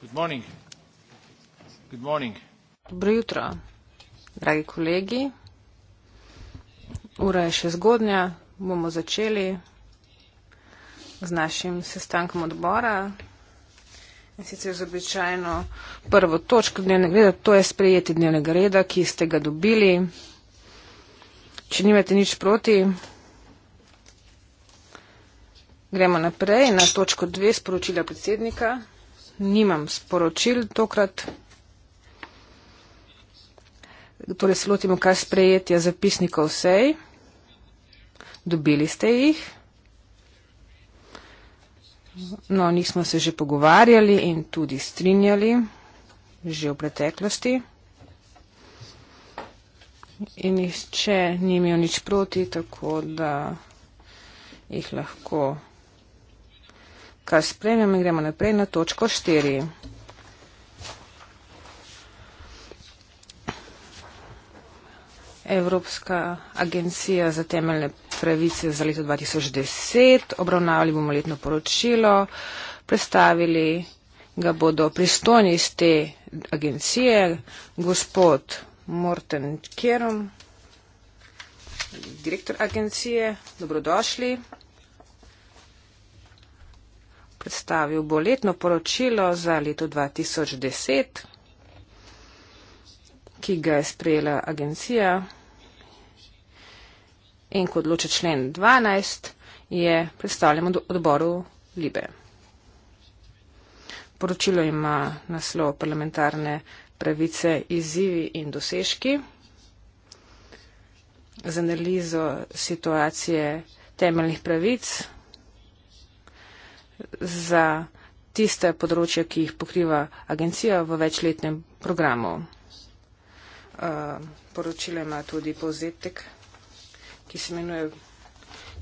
Good morning. Good morning. Dobro jutro, dragi kolegi. Ura je še zgodnja, bomo začeli z našim sestankom odbora. In sicer z običajno prvo točko dnevnega reda, to je sprejeti dnevnega reda, ki ste ga dobili. Če nimate nič proti, gremo naprej na točko dve sporočila predsednika nimam sporočil tokrat. Torej se lotimo kar sprejetja zapisnikov vsej. Dobili ste jih. No, o njih smo se že pogovarjali in tudi strinjali, že v preteklosti. In nišče ni imel nič proti, tako da jih lahko kar spremljamo in gremo naprej na točko 4. Evropska agencija za temeljne pravice za leto 2010. Obravnavali bomo letno poročilo, predstavili ga bodo pristojni iz te agencije, gospod Morten Kerom, direktor agencije. Dobrodošli predstavil bo letno poročilo za leto 2010, ki ga je sprejela agencija. In kot loče člen 12 je predstavljen odboru Libe. Poročilo ima naslov parlamentarne pravice, izzivi in dosežki. Z analizo situacije temeljnih pravic za tiste področje, ki jih pokriva agencija v večletnem programu. Uh, eh, poročilo ima tudi povzetek, ki se imenuje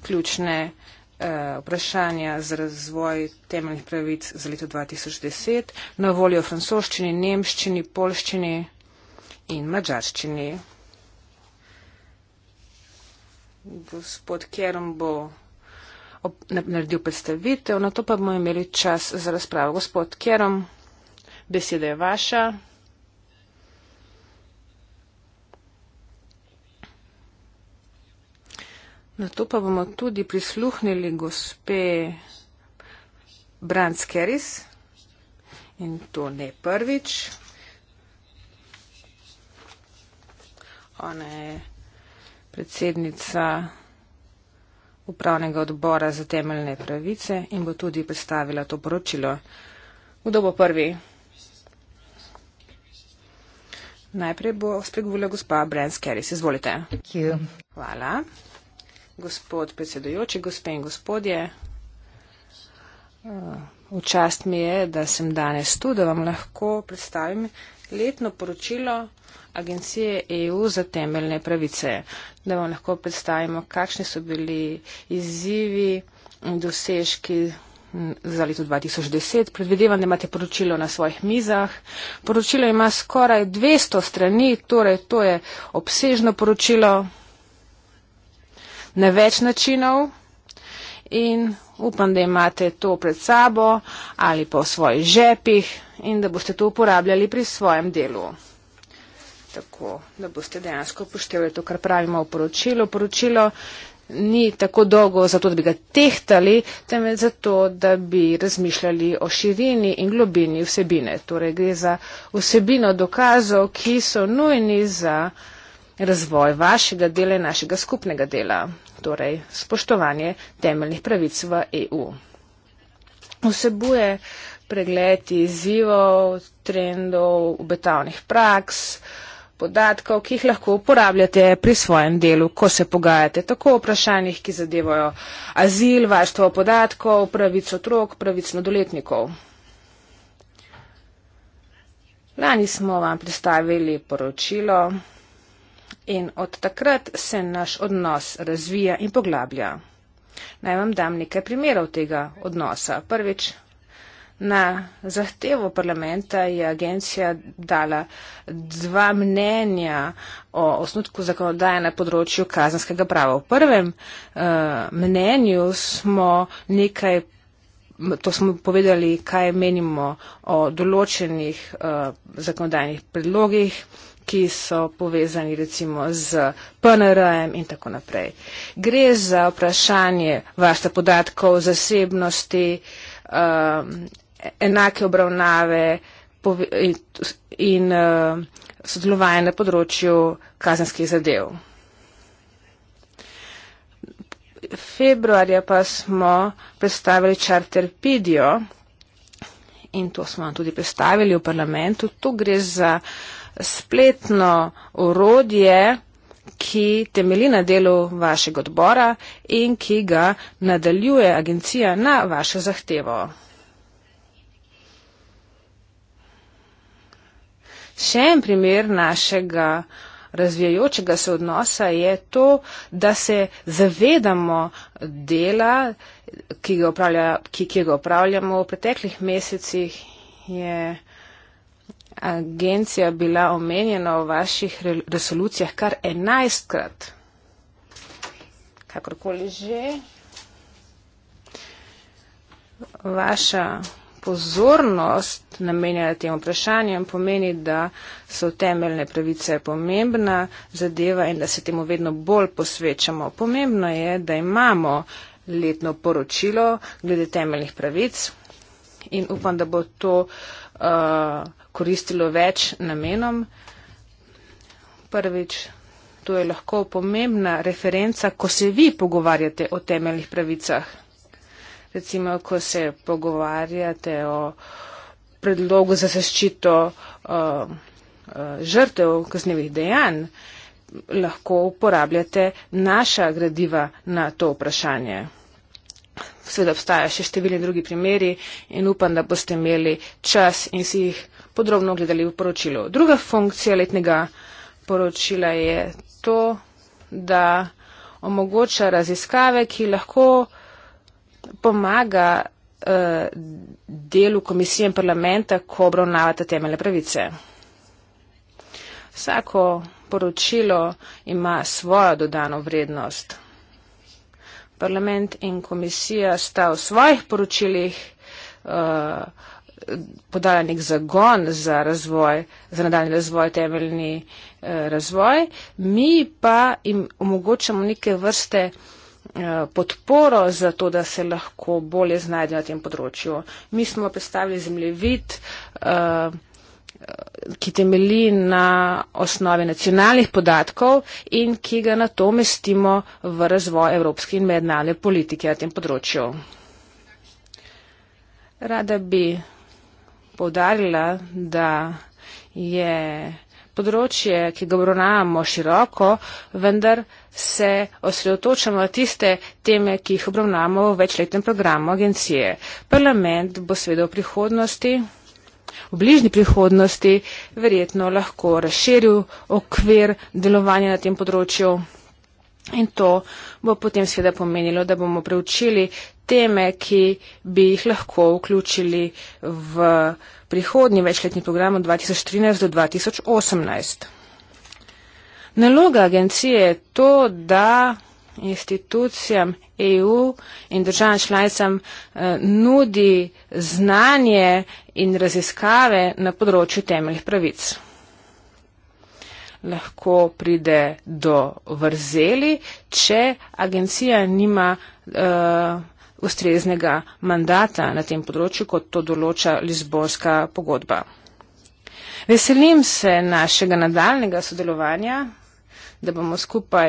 ključne uh, vprašanja za razvoj temeljnih pravic za leto 2010 na voljo francoščini, nemščini, polščini in mačarščini. Gospod Kerom bo naredil predstavitev, na to pa bomo imeli čas za razpravo. Gospod Kerom, beseda je vaša. Na to pa bomo tudi prisluhnili gospe Brant Skeris in to ne prvič. Ona je predsednica upravnega odbora za temeljne pravice in bo tudi predstavila to poročilo. Kdo bo prvi? Najprej bo spregovorila gospa Brands Keris. Izvolite. Hvala. Gospod predsedujoči, gospe in gospodje. Včast mi je, da sem danes tu, da vam lahko predstavim letno poročilo uh, Agencije EU za temeljne pravice, da vam lahko predstavimo, kakšni so bili izzivi in dosežki za leto 2010. Predvidevam, da imate poročilo na svojih mizah. Poročilo ima skoraj 200 strani, torej to je obsežno poročilo na več načinov in upam, da imate to pred sabo ali pa v svojih žepih in da boste to uporabljali pri svojem delu tako, da boste dejansko upoštevali to, kar pravimo v poročilu. Poročilo ni tako dolgo zato, da bi ga tehtali, temveč zato, da bi razmišljali o širini in globini vsebine. Torej gre za vsebino dokazov, ki so nujni za razvoj vašega dela in našega skupnega dela, torej spoštovanje temeljnih pravic v EU. Vsebuje pregled izzivov, trendov, obetavnih praks, uh, podatkov, ki jih lahko uporabljate pri svojem delu, ko se pogajate tako o vprašanjih, ki zadevajo azil, varstvo podatkov, pravic otrok, pravic mladoletnikov. Lani smo vam predstavili poročilo in od takrat se naš odnos razvija in poglablja. Naj vam dam nekaj primerov tega odnosa. Prvič, Na zahtevo parlamenta je agencija dala dva mnenja o osnutku zakonodaje na področju kazanskega prava. V prvem uh, mnenju smo nekaj. To smo povedali, kaj menimo o določenih uh, zakonodajnih predlogih, ki so povezani recimo z PNR-em in tako naprej. Gre za vprašanje varstva podatkov, zasebnosti, uh, enake obravnave in eh, sodelovanje na področju kazenskih zadev. Februarja pa smo predstavili Charter Pidio in to smo tudi predstavili v parlamentu. Tu gre za spletno orodje, ki temeli na delu vašega odbora in ki ga nadaljuje agencija na vašo zahtevo. Še en primer našega razvijajočega se odnosa je to, da se zavedamo dela, ki ga, upravlja, ki, ki ga upravljamo. V preteklih mesecih je agencija bila omenjena v vaših resolucijah kar enajstkrat. Kakorkoli že, vaša pozornost namenjena tem vprašanjem, pomeni, da so temeljne pravice pomembna zadeva in da se temu vedno bolj posvečamo. Pomembno je, da imamo letno poročilo glede temeljnih pravic in upam, da bo to uh, koristilo več namenom. Prvič, to je lahko pomembna referenca, ko se vi pogovarjate o temeljnih pravicah recimo, ko se pogovarjate o predlogu za zaščito uh, uh, žrtev kaznevih dejanj, lahko uporabljate naša gradiva na to vprašanje. Sveda obstajajo še številni drugi primeri in upam, da boste imeli čas in si jih podrobno ogledali v poročilu. Druga funkcija letnega poročila je to, da omogoča raziskave, ki lahko pomaga uh, delu komisije in parlamenta, ko obravnavate temeljne pravice? Vsako poročilo ima svojo dodano vrednost. Parlament in komisija sta v svojih poročilih uh, podala nek zagon za, razvoj, za nadaljni razvoj, temeljni uh, razvoj, mi pa jim omogočamo neke vrste uh, Eh, podporo za to, da se lahko bolje znajdejo na tem področju. Mi smo predstavili zemljevid, eh, ki temeli na osnovi nacionalnih podatkov in ki ga na to mestimo v razvoj evropske in mednarodne politike na tem področju. Rada bi povdarila, da je področje, ki ga obravnavamo široko, vendar se osredotočamo na tiste teme, ki jih obravnavamo v večletnem programu agencije. Parlament bo seveda v prihodnosti, v bližnji prihodnosti, verjetno lahko razširil okvir delovanja na tem področju. In to bo potem seveda pomenilo, da bomo preučili teme, ki bi jih lahko vključili v prihodnji večletni program od 2013 do 2018. Naloga agencije je to, da institucijam EU in državam članicam eh, nudi znanje in raziskave na področju temeljih pravic lahko pride do vrzeli, če agencija nima uh, ustreznega mandata na tem področju, kot to določa Lizborska pogodba. Veselim se našega nadaljnega sodelovanja, da bomo skupaj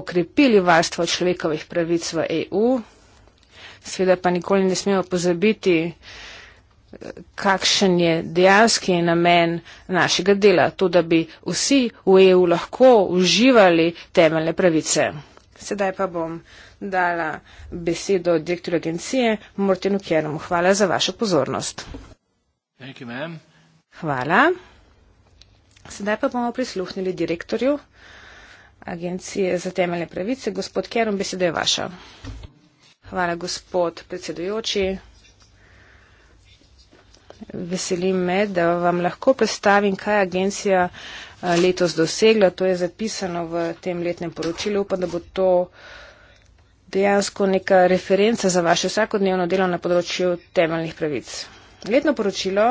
okrepili varstvo človekovih pravic v EU. Sveda pa nikoli ne smemo pozabiti, kakšen je dejanski namen našega dela, to, da bi vsi v EU lahko uživali temeljne pravice. Sedaj pa bom dala besedo direktorju agencije Mortenu Kernu. Hvala za vašo pozornost. You, Hvala. Sedaj pa bomo prisluhnili direktorju agencije za temeljne pravice. Gospod Kern, beseda je vaša. Hvala, gospod predsedujoči. Veseli me, da vam lahko predstavim, kaj agencija eh, letos dosegla. To je zapisano v tem letnem poročilu. Upam, da bo to dejansko neka referenca za vaše vsakodnevno delo na področju temeljnih pravic. Letno poročilo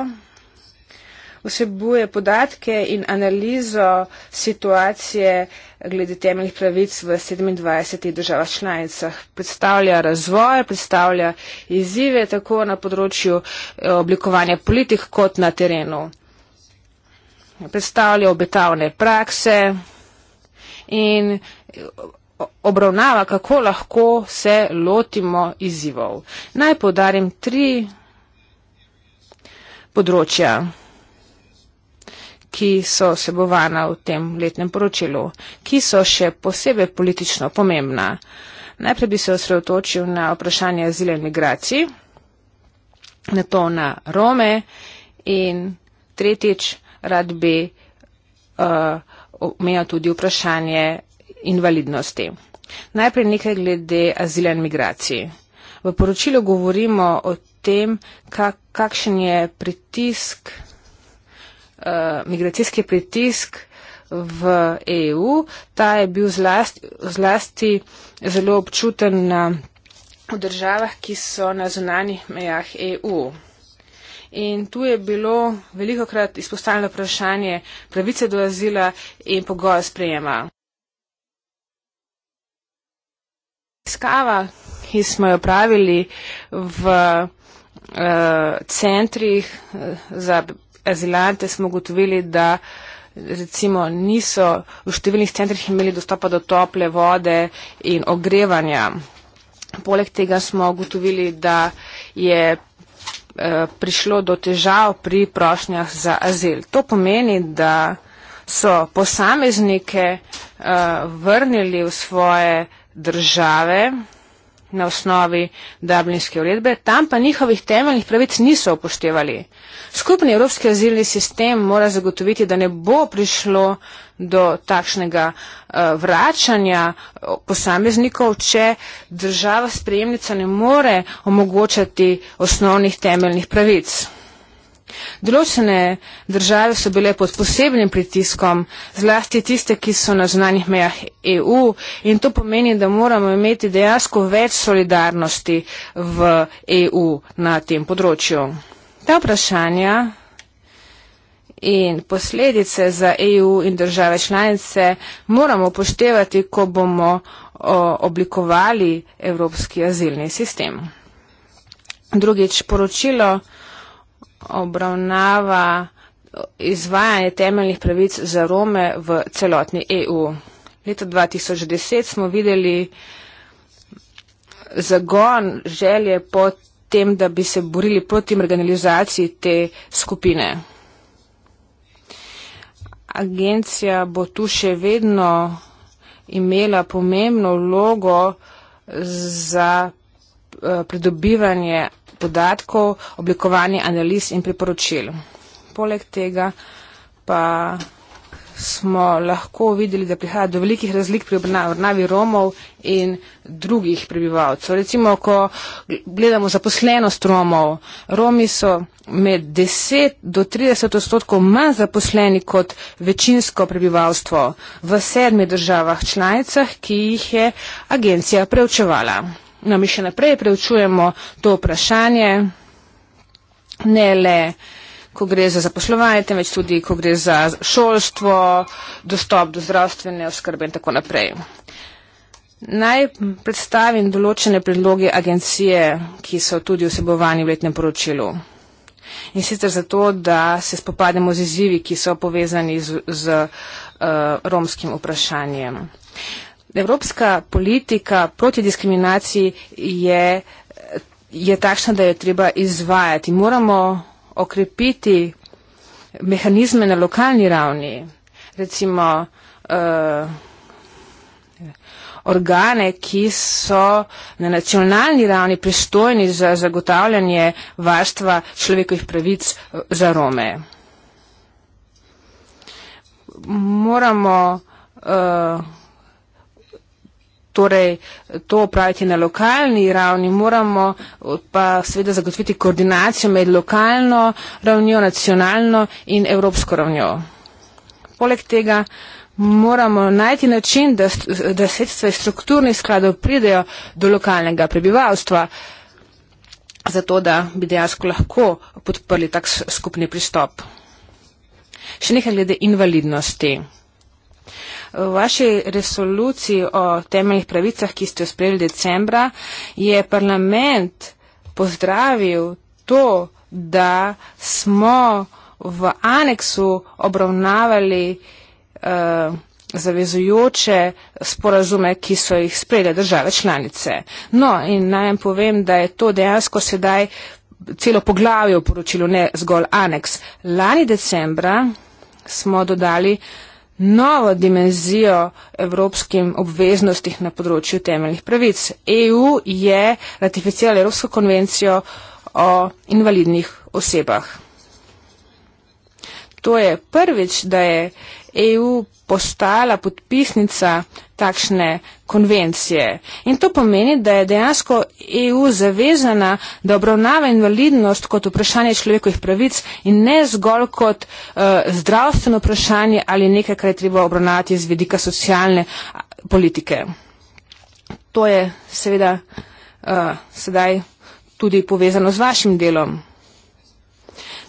vsebuje podatke in analizo situacije glede temeljnih pravic v 27 državah članicah. Predstavlja razvoj, predstavlja izzive tako na področju eh, oblikovanja politik kot na terenu. Predstavlja obetavne prakse in eh, obravnava, kako lahko se lotimo izzivov. Naj podarim tri področja ki so osebovana v tem letnem poročilu, ki so še posebej politično pomembna. Najprej bi se osredotočil na vprašanje azile migracij, na to na Rome in tretjič rad bi uh, omenil tudi vprašanje invalidnosti. Najprej nekaj glede azile migracij. V poročilu govorimo o tem, kakšen je pritisk Eh, migracijski pritisk v EU. Ta je bil zlasti, zlasti zelo občuten na, v državah, ki so na zunanih mejah EU. In tu je bilo veliko krat izpostavljeno vprašanje pravice do azila in pogoja sprejema. Iskava, ki smo jo pravili v uh, centrih eh, za azilante smo ugotovili, da recimo niso v številnih centrih imeli dostopa do tople vode in ogrevanja. Poleg tega smo ugotovili, da je eh, prišlo do težav pri prošnjah za azil. To pomeni, da so posameznike uh, vrnili v svoje države, uh, na osnovi Dublinske uredbe, tam pa njihovih temeljnih pravic niso upoštevali. Skupni evropski azilni sistem mora zagotoviti, da ne bo prišlo do takšnega uh, vračanja eh, posameznikov, če država sprejemnica ne more omogočati osnovnih temeljnih pravic. Določene države so bile pod posebnim pritiskom, zlasti tiste, ki so na znanih mejah EU in to pomeni, da moramo imeti dejansko več solidarnosti v EU na tem področju. Ta vprašanja in posledice za EU in države članice moramo poštevati, ko bomo oblikovali evropski azilni sistem. Drugič, poročilo obravnava izvajanje temeljnih pravic za Rome v celotni EU. Leto 2010 smo videli zagon želje po tem, da bi se borili proti marginalizaciji te skupine. Agencija bo tu še vedno imela pomembno vlogo za eh, pridobivanje podatkov, oblikovanje analiz in priporočil. Poleg tega pa smo lahko videli, da prihaja do velikih razlik pri obravnavi Romov in drugih prebivalcev. Recimo, ko gledamo zaposlenost Romov, Romi so med 10 do 30 odstotkov manj zaposleni kot večinsko prebivalstvo v sedmi državah članicah, ki jih je agencija preučevala no, mi še naprej preučujemo to vprašanje, ne le ko gre za zaposlovanje, temveč tudi ko gre za šolstvo, dostop do zdravstvene oskrbe in tako naprej. Naj predstavim določene predloge agencije, ki so tudi vsebovani v letnem poročilu. In sicer zato, da se spopademo z izzivi, ki so povezani z, z uh, romskim vprašanjem. Evropska politika proti diskriminaciji je, je takšna, da jo treba izvajati. Moramo okrepiti mehanizme na lokalni ravni, recimo uh, organe, ki so na nacionalni ravni pristojni za zagotavljanje varstva človekovih pravic eh, za Rome. Moramo uh, torej to opraviti na lokalni ravni, moramo pa seveda zagotoviti koordinacijo med lokalno ravnjo, nacionalno in evropsko ravnjo. Poleg tega moramo najti način, da, da sredstva iz strukturnih skladov pridejo do lokalnega prebivalstva, zato da bi dejansko lahko podprli tak skupni pristop. Še nekaj glede invalidnosti. V vaši resoluciji o temeljih pravicah, ki ste jo sprejeli decembra, je parlament pozdravil to, da smo v aneksu obravnavali uh, zavezujoče sporazume, ki so jih sprejele države članice. No, in naj vam povem, da je to dejansko sedaj celo poglavje v poročilu, ne zgolj aneks. Lani decembra smo dodali uh, novo dimenzijo evropskim obveznostih na področju temeljnih pravic. EU je ratificirala Evropsko konvencijo o invalidnih osebah. To je prvič, da je EU postala podpisnica takšne konvencije. In to pomeni, da je dejansko EU zavezana, da obravnava invalidnost kot vprašanje človekovih pravic in ne zgolj kot uh, zdravstveno vprašanje ali nekaj, kar je treba obravnavati z vidika socialne politike. To je seveda uh, sedaj tudi povezano z vašim delom.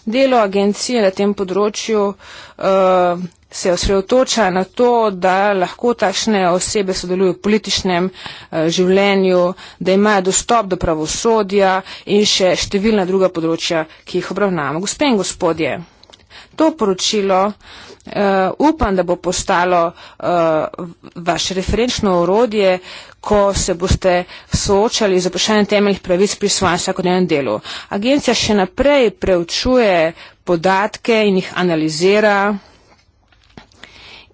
Delo agencije na tem področju uh, se osredotoča na to, da lahko tašne osebe sodelujo v političnem eh, življenju, da imajo dostop do pravosodja in še številna druga področja, ki jih obravnavamo. Gospe in gospodje, to poročilo eh, upam, da bo postalo eh, vaše referenčno orodje, ko se boste soočali z vprašanjem temeljih pravic pri svojem vsakodnevnem delu. Agencija še naprej preučuje podatke in jih analizira.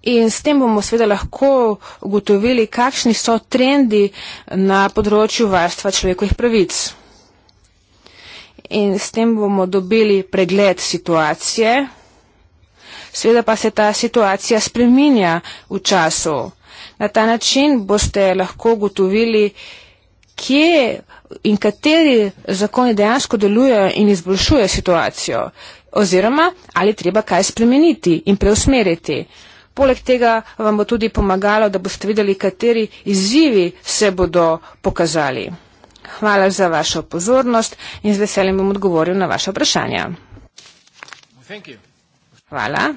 In s tem bomo seveda lahko ugotovili, kakšni so trendi na področju varstva človekovih pravic. In s tem bomo dobili pregled situacije. Sveda pa se ta situacija spreminja v času. Na ta način boste lahko ugotovili, kje in kateri zakoni dejansko delujejo in izboljšujejo situacijo. Oziroma, ali treba kaj spremeniti in preusmeriti. Poleg tega vam bo tudi pomagalo, da boste videli, kateri izzivi se bodo pokazali. Hvala za vašo pozornost in z veseljem bom odgovoril na vaše vprašanja. Hvala.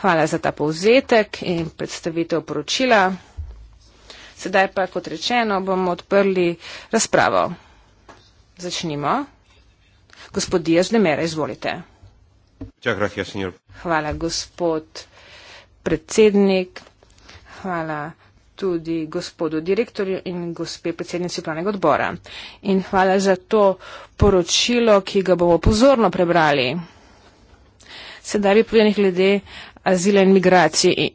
Hvala za ta povzetek in predstavitev poročila. Sedaj pa, kot rečeno, bomo odprli razpravo. Začnimo. Gospod Diaz Demera, izvolite. Hvala, gospod predsednik, hvala tudi gospodu direktorju in gospe predsednici upravnega odbora. In hvala za to poročilo, ki ga bomo pozorno prebrali. Sedaj bi povedal nekaj glede azila in migracij.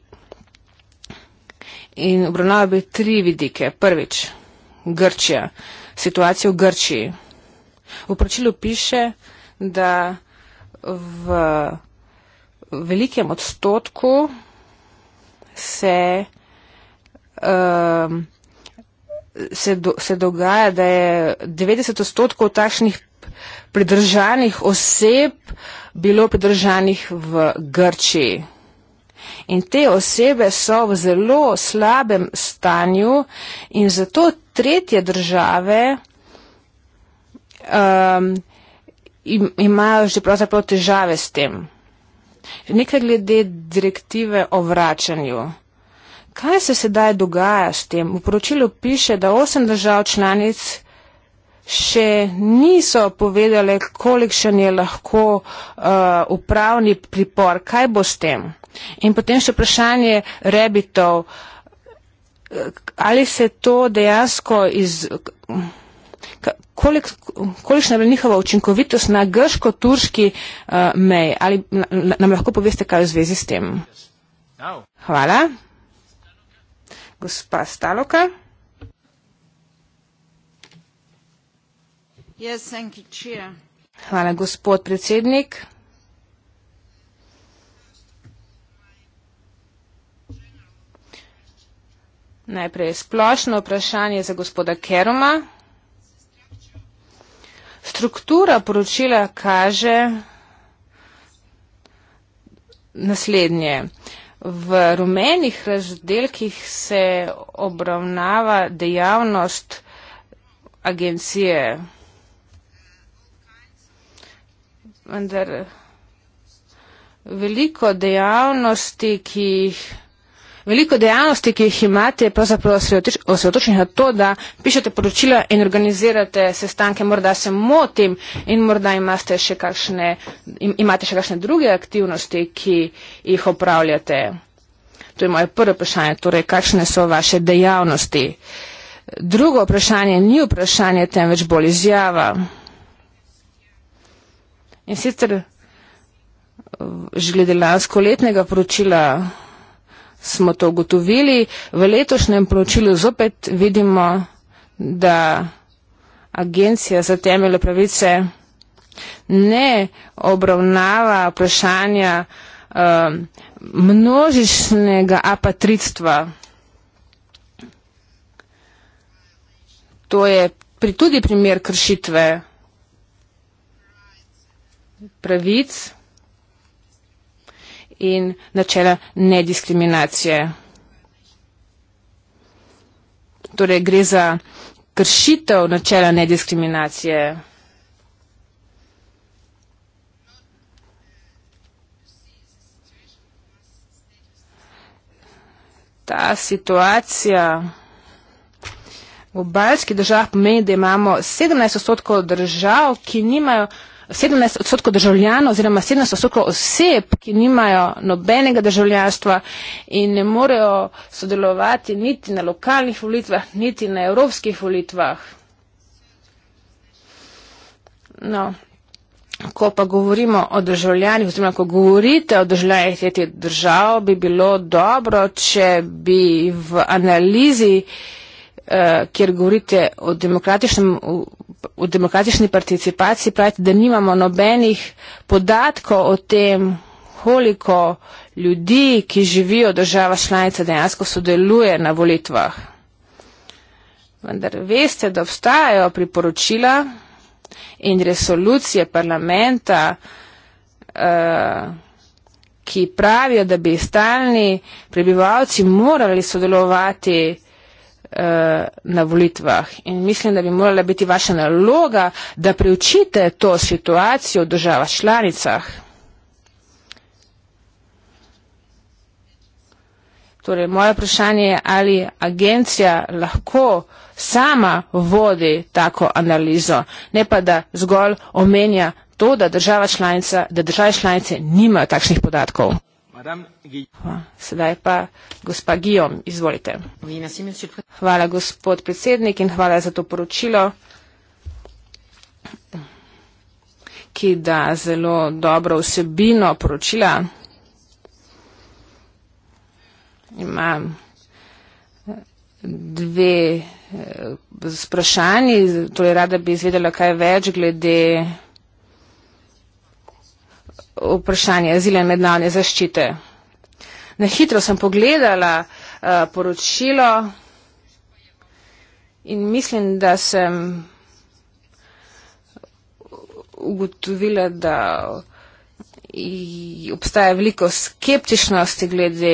In obravnava bi tri vidike. Prvič, Grčija. Situacija v Grčiji. V poročilu piše, da v velikem odstotku se, um, se, do, se dogaja, da je 90 odstotkov takšnih pridržanih oseb bilo pridržanih v Grčiji. In te osebe so v zelo slabem stanju in zato tretje države um, imajo že pravzaprav težave s tem nekaj glede direktive o vračanju. Kaj se sedaj dogaja s tem? V poročilu piše, da osem držav članic še niso povedale, kolikšen je lahko uh, upravni pripor. Kaj bo s tem? In potem še vprašanje rebitov. Uh, ali se to dejansko iz kolik, kolikšna je bila njihova učinkovitost na grško-turški uh, meji? Ali nam lahko poveste kaj v zvezi s tem? Hvala. Gospa Staloka. Hvala, gospod predsednik. Najprej splošno vprašanje za gospoda Keruma. Struktura poročila kaže naslednje. V rumenih razdelkih se obravnava dejavnost agencije. Vendar veliko dejavnosti, ki jih. Veliko dejavnosti, ki jih imate, je pravzaprav osredotočenih na to, da pišete poročila in organizirate sestanke. Morda se motim in morda imate še kakšne, imate še kakšne druge aktivnosti, ki jih opravljate. To je moje prvo vprašanje, torej kakšne so vaše dejavnosti. Drugo vprašanje ni vprašanje, temveč bolj izjava. In sicer že glede lansko letnega poročila smo to ugotovili. V letošnjem poročilu zopet vidimo, da Agencija za temeljne pravice ne obravnava vprašanja um, množičnega apatridstva. To je pri tudi primer kršitve pravic in načela nediskriminacije. Torej, gre za kršitev načela nediskriminacije. Ta situacija v baljskih državah pomeni, da imamo 17 odstotkov držav, ki nimajo 17 odstotkov državljanov oziroma 17 odstotkov oseb, ki nimajo nobenega državljanstva in ne morejo sodelovati niti na lokalnih volitvah, niti na evropskih volitvah. No, ko pa govorimo o državljanih, oziroma ko govorite o državljanih tretjih držav, bi bilo dobro, če bi v analizi eh, uh, kjer govorite o, o demokratični participaciji, pravite, da nimamo nobenih podatkov o tem, koliko ljudi, ki živijo v država članica, dejansko sodeluje na volitvah. Vendar veste, da obstajajo priporočila in resolucije parlamenta, uh, ki pravijo, da bi stalni prebivalci morali sodelovati Eh, na volitvah. In mislim, da bi morala biti vaša naloga, da preučite to situacijo v državah članicah. Torej, moje vprašanje je, ali agencija lahko sama vodi tako analizo, ne pa da zgolj omenja to, da, država članica, da države članice nimajo takšnih podatkov. Sedaj pa gospa Gijom, izvolite. Hvala, gospod predsednik, in hvala za to poročilo, ki da zelo dobro vsebino poročila. Imam eh, dve sprašanji, eh, torej rada bi izvedela kaj več glede vprašanje azile in mednarodne zaščite. Na hitro sem pogledala uh, poročilo in mislim, da sem ugotovila, da obstaja veliko skeptičnosti glede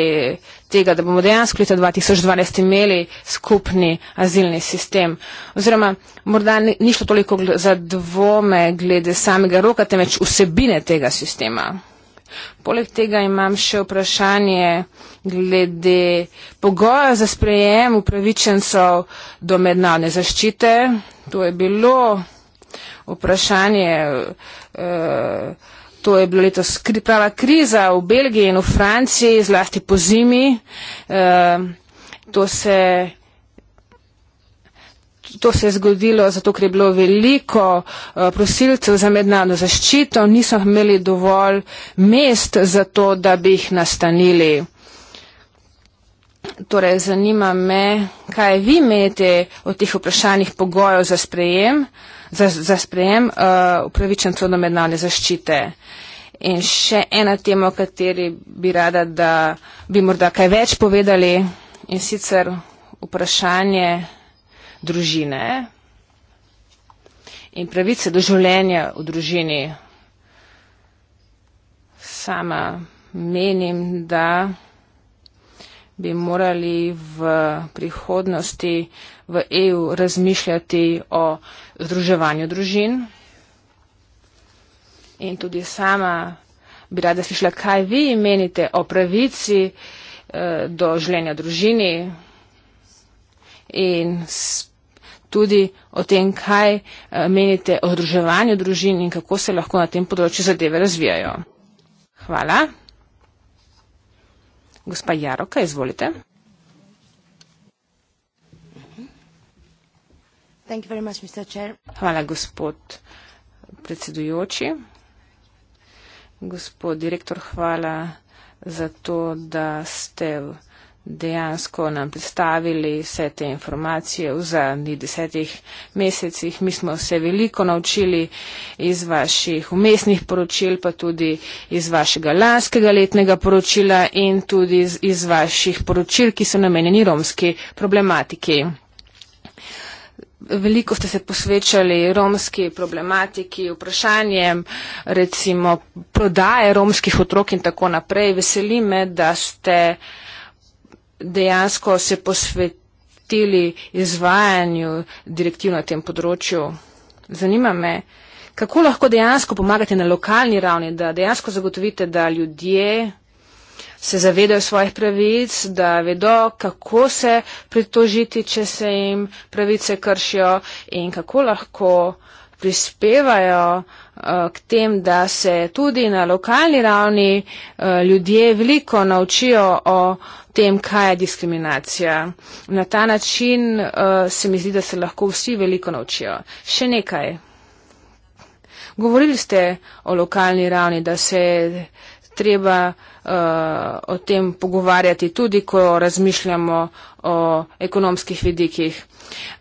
tega, da bomo dejansko leta 2012 imeli skupni azilni sistem. Oziroma, morda ni šlo toliko za dvome glede samega roka, temveč vsebine tega sistema. Poleg tega imam še vprašanje glede pogoja za sprejem upravičencov do mednavne zaščite. To je bilo vprašanje. Uh, To je bila letos kri, prava kriza v Belgiji in v Franciji, zlasti po zimi. E, To se je zgodilo zato, ker je bilo veliko eh, prosilcev za mednarodno zaščito, niso imeli dovolj mest za to, da bi jih nastanili. Torej, zanima me, kaj vi menite o teh vprašanjih pogojev za sprejem za, za sprejem uh, upravičencev do mednarodne zaščite. In še ena tema, o kateri bi rada, da bi morda kaj več povedali, in sicer vprašanje družine in pravice do življenja v družini. Sama menim, da bi morali v prihodnosti uh, v EU razmišljati o združevanju družin. In tudi sama bi rada slišala, kaj vi menite o pravici eh, do življenja družini in tudi o tem, kaj eh, menite o združevanju družin in kako se lahko na tem področju zadeve razvijajo. Hvala. Gospa Jaroka, izvolite. Hvala, gospod predsedujoči. Gospod direktor, hvala za to, da ste dejansko nam predstavili vse te informacije v zadnjih desetih mesecih. Mi smo se veliko naučili iz vaših umestnih poročil, pa tudi iz vašega lanskega letnega poročila in tudi iz, iz vaših poročil, ki so namenjeni romski problematiki veliko ste se posvečali romski problematiki, vprašanjem recimo prodaje romskih otrok in tako naprej. Veseli me, da ste dejansko se posvetili izvajanju direktiv na tem področju. Zanima me, kako lahko dejansko pomagate na lokalni ravni, da dejansko zagotovite, da ljudje se zavedajo svojih pravic, da vedo, kako se pritožiti, če se jim pravice kršijo in kako lahko prispevajo eh, k tem, da se tudi na lokalni ravni eh, ljudje veliko naučijo o tem, kaj je diskriminacija. Na ta način eh, se mi zdi, da se lahko vsi veliko naučijo. Še nekaj. Govorili ste o lokalni ravni, da se treba uh, o tem pogovarjati, tudi ko razmišljamo o ekonomskih vidikih.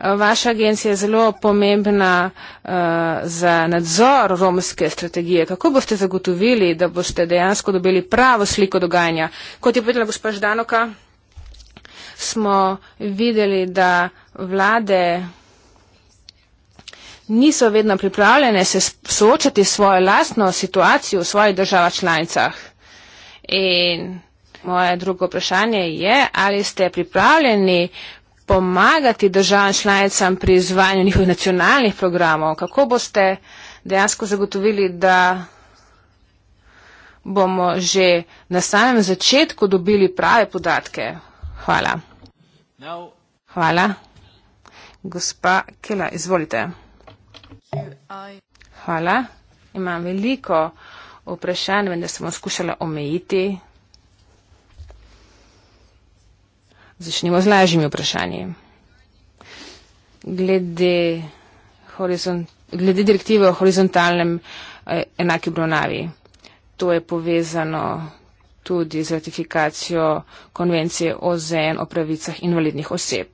Eh, vaša agencija je zelo pomembna uh, za nadzor romske strategije. Kako boste zagotovili, da boste dejansko dobili pravo sliko dogajanja? Kot je povedala gospa Ždanoka, smo videli, da vlade niso vedno pripravljene se soočati s svojo lastno situacijo v svojih državah članicah. In moje drugo vprašanje je, ali ste pripravljeni pomagati državam članicam pri izvajanju njihovih nacionalnih programov? Kako boste dejansko zagotovili, da bomo že na samem začetku dobili prave podatke? Hvala. Hvala. Gospa Kela, izvolite. Hvala. Imam veliko vprašanj, vendar se bom skušala omejiti. Začnimo z lažjimi vprašanji. Glede, glede direktive o horizontalnem eh, enaki obravnavi. To je povezano tudi z ratifikacijo konvencije OZN o pravicah invalidnih oseb.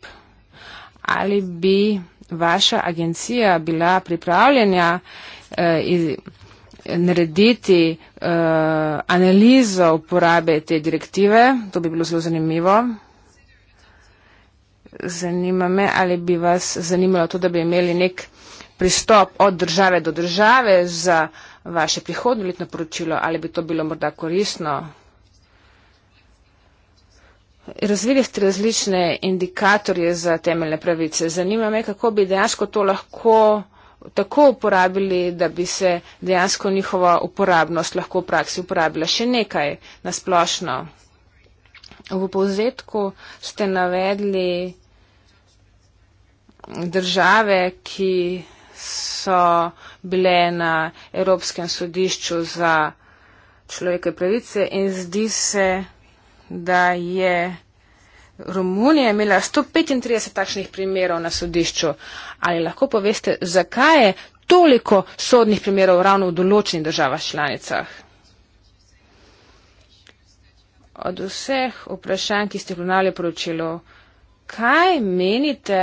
Ali bi vaša agencija bila pripravljena eh, narediti uh, analizo uporabe te direktive, to bi bilo zelo zanimivo. Zanima me, ali bi vas zanimalo to, da bi imeli nek pristop od države do države za vaše prihodno letno poročilo, ali bi to bilo morda koristno. Razvili ste različne indikatorje za temeljne pravice. Zanima me, kako bi dejansko to lahko tako uporabili, da bi se dejansko njihova uporabnost lahko v praksi uporabila. Še nekaj nasplošno. V povzetku ste navedli države, ki so bile na Evropskem sodišču za človeke pravice in zdi se, da je. Romunija je imela 135 takšnih primerov na sodišču. Ali lahko poveste, zakaj je toliko sodnih primerov ravno v določenih državah članicah? Od vseh vprašanj, ki ste plonali poročilo, kaj menite,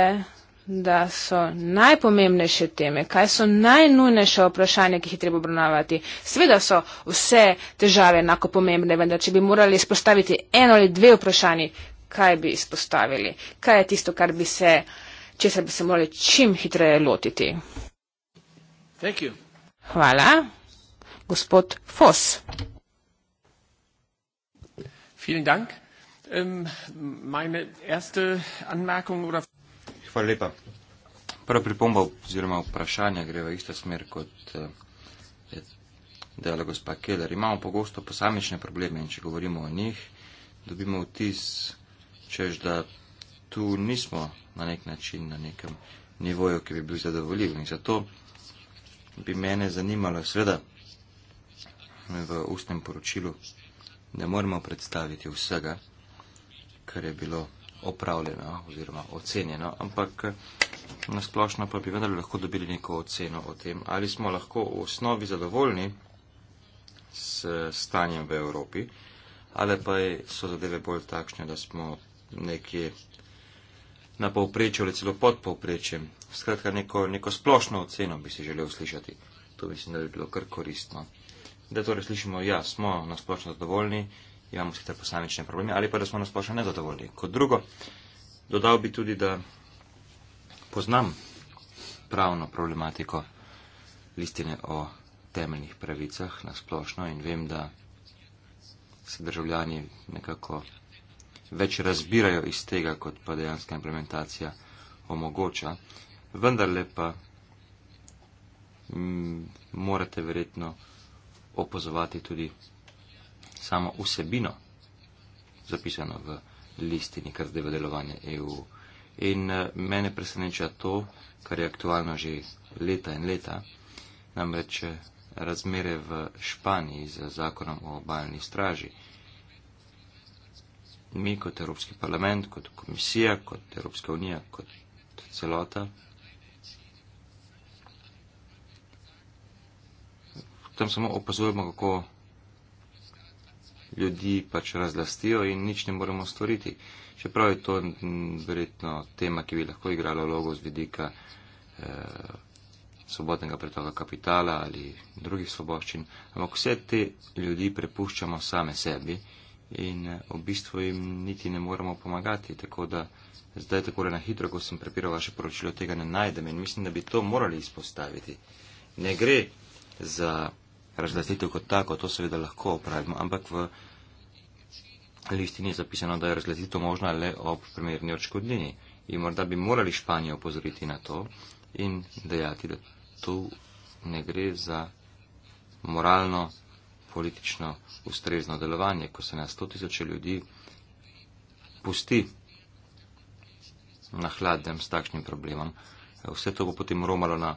da so najpomembnejše teme, kaj so najnujnejše vprašanja, ki jih je treba obravnavati? Sveda so vse težave enako pomembne, vendar če bi morali spostaviti eno ali dve vprašanji, kaj bi izpostavili, kaj je tisto, kar bi se, česar bi se morali čim hitreje lotiti. Hvala. Gospod Fos. Ähm, Hvala lepa. Prva pripomba oziroma vprašanje gre v isto smer kot eh, je dejala gospa Keller. Imamo pogosto posamične probleme in če govorimo o njih, dobimo vtis, češ da tu nismo na nek način na nekem nivoju, ki bi bil zadovoljiv. In zato bi mene zanimalo, sveda v ustnem poročilu ne moremo predstaviti vsega, kar je bilo opravljeno oziroma ocenjeno, ampak nasplošno pa bi vendar lahko dobili neko oceno o tem, ali smo lahko v osnovi zadovoljni s stanjem v Evropi, ali pa so zadeve bolj takšne, da smo nekje na povprečju ali celo pod povprečjem. Skratka, neko, neko splošno oceno bi si želel slišati. To mislim, da bi bilo kar koristno. Da torej slišimo, ja, smo na splošno zadovoljni, imamo sicer posamične probleme, ali pa da smo na splošno nezadovoljni. Kot drugo, dodal bi tudi, da poznam pravno problematiko listine o temeljnih pravicah na splošno in vem, da se državljani nekako več razbirajo iz tega, kot pa dejanska implementacija omogoča. Vendar lepa mm, morate verjetno opozovati tudi samo vsebino, zapisano v listini, kar zdaj v delovanje EU. In eh, mene preseneča to, kar je aktualno že leta in leta, namreč eh, razmere v Španiji z zakonom o obaljni straži, mi kot Evropski parlament, kot komisija, kot Evropska unija, kot celota. Tam samo opazujemo, kako ljudi pač razlastijo in nič ne moremo storiti. Čeprav je to verjetno tema, ki bi lahko igrala vlogo z vidika eh, svobodnega pretoka kapitala ali drugih svoboščin, ampak vse te ljudi prepuščamo same sebi in eh, v bistvu jim niti ne moremo pomagati. Tako da zdaj tako na hitro, ko sem prepiral vaše poročilo, tega ne najdem in mislim, da bi to morali izpostaviti. Ne gre za razglasitev kot tako, to seveda lahko opravimo, ampak v listini je zapisano, da je razglasitev možna le ob primerni odškodnini. In morda bi morali Španijo opozoriti na to in dejati, da tu ne gre za moralno politično ustrezno delovanje, ko se na sto tisoče ljudi pusti na hladnem s takšnim problemom. Vse to bo potem romalo na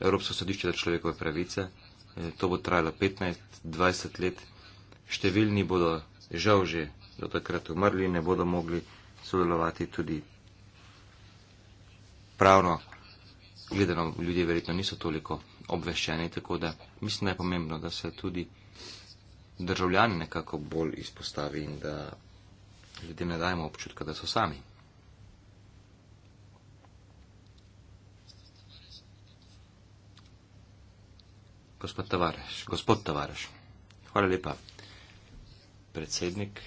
Evropsko sodišče za človekove pravice. E, to bo trajalo 15-20 let. Številni bodo žal že do takrat umrli in ne bodo mogli sodelovati tudi pravno. Gledano, ljudje verjetno niso toliko obveščeni, tako da mislim, da je pomembno, da se tudi državljani nekako bolj izpostavi in da ljudem ne dajemo občutka, da so sami. Gospod Tavareš, gospod Tavareš, hvala lepa. Predsednik,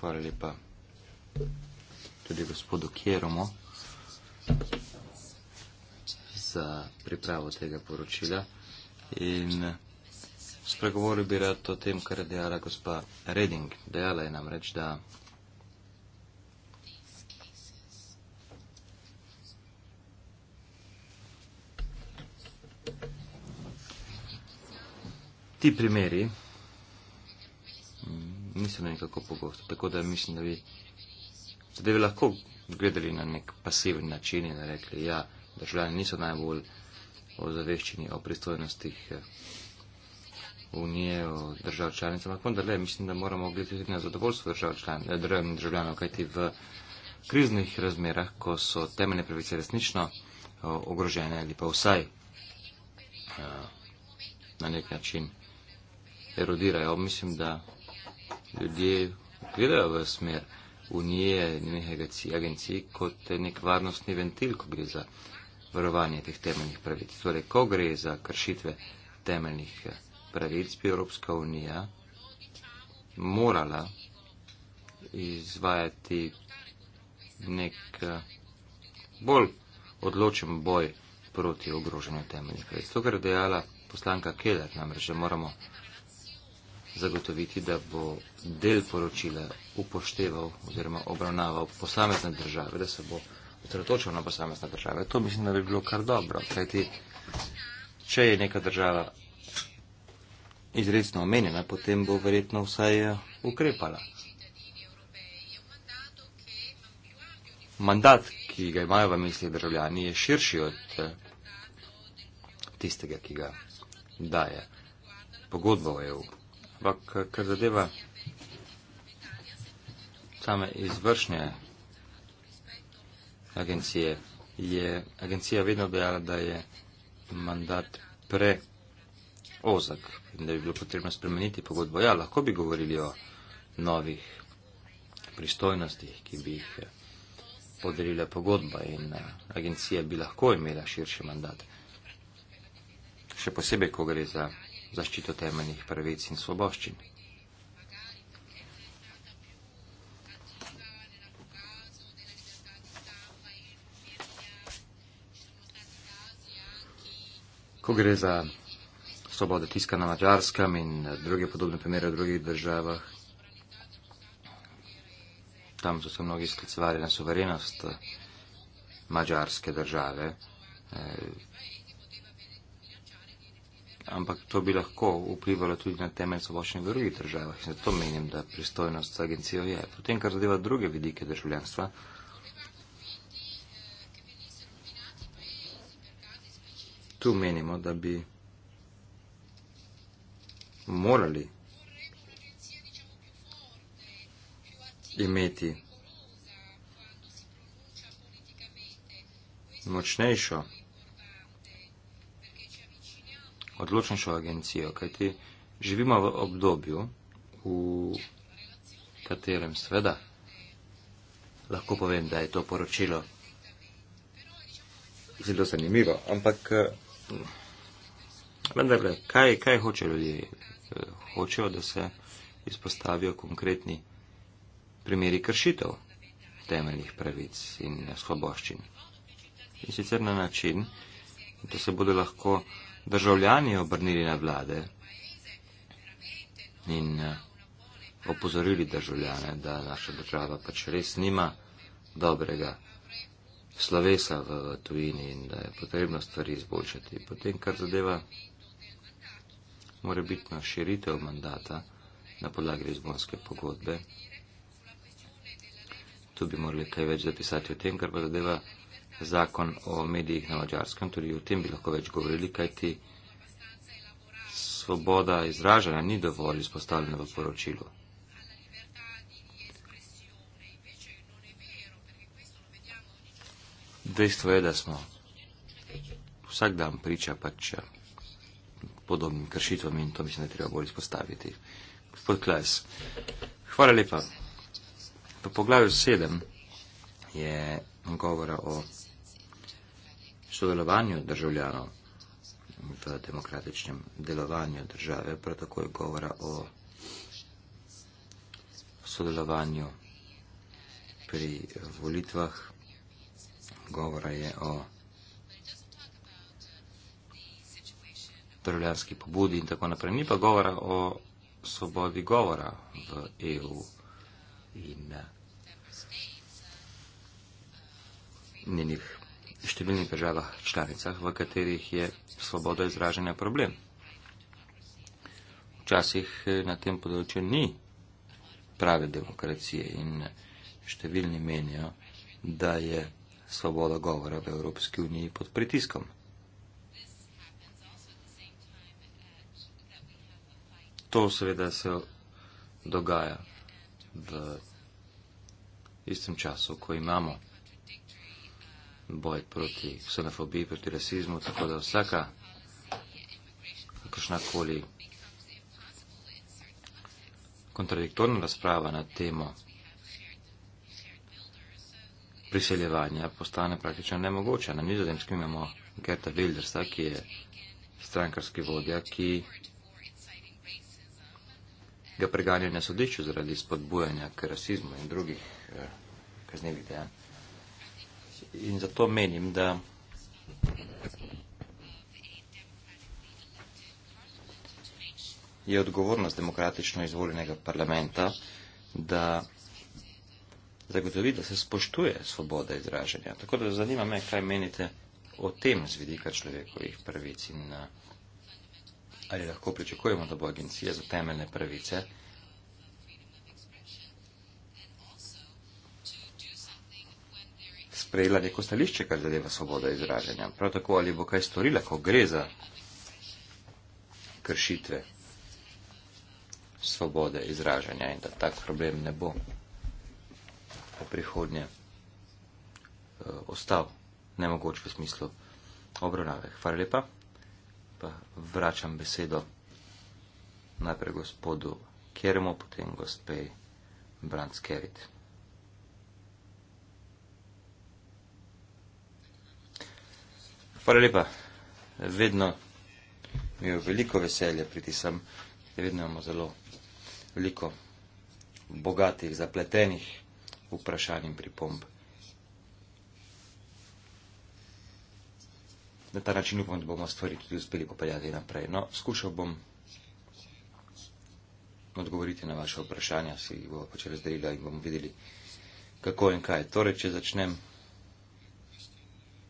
hvala lepa. Tudi gospodu Kjeromo za pripravo tega poročila. In Spregovoril bi rad o tem, kar je dejala gospa Reding. Dejala je namreč, da ti primeri niso nekako pogosto, tako da mislim, da bi, da bi lahko gledali na nek pasiven način in rekli, ja, državljani niso najbolj ozaveščeni o pristojnostih. Eh, unije, o držav članicah, ampak vendarle mislim, da moramo gledati tudi na zadovoljstvo držav članic, državljanov, kajti v kriznih razmerah, ko so temeljne pravice resnično eh, ogrožene ali pa vsaj eh, na nek način erodirajo, mislim, da ljudje gledajo v smer unije nekega agencij kot nek varnostni ventil, ko gre za varovanje teh temeljnih pravic. Torej, ko gre za kršitve temeljnih pravic, eh, pravic bi Evropska unija morala izvajati nek eh, bolj odločen boj proti ogroženju temeljnih pravic. To, kar je dejala poslanka Keller, namreč, da moramo zagotoviti, da bo del poročila upošteval oziroma obravnaval posamezne države, da se bo osredotočil na posamezne države. To mislim, da bi bilo kar dobro, kajti če je neka država izredno omenjena, potem bo verjetno vsaj eh, ukrepala. Mandat, ki ga imajo v mislih državljani, je širši od eh, tistega, ki ga daje pogodba v EU. Ampak, eh, kar zadeva same izvršnje agencije, je agencija vedno dejala, da je mandat pre ozak in da bi bilo potrebno spremeniti pogodbo. Ja, lahko bi govorili o novih pristojnostih, ki bi jih eh, podelila pogodba in eh, agencija bi lahko imela širši mandat. Še posebej, ko gre za zaščito temeljnih pravic in svoboščin. Ko gre za svobode tiska na Mačarskem in eh, druge podobne primere v drugih državah. Tam so se mnogi sklicevali na suverenost eh, mačarske države. Eh, ampak to bi lahko vplivalo tudi na temelj svobodnih v drugih državah. Zato menim, da pristojnost agencijo je. Potem, kar zadeva druge vidike državljanstva, tu menimo, da bi morali imeti močnejšo, odločnejšo agencijo, kajti živimo v obdobju, v katerem sveda lahko povem, da je to poročilo zelo zanimivo, ampak eh, vendarle, kaj, kaj hoče ljudje hočejo, da se izpostavijo konkretni primeri kršitev temeljnih pravic in sloboščin. In sicer na način, da se bodo lahko državljani obrnili na vlade in eh, opozorili državljane, da naša država pač res nima dobrega slovesa v tujini in da je potrebno stvari izboljšati. Potem, kar zadeva mora biti na širitev mandata na podlagi Lizbonske pogodbe. Tu bi morali kaj več zapisati o tem, kar pa zadeva zakon o medijih na mađarskem, tudi o tem bi lahko več govorili, kajti svoboda izražanja ni dovolj izpostavljena v poročilu. Dejstvo je, da smo vsak dan priča pač podobnim kršitvam in to mislim, da je treba bolj izpostaviti. Gospod Klajs, hvala lepa. V poglavju 7 je govora o sodelovanju državljanov v demokratičnem delovanju države, prav tako je govora o sodelovanju pri volitvah, govora je o prevljarski pobudi in tako naprej. Ni pa govora o svobodi govora v EU in eh, njenih številnih državah članicah, v katerih je svoboda izražanja problem. Včasih eh, na tem področju ni prave demokracije in številni menijo, da je svoboda govora v Evropski uniji pod pritiskom. to seveda se dogaja v istem času, ko imamo boj proti ksenofobiji, proti rasizmu, tako da vsaka kakršnakoli kontradiktorna razprava na temo priseljevanja postane praktično nemogoča. Na nizozemskem imamo Gerta Wildersa, ki je strankarski vodja, ki ga preganja na sodišču zaradi spodbujanja k rasizmu in drugih eh, kaznevih dejanj. In zato menim, da je odgovornost demokratično izvoljenega parlamenta, da zagotovi, da se spoštuje svoboda izražanja. Tako da zanima me, kaj menite o tem z vidika človekovih pravic in eh, Ali lahko pričakujemo, da bo agencija za temeljne pravice sprejela neko stališče, kar zadeva svobodo izražanja? Prav tako, ali bo kaj storila, ko gre za kršitve svobode izražanja in da tak problem ne bo v prihodnje eh, ostal nemogoč v smislu obravnave. Hvala lepa pa vračam besedo najprej gospodu Keremu, potem gospej Brandskerit. Hvala lepa. Vedno mi je veliko veselje priti sem. Vedno imamo zelo veliko bogatih, zapletenih vprašanj in pripomb. na ta način upam, da bomo stvari tudi uspeli popeljati naprej. No, skušal bom odgovoriti na vaše vprašanja, si jih bomo počeli zdelila in bomo videli, kako in kaj. Torej, če začnem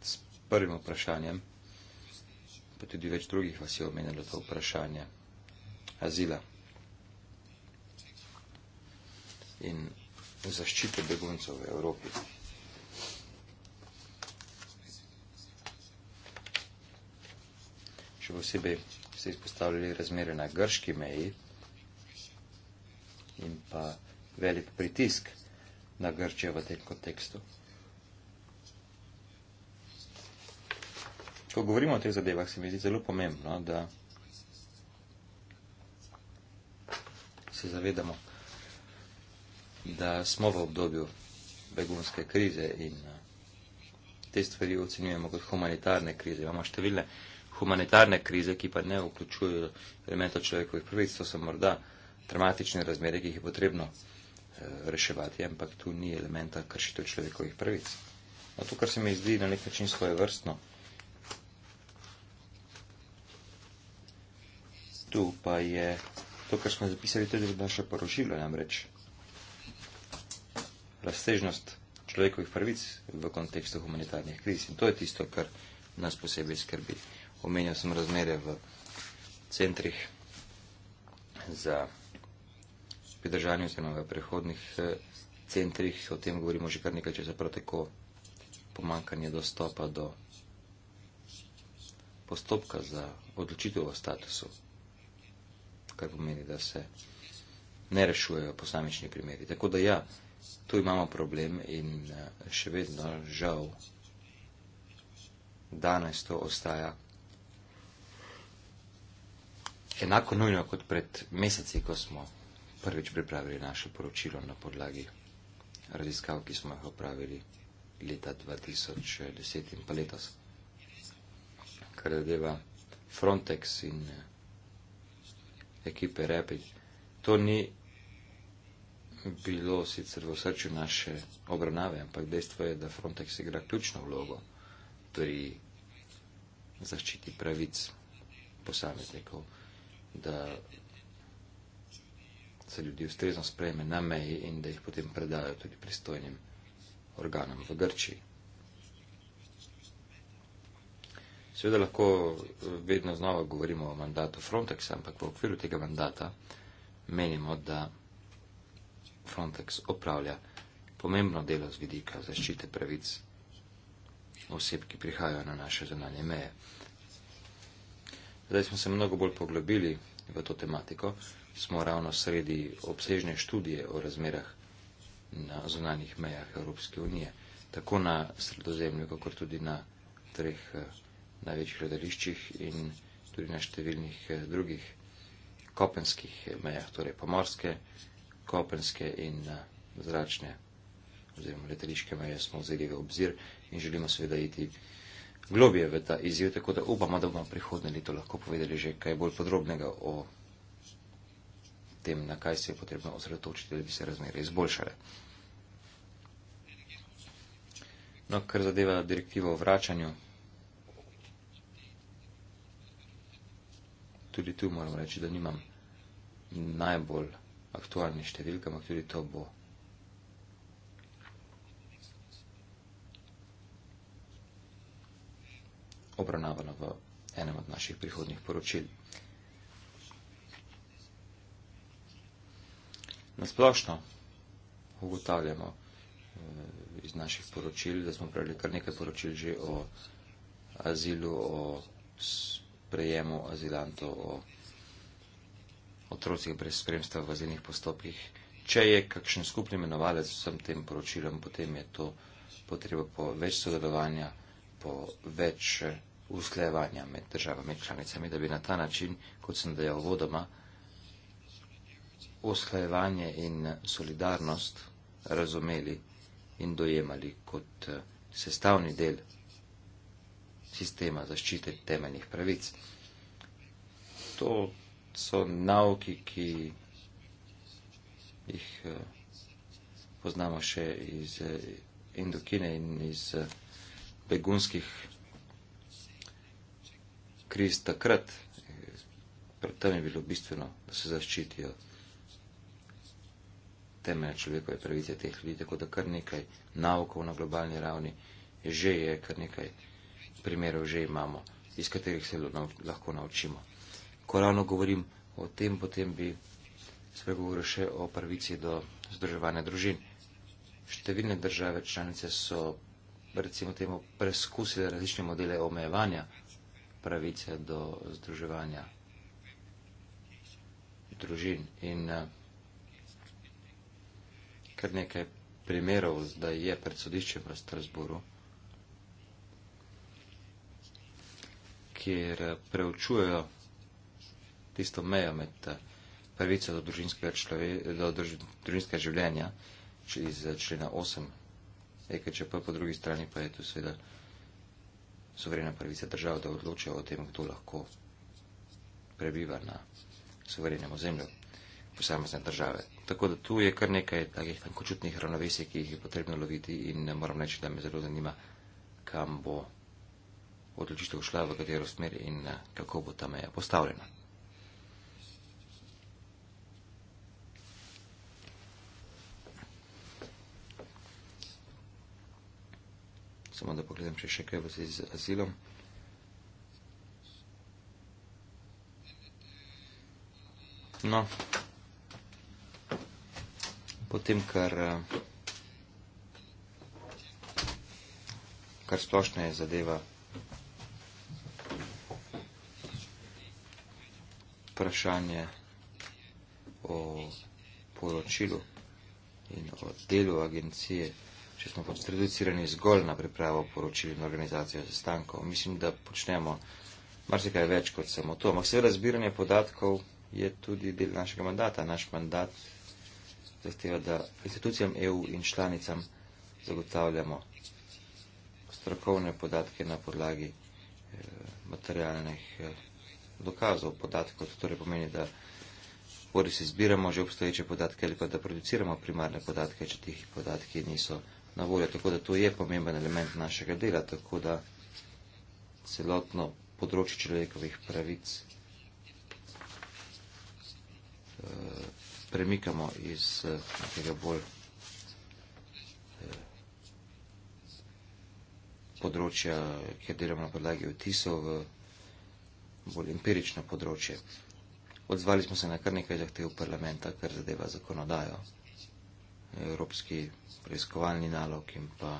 s prvim vprašanjem, pa tudi več drugih vas je omenjalo to vprašanje. Azila in zaščite beguncev v Evropi. še posebej se izpostavljali razmere na grški meji in pa velik pritisk na Grčijo v tem kontekstu. Ko govorimo o teh zadevah, se mi zdi zelo pomembno, da se zavedamo, da smo v obdobju begunske krize in te stvari ocenjujemo kot humanitarne krize. Imamo številne humanitarne krize, ki pa ne vključujejo elementov človekovih pravic, to so morda dramatične razmere, ki jih je potrebno eh, reševati, ampak tu ni elementa kršitev človekovih pravic. No, to, kar se mi zdi na nek način svoje vrstno, tu pa je to, kar smo zapisali tudi v naše porožilo, namreč razsežnost človekovih pravic v kontekstu humanitarnih kriz. In to je tisto, kar nas posebej skrbi omenjal sem razmere v centrih za pridržanje oziroma v prehodnih eh, centrih, o tem govorimo že kar nekaj časa, prav tako pomankanje dostopa do postopka za odločitev o statusu, kar pomeni, da se ne rešujejo posamični primeri. Tako da ja, tu imamo problem in eh, še vedno žal danes to ostaja enako nujno kot pred meseci, ko smo prvič pripravili naše poročilo na podlagi raziskav, ki smo jih opravili leta 2010 in pa letos, kar zadeva Frontex in eh, ekipe Rapid. To ni bilo sicer v srču naše obravnave, ampak dejstvo je, da Frontex igra ključno vlogo pri zaščiti pravic posameznikov da se ljudi ustrezno sprejme na meji in da jih potem predajo tudi pristojnim organom v Grčiji. Seveda lahko eh, vedno znova govorimo o mandatu Frontexa, ampak v okviru tega mandata menimo, da Frontex opravlja pomembno delo z vidika zaščite pravic oseb, ki prihajajo na naše zunanje meje. Zdaj smo se mnogo bolj poglobili v to tematiko, smo ravno sredi obsežne študije o razmerah na zunanjih mejah Evropske unije, tako na sredozemlju, kako tudi na treh eh, največjih gledališčih in tudi na številnih eh, drugih kopenskih mejah, torej pomorske, kopenske in eh, zračne oziroma letališke meje smo vzeli v obzir in želimo seveda iti globije v ta izjiv, tako da upamo, da bomo prihodne leto lahko povedali že kaj bolj podrobnega o tem, na kaj se je potrebno osredotočiti, da bi se razmere izboljšale. No, kar zadeva direktivo o vračanju, tudi tu moram reči, da nimam najbolj aktualnih številk, ampak tudi to bo. obravnavano v enem od naših prihodnih poročil. Nasplošno ugotavljamo eh, iz naših poročil, da smo prejeli kar nekaj poročil že o azilu, o prejemu azilantov, o otrocih brez spremstva v azilnih postopkih. Če je kakšen skupni imenovalec vsem tem poročilom, potem je to potreba po več sodelovanja, po več eh, usklajevanja med državami članicami, da bi na ta način, kot sem dejal vodoma, usklajevanje in solidarnost razumeli in dojemali kot eh, sestavni del sistema zaščite temeljnih pravic. To so nauki, ki jih eh, poznamo še iz eh, Indokine in iz begunskih kriz takrat, pred tem je bilo bistveno, da se zaščitijo temelje človekove pravice teh ljudi, tako da kar nekaj naukov na globalni ravni že je, kar nekaj primerov že imamo, iz katerih se lahko naučimo. Ko ravno govorim o tem, potem bi spregovoril še o pravici do združevanja družin. Številne države članice so, recimo temu, preskusile različne modele omejevanja pravice do združevanja družin. In eh, kar nekaj primerov zdaj je pred sodiščem v Strasburu, kjer eh, preučujejo tisto mejo med eh, pravico do družinskega, člove, do družinskega življenja, iz člena 8, EKČP, po drugi strani pa je tu seveda suverena pravica držav, da odločajo o tem, kdo lahko prebiva na suverenem ozemlju posamezne države. Tako da tu je kar nekaj takih tankočutnih ravnovesij, ki jih je potrebno loviti in ne moram reči, da me zelo zanima, kam bo odločitev šla, v katero smer in eh, kako bo ta meja postavljena. Samo da pogledam, če še kaj v zvezi z azilom. No, potem, kar, eh, kar splošna je zadeva vprašanje o poročilu in o delu agencije če smo pač reducirani zgolj na pripravo poročil in organizacijo sestankov. Mislim, da počnemo marsikaj več kot samo to. Ampak seveda zbiranje podatkov je tudi del našega mandata. Naš mandat zahteva, da institucijam EU in članicam zagotavljamo strokovne podatke na podlagi eh, materialnih eh, dokazov podatkov. To torej pomeni, da bodi se zbiramo že obstoječe podatke ali pa da produciramo primarne podatke, če tih podatki niso na voljo. Tako da to je pomemben element našega dela, tako da celotno področje človekovih pravic eh, premikamo iz eh, nekega bolj eh, področja, kjer delamo na podlagi vtisov v bolj empirično področje. Odzvali smo se na kar nekaj zahtev parlamenta, kar zadeva zakonodajo evropski preiskovalni nalog in pa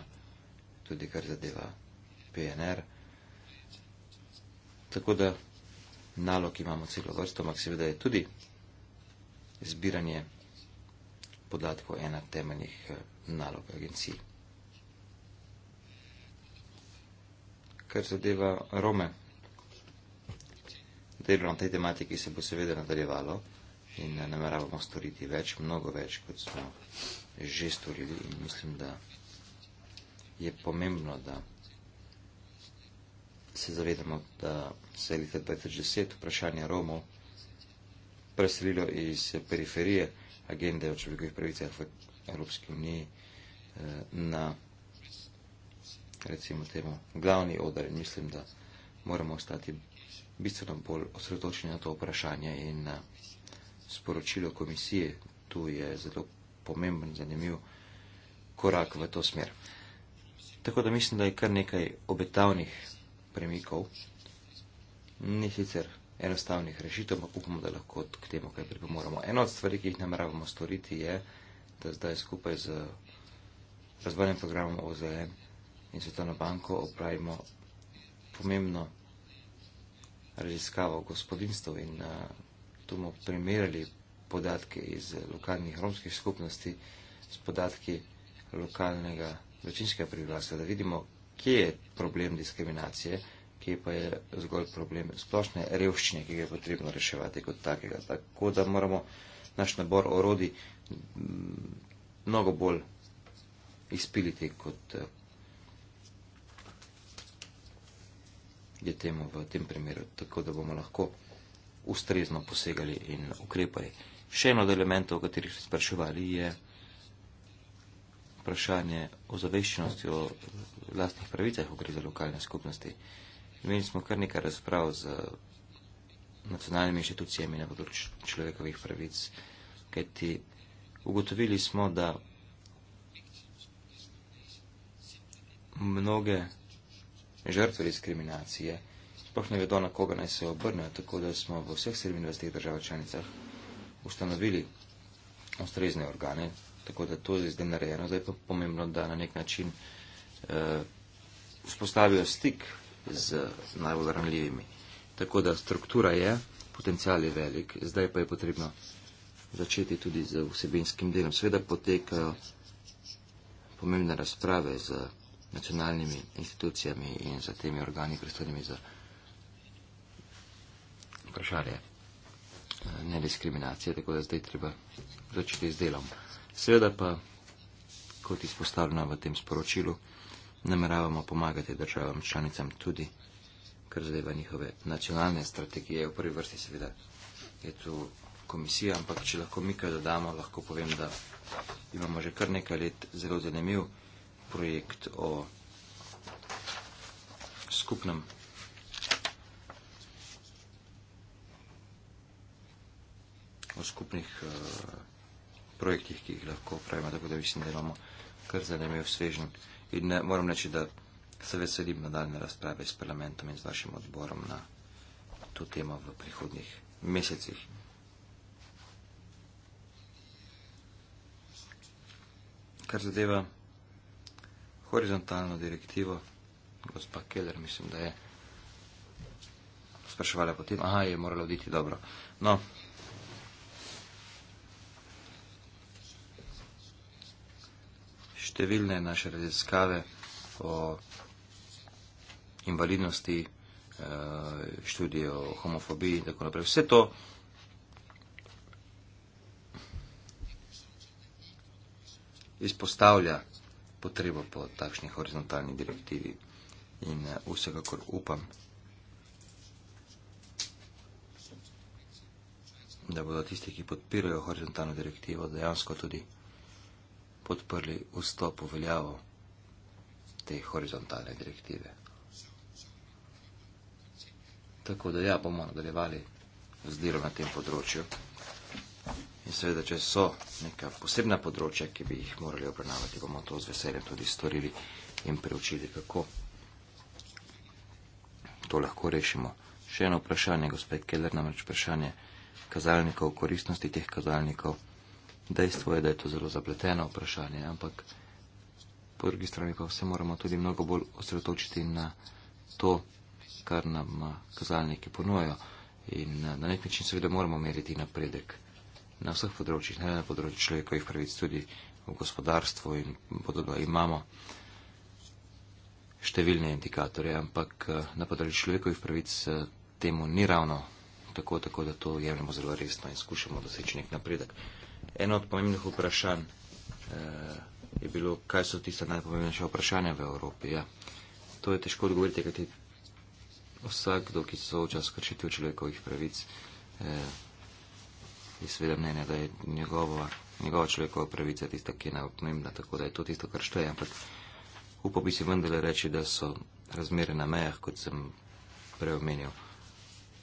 tudi kar zadeva PNR. Tako da nalog imamo celo vrsto, ampak seveda je tudi zbiranje podatkov ena temeljnih eh, nalog agencij. Kar zadeva Rome, delo na tej tematiki se bo seveda nadaljevalo in nameravamo storiti več, mnogo več, kot smo že storili in mislim, da je pomembno, da se zavedamo, da se je leta 2010 vprašanje Romov preselilo iz periferije agende o človekovih pravicah v Evropski uniji eh, na recimo temu glavni odar in mislim, da moramo ostati bistveno bolj osredotočeni na to vprašanje in na eh, sporočilo komisije, tu je zelo pomemben, zanimiv korak v to smer. Tako da mislim, da je kar nekaj obetavnih premikov, ni sicer enostavnih rešitev, pa upamo, da lahko k temu kaj pripomoremo. Ena od stvari, ki jih nameravamo storiti, je, da zdaj skupaj z razvojnim programom OZN in Svetovno banko opravimo pomembno raziskavo gospodinstv in uh, tu smo primerjali podatke iz lokalnih romskih skupnosti s podatki lokalnega večinskega prebivalstva, da vidimo, kje je problem diskriminacije, kje pa je zgolj problem splošne revščine, ki ga je potrebno reševati kot takega. Tako da moramo naš nabor orodi mm, mnogo bolj izpiliti, kot eh, je temu v tem primeru, tako da bomo lahko ustrezno posegali in ukrepali. Še eno od elementov, o katerih ste spraševali, je vprašanje o zaveščenosti o vlastnih pravicah, ko gre za lokalne skupnosti. Imeli smo kar nekaj razprav z nacionalnimi inštitucijami na področju človekovih pravic, kajti ugotovili smo, da mnoge žrtve diskriminacije sploh ne vedo, na koga naj se obrnejo, tako da smo v vseh 27 državah članicah ustanovili ustrezne organe, tako da to je zdaj narejeno. Zdaj pa pomembno, da na nek način eh, vzpostavijo eh, stik z najbolj ranljivimi. Tako da struktura je, potencial je velik, zdaj pa je potrebno začeti tudi z vsebinskim delom. Sveda potekajo pomembne razprave z nacionalnimi institucijami in za temi organi, kristalnimi za vprašanje eh, ne diskriminacije, tako da zdaj treba začeti z delom. Seveda pa, kot izpostavljeno v tem sporočilu, nameravamo pomagati državam članicam tudi, kar zadeva njihove nacionalne strategije. V prvi vrsti seveda je tu komisija, ampak če lahko mi kaj dodamo, lahko povem, da imamo že kar nekaj let zelo zanimiv projekt o skupnem o skupnih eh, projektih, ki jih lahko pravimo, tako da mislim, da imamo kar zanimiv svežen. In ne, eh, moram reči, da se veselim nadaljne razprave s parlamentom in z vašim odborom na to temo v prihodnjih mesecih. Kar zadeva horizontalno direktivo, gospa Keller, mislim, da je sprašovala potem, aha, je moralo biti dobro. No, številne naše raziskave o invalidnosti, eh, študije o homofobiji in tako naprej. Vse to izpostavlja potrebo po takšni horizontalni direktivi in eh, vsekakor upam, da bodo tisti, ki podpirajo horizontalno direktivo, dejansko tudi podprli vstop v veljavo te horizontalne direktive. Tako da ja, bomo nadaljevali z delom na tem področju. In seveda, če so neka posebna področja, ki bi jih morali obravnavati, bomo to z veseljem tudi storili in preučili, kako to lahko rešimo. Še eno vprašanje, gospod Keller, namreč vprašanje kazalnikov, koristnosti teh kazalnikov. Dejstvo je, da je to zelo zapleteno vprašanje, ampak po drugi strani pa se moramo tudi mnogo bolj osredotočiti na to, kar nam eh, kazalniki ponujajo. In eh, na nek način seveda moramo meriti napredek na vseh področjih, ne na področju človekovih pravic, tudi v gospodarstvu in podobno. Imamo številne indikatorje, ampak eh, na področju človekovih pravic temu ni ravno tako, tako da to jemljemo zelo resno in skušamo doseči nek napredek. Eno od pomembnih vprašanj eh, je bilo, kaj so tiste najpomembnejše vprašanja v Evropi. Ja. To je težko odgovoriti, kajti vsak, do ki se sooča s kršitev človekovih pravic, eh, je seveda mnenja, da je njegova, njegova človekova pravica tista, ki je najpomembna, tako da je to tisto, kar šteje. Ampak upo bi si vendarle reči, da so razmere na mejah, kot sem prej omenil,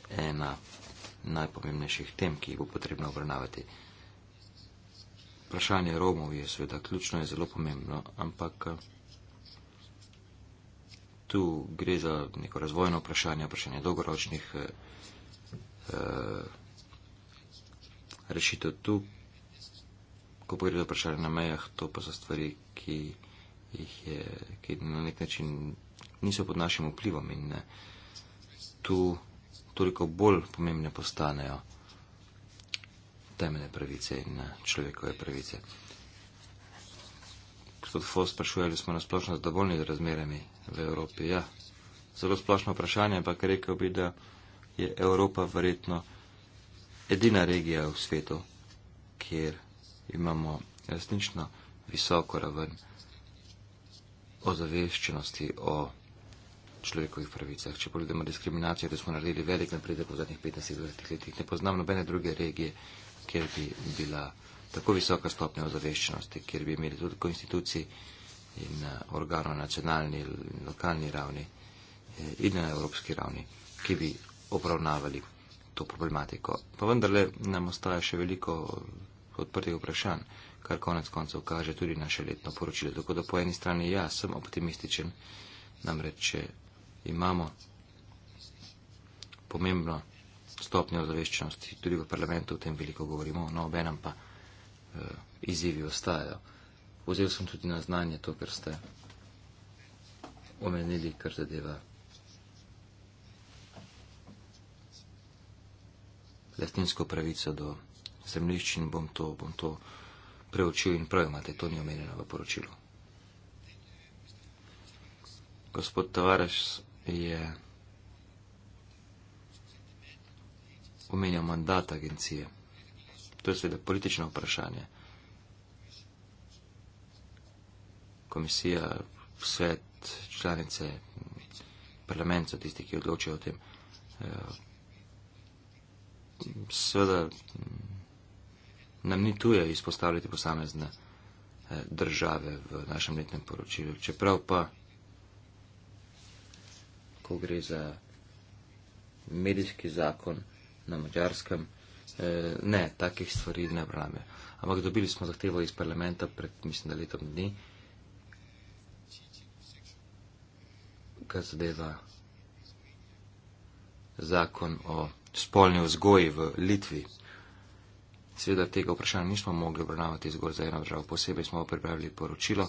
ena najpomembnejših tem, ki jih bo potrebno obravnavati vprašanje Romov je seveda ključno in zelo pomembno, ampak eh, tu gre za neko razvojno vprašanje, vprašanje dolgoročnih eh, eh rešitev tu. Ko pa gre za vprašanje na mejah, to pa so stvari, ki, jih je, ki na nek način niso pod našim vplivom in ne, eh, tu toliko bolj pomembne postanejo temeljne pravice in eh, človekove pravice. Gospod Fos sprašuje, ali smo nasplošno zadovoljni z razmerami v Evropi. Ja, zelo splošno vprašanje, ampak rekel bi, da je Evropa verjetno edina regija v svetu, kjer imamo resnično visoko raven ozaveščenosti o človekovih pravicah. Če pogledamo diskriminacijo, da smo naredili velik napredek v zadnjih 15 letih, ne poznam nobene druge regije, kjer bi bila tako visoka stopnja ozaveščenosti, kjer bi imeli tudi konstituciji in eh, organov na nacionalni in lokalni ravni eh, in na evropski ravni, ki bi obravnavali to problematiko. Pa vendarle nam ostaja še veliko odprtih vprašanj, kar konec koncev kaže tudi naše letno poročilo. Tako da po eni strani ja, sem optimističen, namreč imamo pomembno stopnjo ozaveščenosti. Tudi v parlamentu o tem veliko govorimo, no obenem pa eh, izzivi ostajajo. Vzel sem tudi na znanje to, kar ste omenili, kar zadeva lastninsko pravico do zemljišč in bom to, bom to preučil in prav imate, to ni omenjeno v poročilu. Gospod Tavares je. Yeah. omenja mandat agencije. To je seveda politično vprašanje. Komisija, svet, članice, parlament so tisti, ki odločajo o tem. Eh, seveda mm, nam ni tuje izpostavljati posamezne eh, države v našem letnem poročilu. Čeprav pa, ko gre za medijski zakon, na mačarskem. E, ne, takih stvari ne brame. Ampak dobili smo zahtevo iz parlamenta pred, mislim, da letom dni, kar zadeva zakon o spolni vzgoji v Litvi. Sveda tega vprašanja nismo mogli obravnavati zgolj za eno državo. Posebej smo pripravili poročilo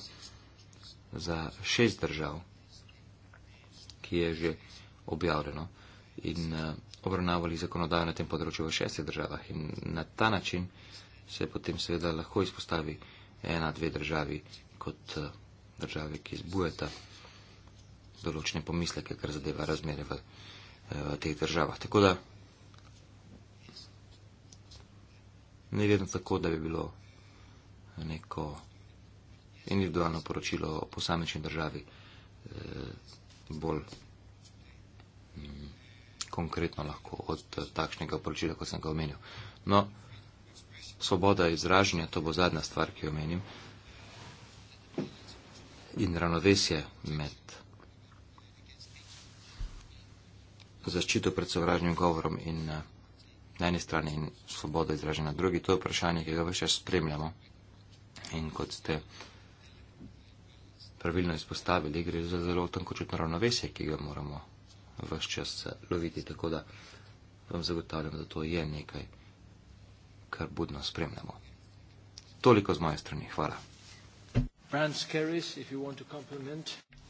za šest držav, ki je že objavljeno. In, uh, obravnavali zakonodajo na tem področju v šestih državah in na ta način se potem seveda lahko izpostavi ena, dve državi kot eh, države, ki zbujeta določene pomisleke, kar zadeva razmere v, eh, v teh državah. Tako da ne vedno tako, da bi bilo neko individualno poročilo o posamečni državi eh, bolj. Mm-hmm konkretno lahko od eh, takšnega poročila, kot sem ga omenil. No, svoboda izražanja, to bo zadnja stvar, ki jo omenim, in ravnovesje med zaščito pred sovražnim govorom in eh, na eni strani in svoboda izražanja na drugi, to je vprašanje, ki ga več čas spremljamo. In kot ste pravilno izpostavili, gre za zelo tankočutno ravnovesje, ki ga moramo vse čas loviti, tako da vam zagotavljam, da to je nekaj, kar budno spremljamo. Toliko z moje strani, hvala.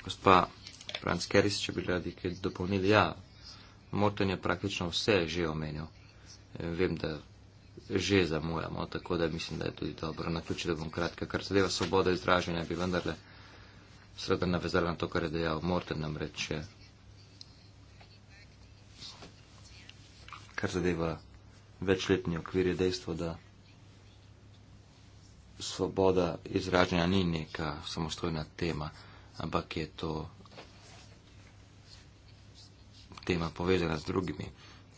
Gospa Franz Keris, če bi radi kaj dopolnili, ja, Morten je praktično vse že omenil. Vem, da že zamujamo, tako da mislim, da je tudi dobro. Na ključe, da bom kratka, kar zadeva svobodo izražanja, bi vendarle sredo navezala na to, kar je dejal Morten, namreč kar zadeva večletni okvir, je dejstvo, da svoboda izražanja ni neka samostojna tema, ampak je to tema povezana z drugimi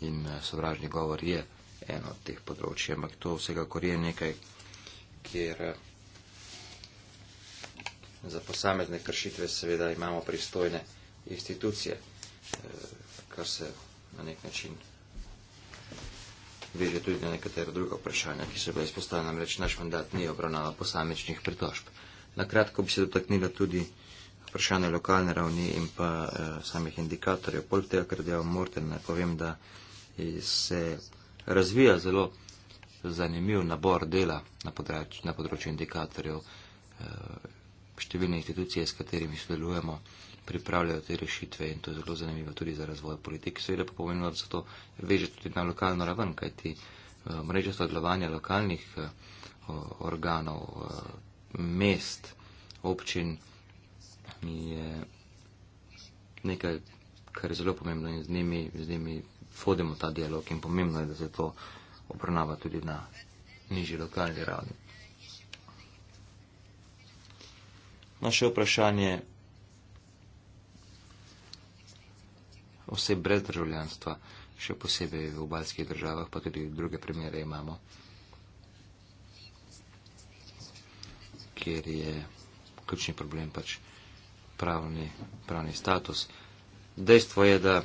in eh, sovražni govor je eno od teh področji, ampak to vsekakor je nekaj, kjer eh, za posamezne kršitve seveda imamo pristojne institucije, eh, kar se na nek način veže tudi na nekatera druga vprašanja, ki so bila izpostavljena, namreč naš mandat ni obravnava posamečnih pritožb. Na kratko bi se dotaknila tudi vprašanja lokalne ravni in pa eh, samih indikatorjev. Poleg tega, ker delam morten, naj povem, da se razvija zelo zanimiv nabor dela na področju, na področju indikatorjev. Eh, številne institucije, s katerimi sodelujemo, eh, pripravljajo te rešitve in to je zelo zanimivo tudi za razvoj politik. Seveda pa pomeni, da se to veže tudi na lokalno raven, kajti eh, mreža sodelovanja lokalnih eh, organov, eh, mest, občin je nekaj, kar je zelo pomembno in z njimi, z njimi vodimo ta dialog in pomembno je, da se to obrnava tudi na nižji lokalni ravni. Naše no, vprašanje oseb brez državljanstva, še posebej v obalskih državah, pa tudi druge primere imamo, kjer je ključni problem pač pravni, pravni status. Dejstvo je, da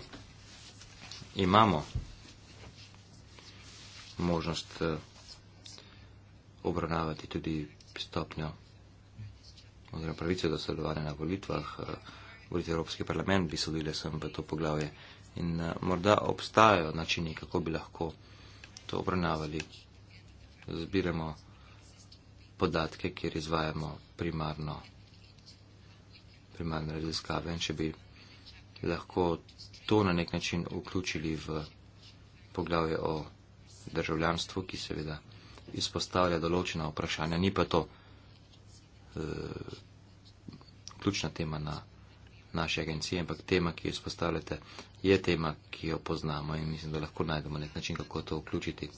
imamo možnost eh, obravnavati tudi stopnjo oziroma pravico do sodelovanja na volitvah. Uh, voliti Evropski parlament, bi sodile sem v to poglavje. In uh, morda obstajajo načini, kako bi lahko to obravnavali. Zbiramo podatke, kjer izvajamo primarno, primarno raziskave. In če bi lahko to na nek način vključili v poglavje o državljanstvu, ki seveda izpostavlja določena vprašanja, ni pa to uh, ključna tema na naše agencije, ampak tema, ki jo spostavljate, je tema, ki jo poznamo in mislim, da lahko najdemo nek način, kako to vključiti.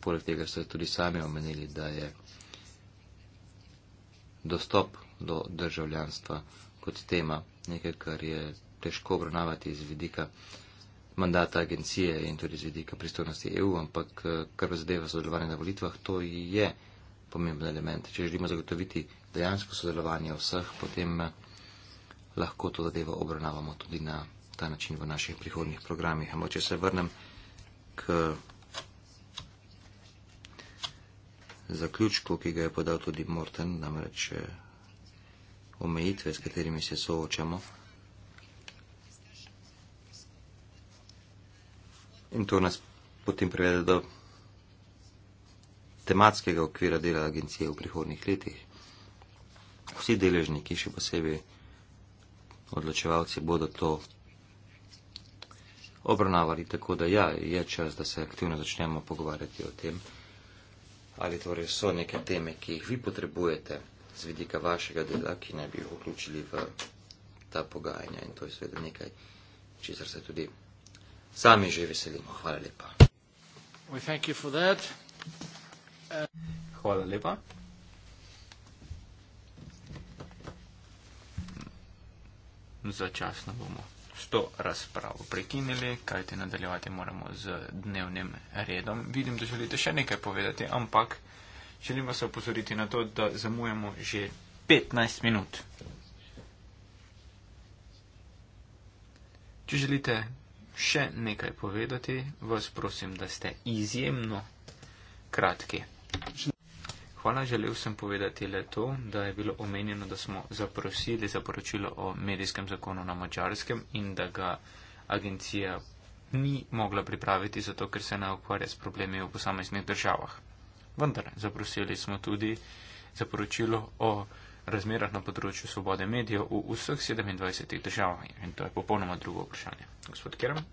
Poleg tega ste tudi sami omenili, da je dostop do državljanstva kot tema nekaj, kar je težko obravnavati iz vidika mandata agencije in tudi z vidika pristojnosti EU, ampak eh, kar pa zadeva sodelovanje na volitvah, to je pomemben element. Če želimo zagotoviti dejansko sodelovanje vseh, potem eh, lahko to zadevo obravnavamo tudi na ta način v naših prihodnih programih. Ampak, če se vrnem k zaključku, ki ga je podal tudi Morten, namreč eh, omejitve, s katerimi se soočamo. In to nas potem privede do tematskega okvira dela agencije v prihodnih letih. Vsi deležniki, še posebej odločevalci bodo to obravnavali, tako da ja, je čas, da se aktivno začnemo pogovarjati o tem, ali torej so neke teme, ki jih vi potrebujete z vidika vašega dela, ki naj bi jih vključili v ta pogajanja in to je seveda nekaj, čizar se tudi sami že veselimo. Hvala lepa. Hvala lepa. začasno bomo s to razpravo prekinili, kajte nadaljevati moramo z dnevnim redom. Vidim, da želite še nekaj povedati, ampak želim vas opozoriti na to, da zamujamo že 15 minut. Če želite še nekaj povedati, vas prosim, da ste izjemno kratki. Hvala, želel sem povedati le to, da je bilo omenjeno, da smo zaprosili za poročilo o medijskem zakonu na mačarskem in da ga agencija ni mogla pripraviti, zato ker se ne ukvarja s problemi v posameznih državah. Vendar, zaprosili smo tudi za poročilo o razmerah na področju svobode medijev v vseh 27 državah in to je popolnoma drugo vprašanje. Gospod Kerem.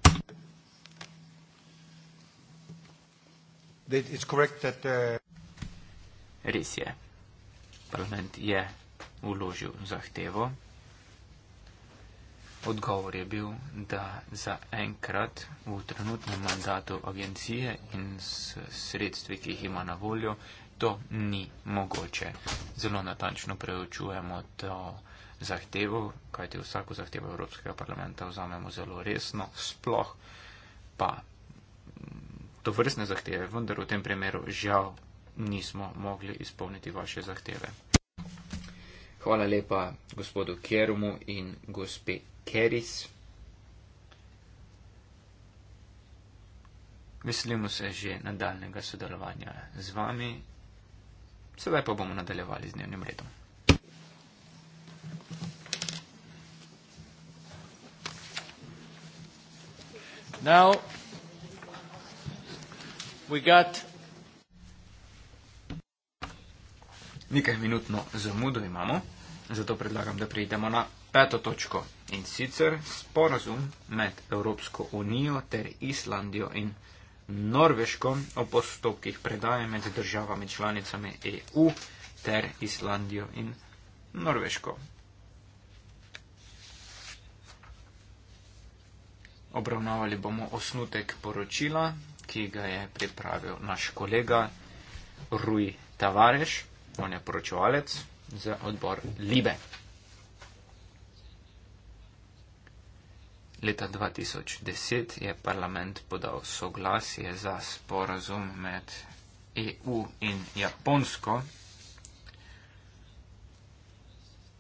That it's correct that uh, Res je. Parlament je uložil zahtevo. Odgovor je bil, da za enkrat v trenutnem mandatu agencije in s sredstvi, ki jih ima na voljo, to ni mogoče. Zelo natančno preučujemo to zahtevo, kajti vsako zahtevo Evropskega parlamenta vzamemo zelo resno, sploh pa to vrstne zahteve, vendar v tem primeru žal nismo mogli izpolniti vaše zahteve. Hvala lepa gospodu Kerumu in gospe Keris. Veselimo se že nadaljnega sodelovanja z vami. Sedaj pa bomo nadaljevali z dnevnim redom. Now, we got nekaj minutno zamudo imamo, zato predlagam, da prejdemo na peto točko in sicer sporazum med Evropsko unijo ter Islandijo in Norveško o postopkih predaje med državami članicami EU ter Islandijo in Norveško. Obravnavali bomo osnutek poročila, ki ga je pripravil naš kolega Rui Tavares. Tonja Poročevalec za odbor Libe. Leta 2010 je parlament podal soglasje za sporazum med EU in Japonsko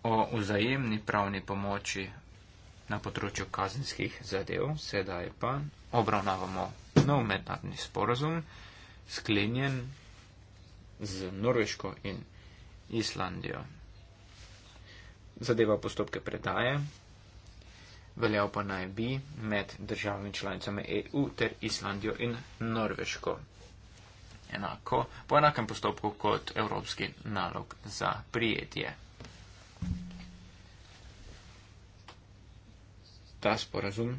o vzajemni pravni pomoči na področju kazenskih zadev. Sedaj pa obravnavamo nov mednarodni sporazum, sklenjen z Norveško in Islandijo. Zadeva postopke predaje, veljal pa naj bi med državami članicami EU ter Islandijo in Norveško. Enako, po enakem postopku kot evropski nalog za prijetje. Ta sporazum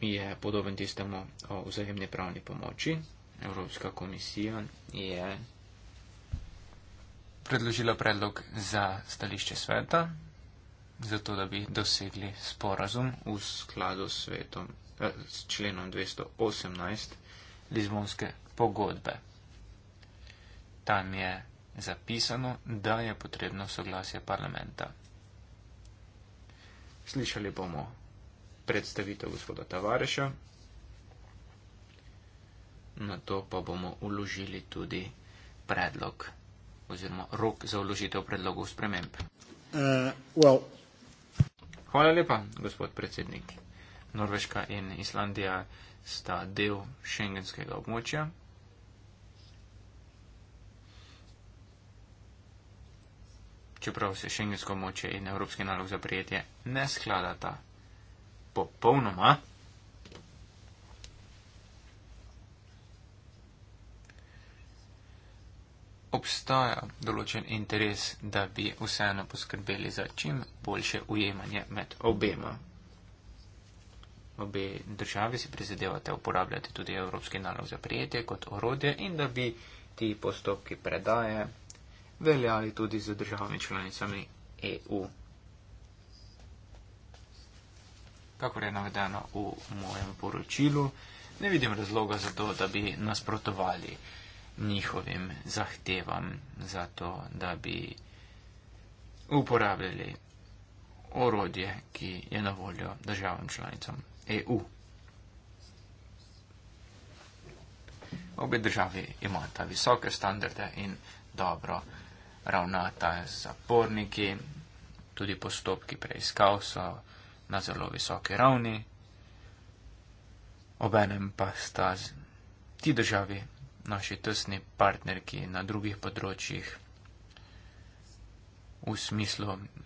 je podoben tistemu o vzajemni pravni pomoči. Evropska komisija je predložila predlog za stališče sveta, zato da bi dosegli sporazum v skladu s, svetom, eh, s členom 218 Lizbonske pogodbe. Tam je zapisano, da je potrebno soglasje parlamenta. Slišali bomo predstavitev gospoda Tavareša, na to pa bomo uložili tudi predlog oziroma rok za vložitev predlogov sprememb. Uh, well. Hvala lepa, gospod predsednik. Norveška in Islandija sta del šengenskega območja. Čeprav se šengensko območje in evropski nalog za prijetje ne skladata popolnoma. obstaja določen interes, da bi vseeno poskrbeli za čim boljše ujemanje med obema. Obe državi si prizadevate uporabljati tudi Evropski nalog za prijetje kot orodje in da bi ti postopki predaje veljali tudi za državami članicami EU. Kakor je navedeno v mojem poročilu, ne vidim razloga za to, da bi nasprotovali njihovim zahtevam za to, da bi uporabljali orodje, ki je na voljo državam članicam EU. Obe državi imata visoke standarde in dobro ravnata z zaporniki, tudi postopki preiskav so na zelo visoki ravni, obenem pa sta ti državi naši tesni partnerki na drugih področjih v smislu eh,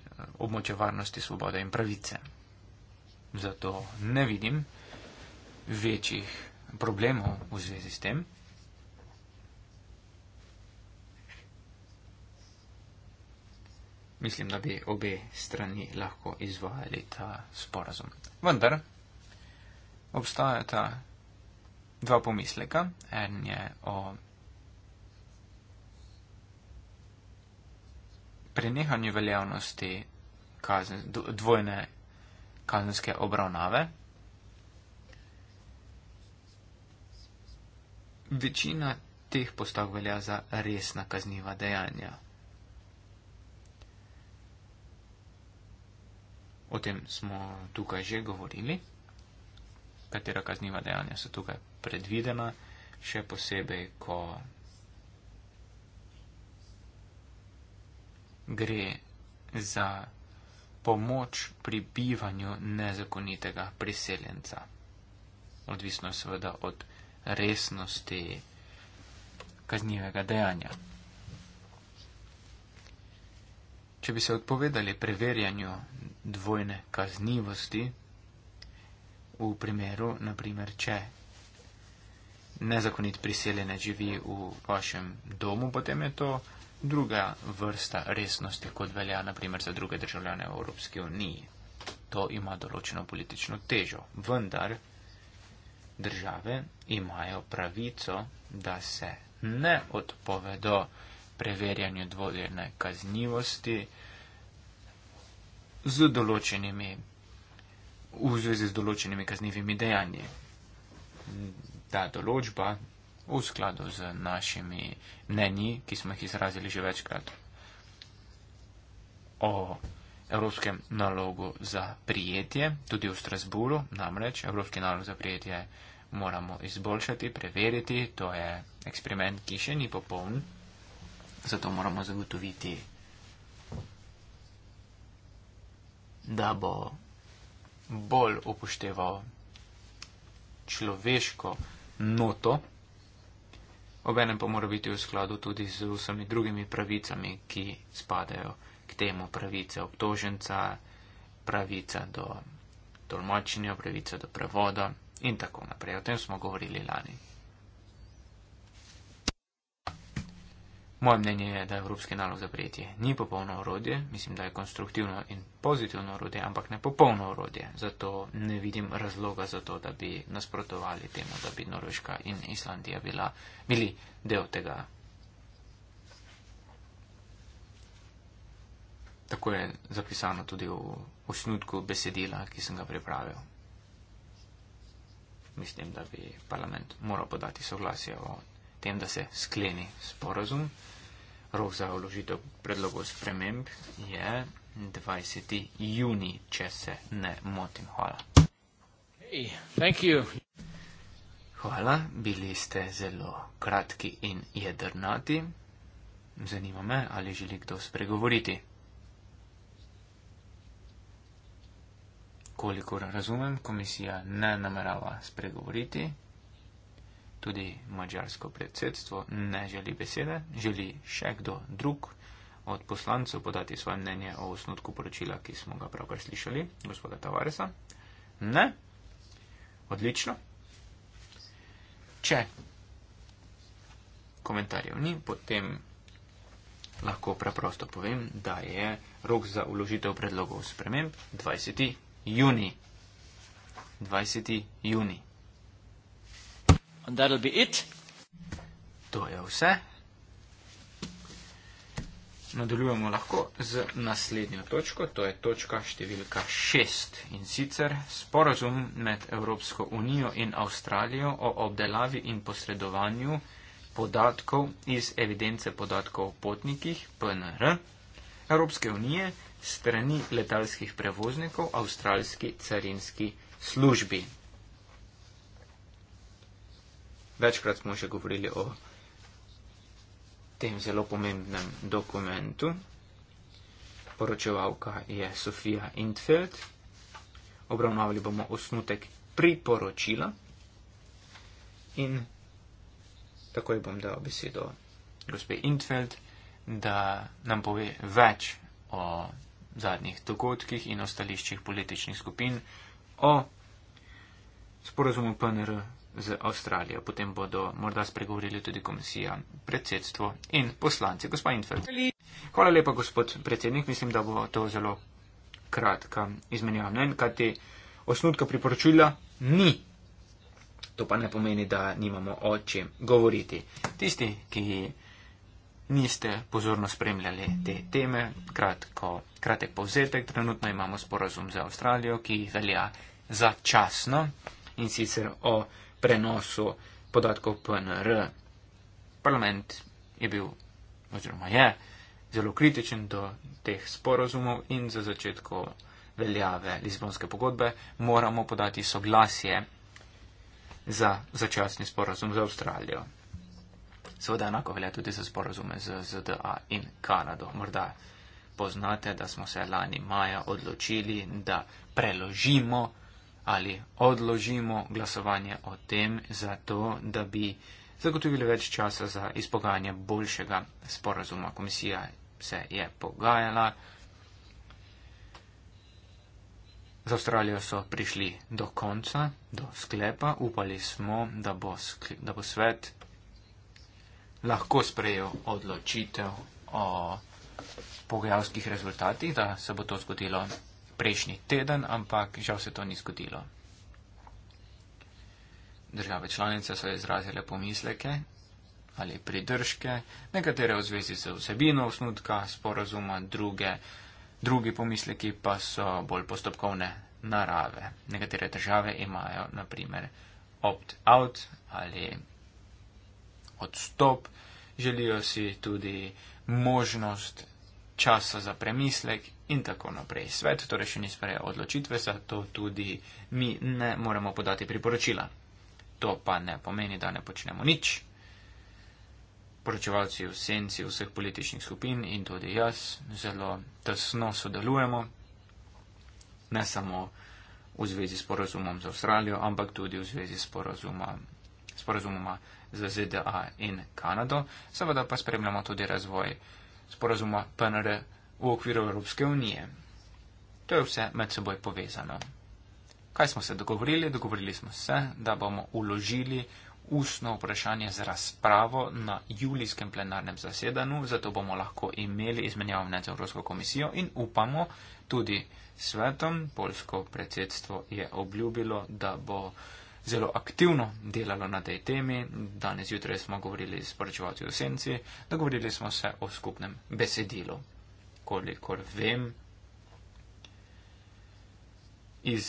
območja varnosti, svobode in pravice. Zato ne vidim večjih problemov v zvezi s tem. Mislim, da bi obe strani lahko izvajali ta sporazum. Vendar obstajata dva pomisleka. En je o prenehanju veljavnosti kazen, dvojne kazenske obravnave. Večina teh postavk velja za resna kazniva dejanja. O tem smo tukaj že govorili katera kazniva dejanja so tukaj predvidena, še posebej, ko gre za pomoč pri bivanju nezakonitega priseljenca. Odvisno seveda od resnosti kaznivega dejanja. Če bi se odpovedali preverjanju dvojne kaznivosti, v primeru, naprimer, če nezakonit priseljene živi v vašem domu, potem je to druga vrsta resnosti, kot velja, naprimer, za druge državljane v Evropski uniji. To ima določeno politično težo, vendar države imajo pravico, da se ne odpovedo preverjanju dvojne kaznivosti z določenimi v zvezi z določenimi kaznjivimi dejanji. Ta določba v skladu z našimi mnenji, ki smo jih izrazili že večkrat o Evropskem nalogu za prijetje, tudi v Strasburu, namreč Evropski nalog za prijetje moramo izboljšati, preveriti, to je eksperiment, ki še ni popoln, zato moramo zagotoviti, da bo bolj upošteval človeško noto, obenem pa mora biti v skladu tudi z vsemi drugimi pravicami, ki spadajo k temu pravice obtoženca, pravica do tolmačenja, pravica do prevoda in tako naprej. O tem smo govorili lani. Moje mnenje je, da je evropski nalog za prijetje ni popolno orodje, mislim, da je konstruktivno in pozitivno orodje, ampak ne popolno orodje. Zato ne vidim razloga za to, da bi nasprotovali temu, da bi Norveška in Islandija bila, bili del tega. Tako je zapisano tudi v osnutku besedila, ki sem ga pripravil. Mislim, da bi parlament moral podati soglasje o tem, da se skleni sporozum. Rok za vložitev predlogov sprememb je 20. juni, če se ne motim. Hvala. Hey, Hvala, bili ste zelo kratki in jedrnati. Zanima me, ali želi kdo spregovoriti. Kolikor razumem, komisija ne namerava spregovoriti tudi mađarsko predsedstvo ne želi besede. Želi še kdo drug od poslancev podati svoje mnenje o osnutku poročila, ki smo ga pravkar slišali, gospoda Tavaresa? Ne? Odlično. Če komentarjev ni, potem lahko preprosto povem, da je rok za uložitev predlogov sprememb 20. juni. 20. juni. And that'll be it. To je vse. Nadaljujemo lahko z naslednjo točko, to je točka številka šest in sicer sporozum med Evropsko unijo in Avstralijo o obdelavi in posredovanju podatkov iz evidence podatkov o potnikih PNR Evropske unije strani letalskih prevoznikov Avstralski carinski službi večkrat smo že govorili o tem zelo pomembnem dokumentu. Poročevalka je Sofija Intfeld. Obravnavali bomo osnutek priporočila. In takoj bom dal besedo gospe Intfeld, da nam pove več o zadnjih dogodkih in o stališčih političnih skupin, o sporazumu PNR z Avstralijo. Potem bodo morda spregovorili tudi komisija, predsedstvo in poslanci. Gospa Infeld. Hvala lepa, gospod predsednik. Mislim, da bo to zelo kratka izmenjava mnen, kajti osnutka priporočila ni. To pa ne pomeni, da nimamo o čem govoriti. Tisti, ki niste pozorno spremljali te teme, kratko, kratek povzetek, trenutno imamo sporazum za Avstralijo, ki velja začasno in sicer o prenosu podatkov PNR. Parlament je bil oziroma je zelo kritičen do teh sporozumov in za začetko veljave Lizbonske pogodbe moramo podati soglasje za začasni sporozum za Avstralijo. Seveda enako velja tudi za sporozume z ZDA in Kanado. Morda poznate, da smo se lani maja odločili, da preložimo ali odložimo glasovanje o tem, zato da bi zagotovili več časa za izpogajanje boljšega sporazuma. Komisija se je pogajala. Z Avstralijo so prišli do konca, do sklepa. Upali smo, da bo, skle, da bo svet lahko sprejel odločitev o pogajalskih rezultatih, da se bo to zgodilo prejšnji teden, ampak žal se to ni zgodilo. Države članice so izrazile pomisleke ali pridržke, nekatere v zvezi z vsebino osnutka sporazuma, druge, drugi pomisleki pa so bolj postopkovne narave. Nekatere države imajo naprimer opt-out ali odstop, želijo si tudi možnost časa za premislek in tako naprej. Svet torej še ni sprejel odločitve, zato tudi mi ne moremo podati priporočila. To pa ne pomeni, da ne počnemo nič. Poročevalci v senci vseh političnih skupin in tudi jaz zelo tesno sodelujemo, ne samo v zvezi s porozumom z Avstralijo, ampak tudi v zvezi s sporozumoma z ZDA in Kanado. Seveda pa spremljamo tudi razvoj uh, sporazuma PNR v okviru Evropske unije. To je vse med seboj povezano. Kaj smo se dogovorili? Dogovorili smo se, da bomo uložili ustno vprašanje z razpravo na julijskem plenarnem zasedanju, zato bomo lahko imeli izmenjavo mnenj z Evropsko komisijo in upamo tudi svetom. Polsko predsedstvo je obljubilo, da bo uh, zelo aktivno delalo na tej temi. Danes jutraj smo govorili s poročevalci v senci, dogovorili smo se o skupnem besedilu. Kolikor vem, iz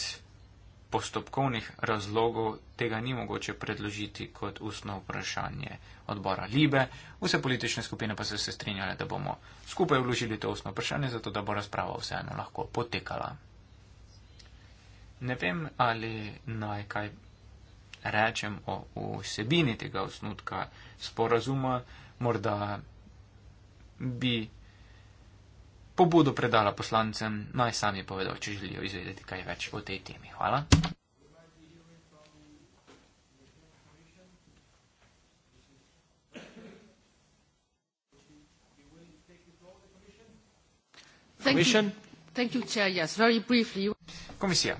postopkovnih razlogov tega ni mogoče predložiti kot ustno vprašanje odbora Libe. Vse politične skupine pa so se strinjale, da bomo skupaj vložili to ustno vprašanje, zato da bo razprava vseeno lahko potekala. Ne vem, ali naj kaj rečem o vsebini tega osnutka sporazuma, morda bi pobudo predala poslancem, naj sami povedo, če želijo izvedeti kaj več o tej temi. Hvala. Thank you. Thank you, chair, yes, Komisija.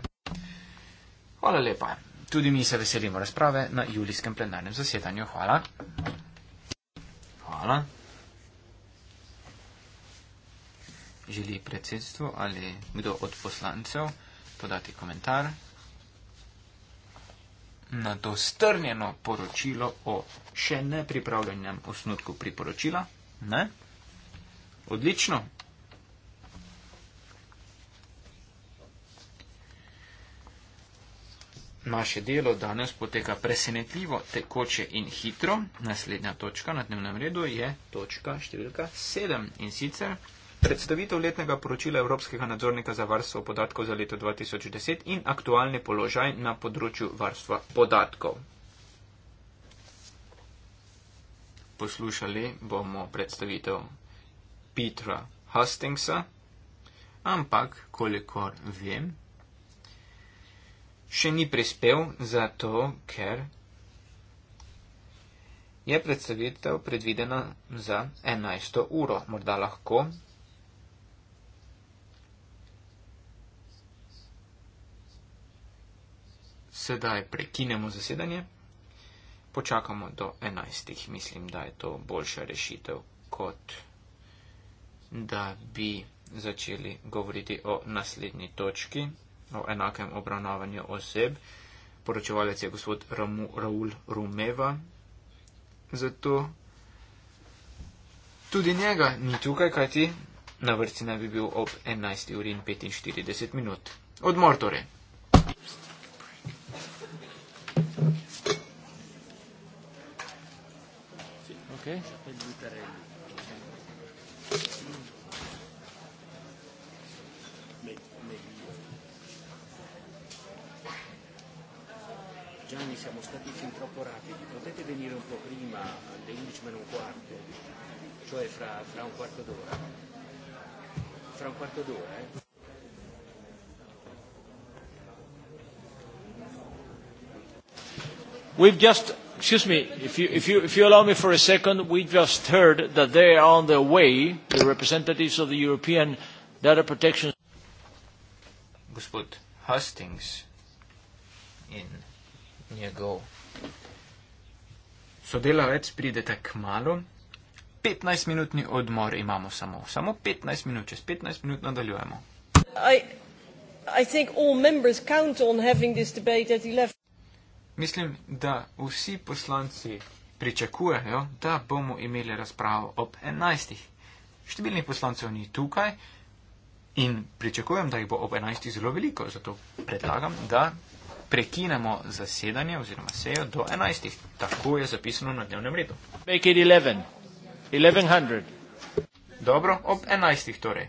Hvala lepa. Tudi mi se veselimo razprave na julijskem plenarnem zasedanju. Hvala. Hvala. Želi predsedstvo ali kdo od poslancev podati komentar na to strnjeno poročilo o še ne pripravljenem osnutku priporočila? Ne? Odlično. naše delo danes poteka presenetljivo, tekoče in hitro. Naslednja točka na dnevnem redu je točka številka 7 in sicer predstavitev letnega poročila Evropskega nadzornika za varstvo podatkov za leto 2010 in aktualni položaj na področju varstva podatkov. Poslušali bomo predstavitev Petra Hustingsa, ampak kolikor vem, še ni prispel, zato ker je predstavitev predvidena za 11. uro. Morda lahko sedaj prekinemo zasedanje. Počakamo do 11. Mislim, da je to boljša rešitev, kot da bi začeli govoriti o naslednji točki o enakem obravnavanju oseb. Poročevalec je gospod Ramu, Raul Rumeva. Zato tudi njega ni tukaj, kajti na vrsti naj bi bil ob 11. uri in 45 minut. Odmor torej. Okay. siamo stati fin troppo rapidi, potete venire un po' prima, alle 11 meno un quarto, cioè fra, fra un quarto d'ora? Fra un quarto d'ora, eh? We've just, excuse me, if you, if, you, if you allow me for a second, we just heard that they are on their way, the representatives of the European Data Protection. Gospod Hastings in njegov. Sodelavec pridete k malu, 15 minutni odmor imamo samo, samo 15 minut, čez 15 minut nadaljujemo. I, I Mislim, da vsi poslanci pričakujejo, da bomo imeli razpravo ob 11. Številnih poslancev ni tukaj in pričakujem, da jih bo ob 11. zelo veliko, zato predlagam, da prekinemo zasedanje oziroma sejo do 11. Tako je zapisano na dnevnem redu. Make it 11. 1100. Dobro, ob 11. torej.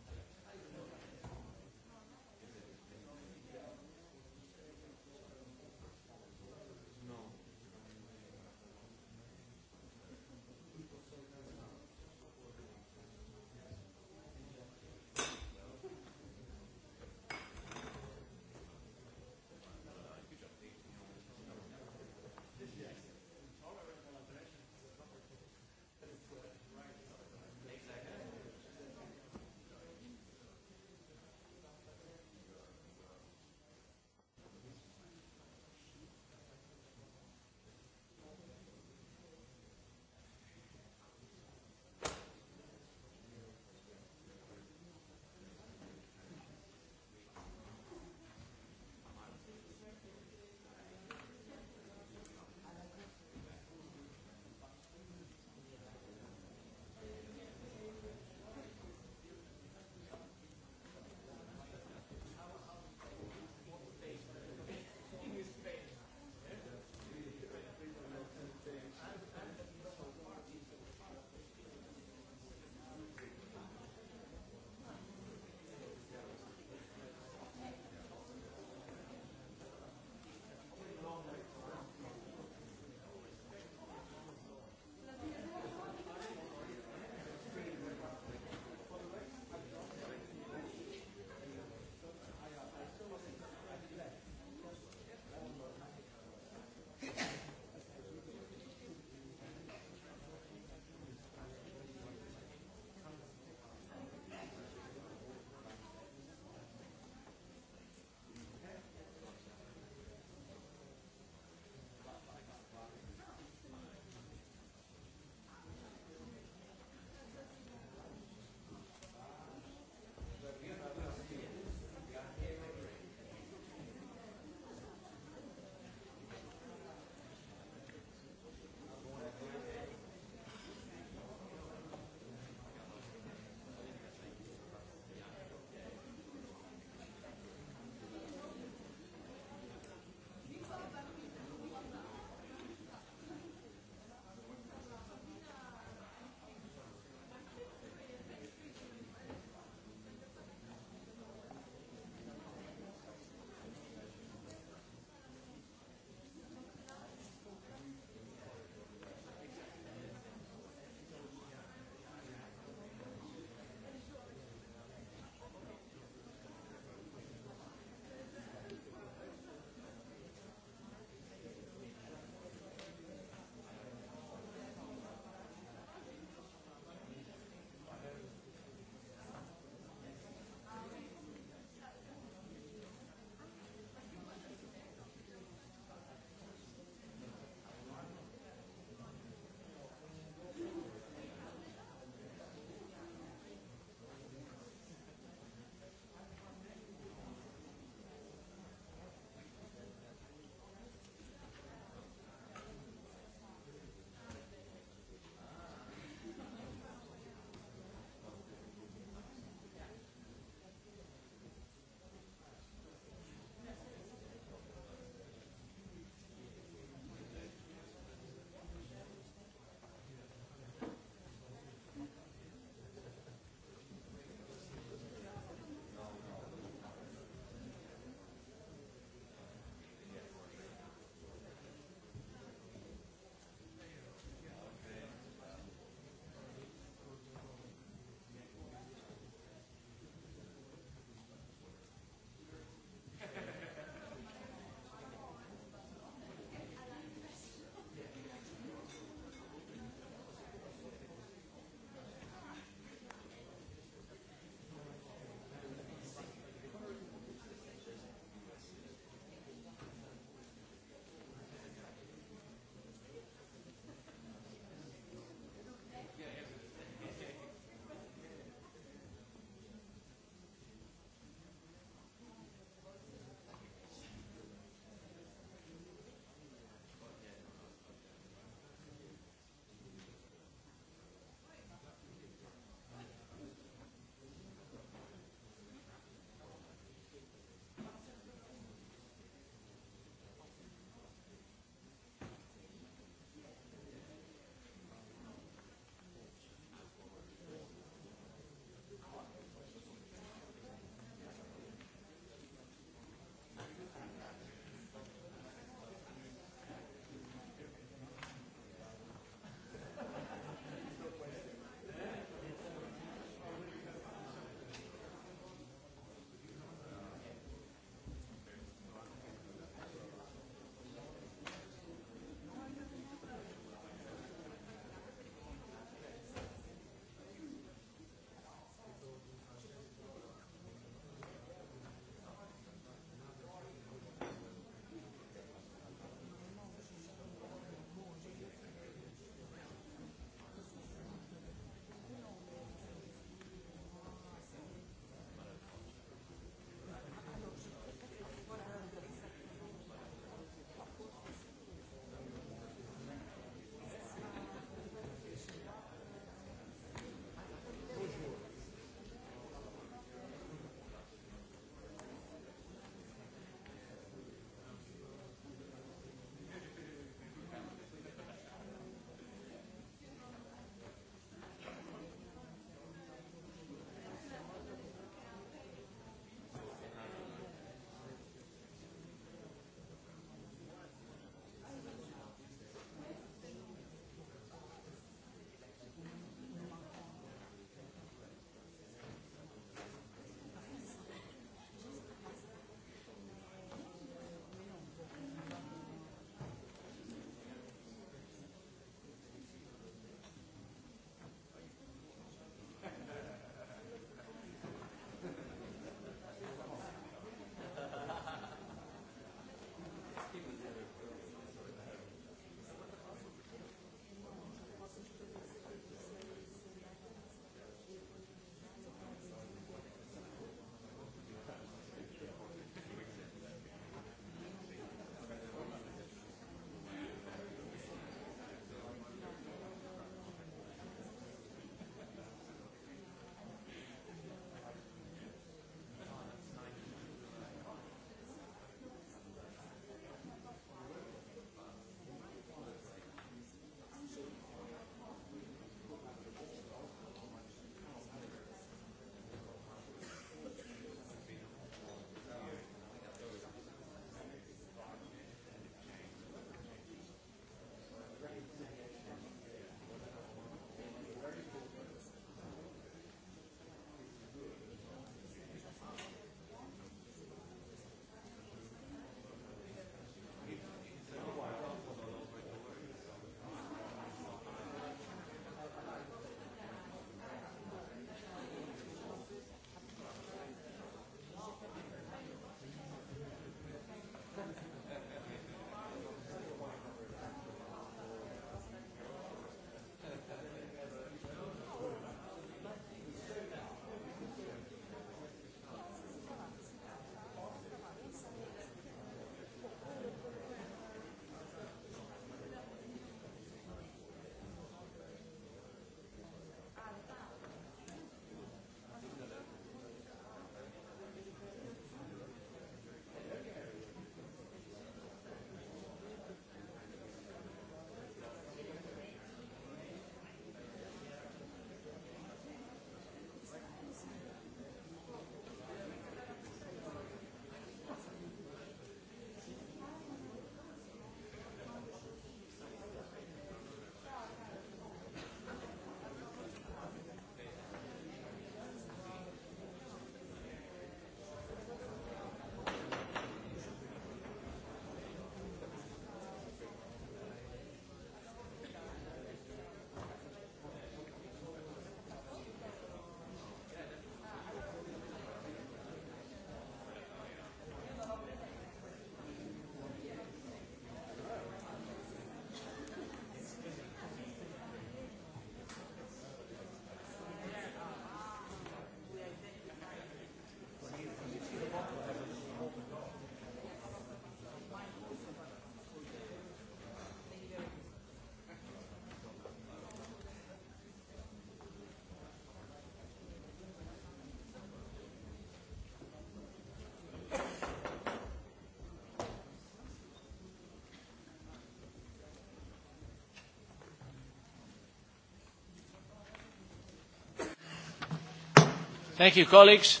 Thank you, colleagues.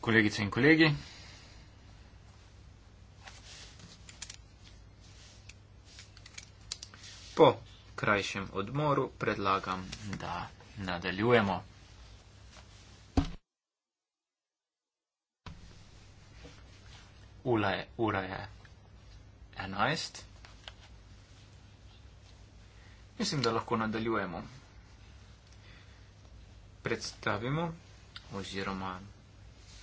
Kolegice in kolegi. Po krajšem odmoru predlagam, da nadaljujemo. Ula je, ura je enajst. Mislim, da lahko nadaljujemo predstavimo oziroma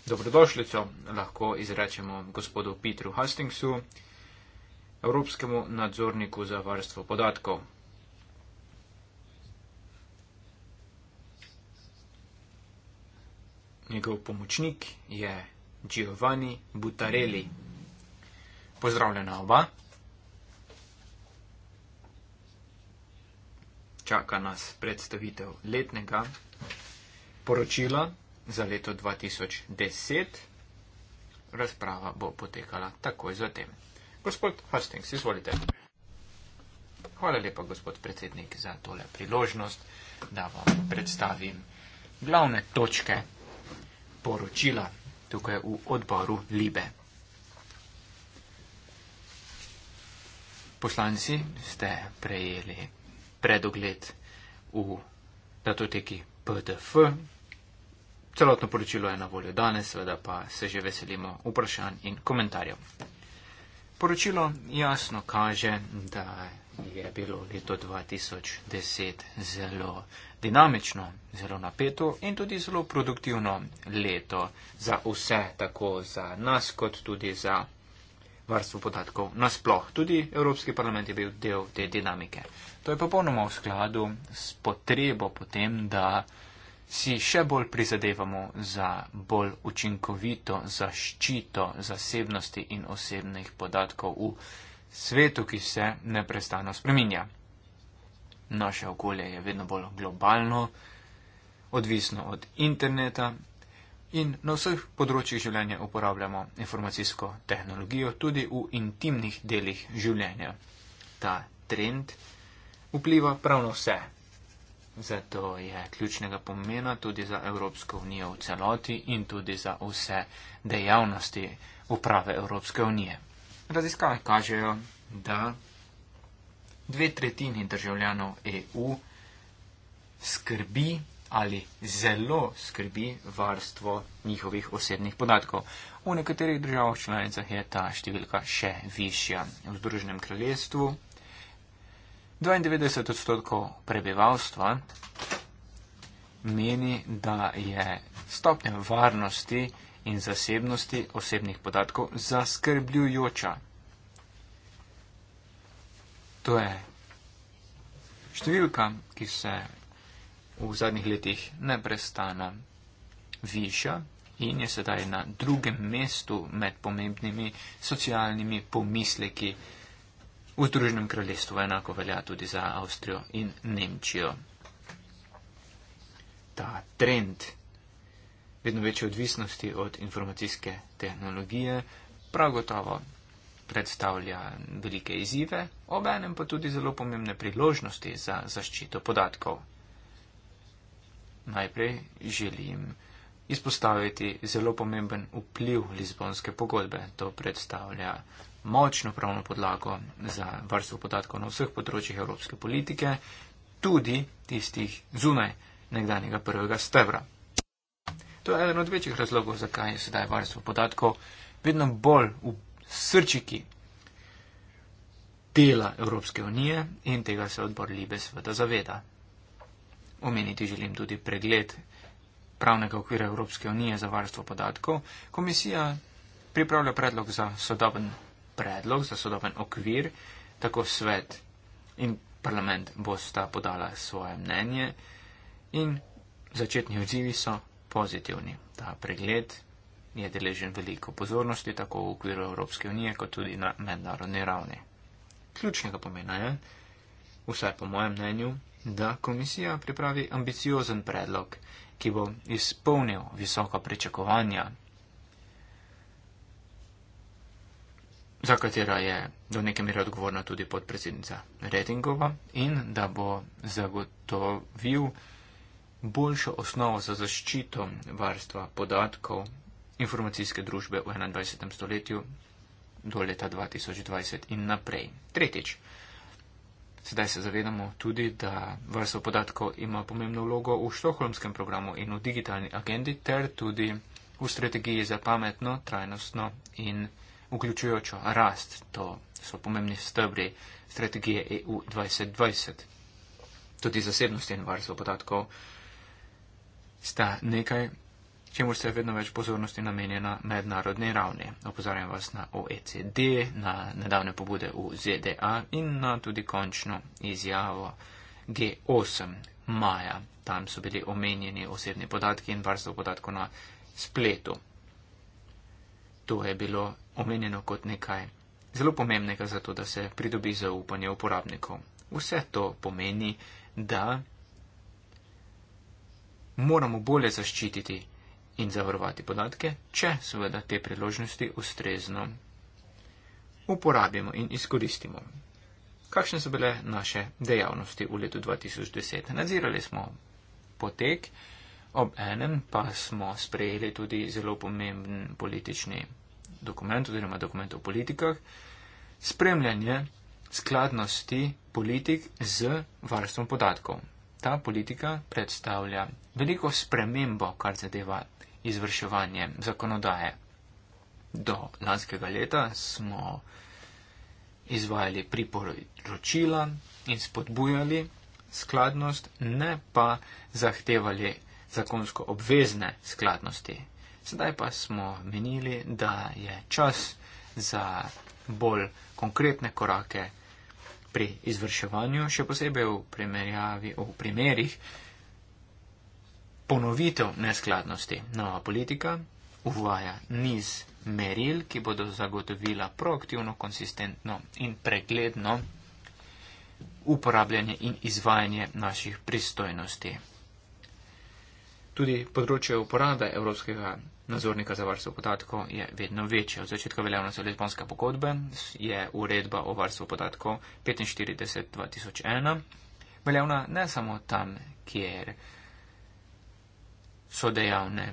dobrodošljico lahko izrečemo gospodu Petru Hastingsu, Evropskemu nadzorniku za varstvo podatkov. Njegov pomočnik je Giovanni Butarelli. Pozdravljena oba. Čaka nas predstavitev letnega poročila za leto 2010. Razprava bo potekala takoj zatem. Gospod Hastings, izvolite. Hvala lepa, gospod predsednik, za tole priložnost, da vam predstavim glavne točke poročila tukaj v odboru Libe. Poslanci ste prejeli predogled v datoteki PDF, celotno poročilo je na voljo danes, seveda pa se že veselimo vprašanj in komentarjev. Poročilo jasno kaže, da je bilo leto 2010 zelo dinamično, zelo napeto in tudi zelo produktivno leto za vse, tako za nas, kot tudi za varstvo podatkov nasploh. Tudi Evropski parlament je bil del te dinamike. To je popolnoma v skladu s potrebo potem, da si še bolj prizadevamo za bolj učinkovito zaščito zasebnosti in osebnih podatkov v svetu, ki se neprestano spreminja. Naše okolje je vedno bolj globalno, odvisno od interneta in na vseh področjih življenja uporabljamo informacijsko tehnologijo tudi v intimnih delih življenja. Ta trend vpliva prav na vse zato je ključnega pomena tudi za Evropsko unijo v celoti in tudi za vse dejavnosti uprave Evropske unije. Raziskave kažejo, da dve tretjini državljanov EU skrbi ali zelo skrbi varstvo njihovih osebnih podatkov. V nekaterih državah članicah je ta številka še višja. V Združenem kraljestvu 92 odstotkov prebivalstva meni, da je stopnja varnosti in zasebnosti osebnih podatkov zaskrbljujoča. To je številka, ki se v zadnjih letih ne prestana viša in je sedaj na drugem mestu med pomembnimi socialnimi pomisleki v Združenem kraljestvu. Enako velja tudi za Avstrijo in Nemčijo. Ta trend vedno večje odvisnosti od informacijske tehnologije prav gotovo predstavlja velike izzive, obenem pa tudi zelo pomembne priložnosti za zaščito podatkov. Najprej želim izpostaviti zelo pomemben vpliv Lizbonske pogodbe. To predstavlja močno pravno podlago za varstvo podatkov na vseh področjih evropske politike, tudi tistih zunaj nekdanjega prvega stebra. To je eden od večjih razlogov, zakaj je sedaj varstvo podatkov vedno bolj v srčiki dela Evropske unije in tega se odbor Libe sveda zaveda. Omeniti želim tudi pregled pravnega okvira Evropske unije za varstvo podatkov. Komisija pripravlja predlog za sodoben predlog za sodoben okvir, tako svet in parlament bosta podala svoje mnenje in začetni odzivi so pozitivni. Ta pregled je deležen veliko pozornosti tako v okviru Evropske unije, kot tudi na mednarodni ravni. Ključnega pomena je, vsaj po mojem mnenju, da komisija pripravi ambiciozen predlog, ki bo izpolnil visoka pričakovanja za katera je do neke mere odgovorna tudi podpredsednica Redingova in da bo zagotovil boljšo osnovo za zaščito varstva podatkov informacijske družbe v 21. stoletju do leta 2020 in naprej. Tretjič. Sedaj se zavedamo tudi, da varstvo podatkov ima pomembno vlogo v štoholmskem programu in v digitalni agendi ter tudi v strategiji za pametno, trajnostno in vključujočo rast. To so pomembni stebri strategije EU 2020. Tudi zasebnost in varstvo podatkov sta nekaj, čemu se je vedno več pozornosti namenjena na mednarodni ravni. Opozarjam vas na OECD, na nedavne pobude v ZDA in na tudi končno izjavo G8 maja. Tam so bili omenjeni osebni podatki in varstvo podatkov na spletu. To je bilo omenjeno kot nekaj zelo pomembnega za to, da se pridobi zaupanje uporabnikov. Vse to pomeni, da moramo bolje zaščititi in zavarovati podatke, če seveda te priložnosti ustrezno uporabimo in izkoristimo. Kakšne so bile naše dejavnosti v letu 2010? Nadzirali smo potek, ob enem pa smo sprejeli tudi zelo pomemben politični dokument oziroma dokument o politikah, spremljanje skladnosti politik z varstvom podatkov. Ta politika predstavlja veliko spremembo, kar zadeva izvrševanje zakonodaje. Do lanskega leta smo izvajali priporočila in spodbujali skladnost, ne pa zahtevali zakonsko obvezne skladnosti Sedaj pa smo menili, da je čas za bolj konkretne korake pri izvrševanju, še posebej v, v primerjih ponovitev neskladnosti. Nova politika uvaja niz meril, ki bodo zagotovila proaktivno, konsistentno in pregledno uporabljanje in izvajanje naših pristojnosti. Tudi področje uporabe Evropskega nadzornika za varstvo podatkov je vedno večje. Od začetka veljavnosti Lizbonske pogodbe je uredba o varstvu podatkov 45.2001 veljavna ne samo tam, kjer so dejavne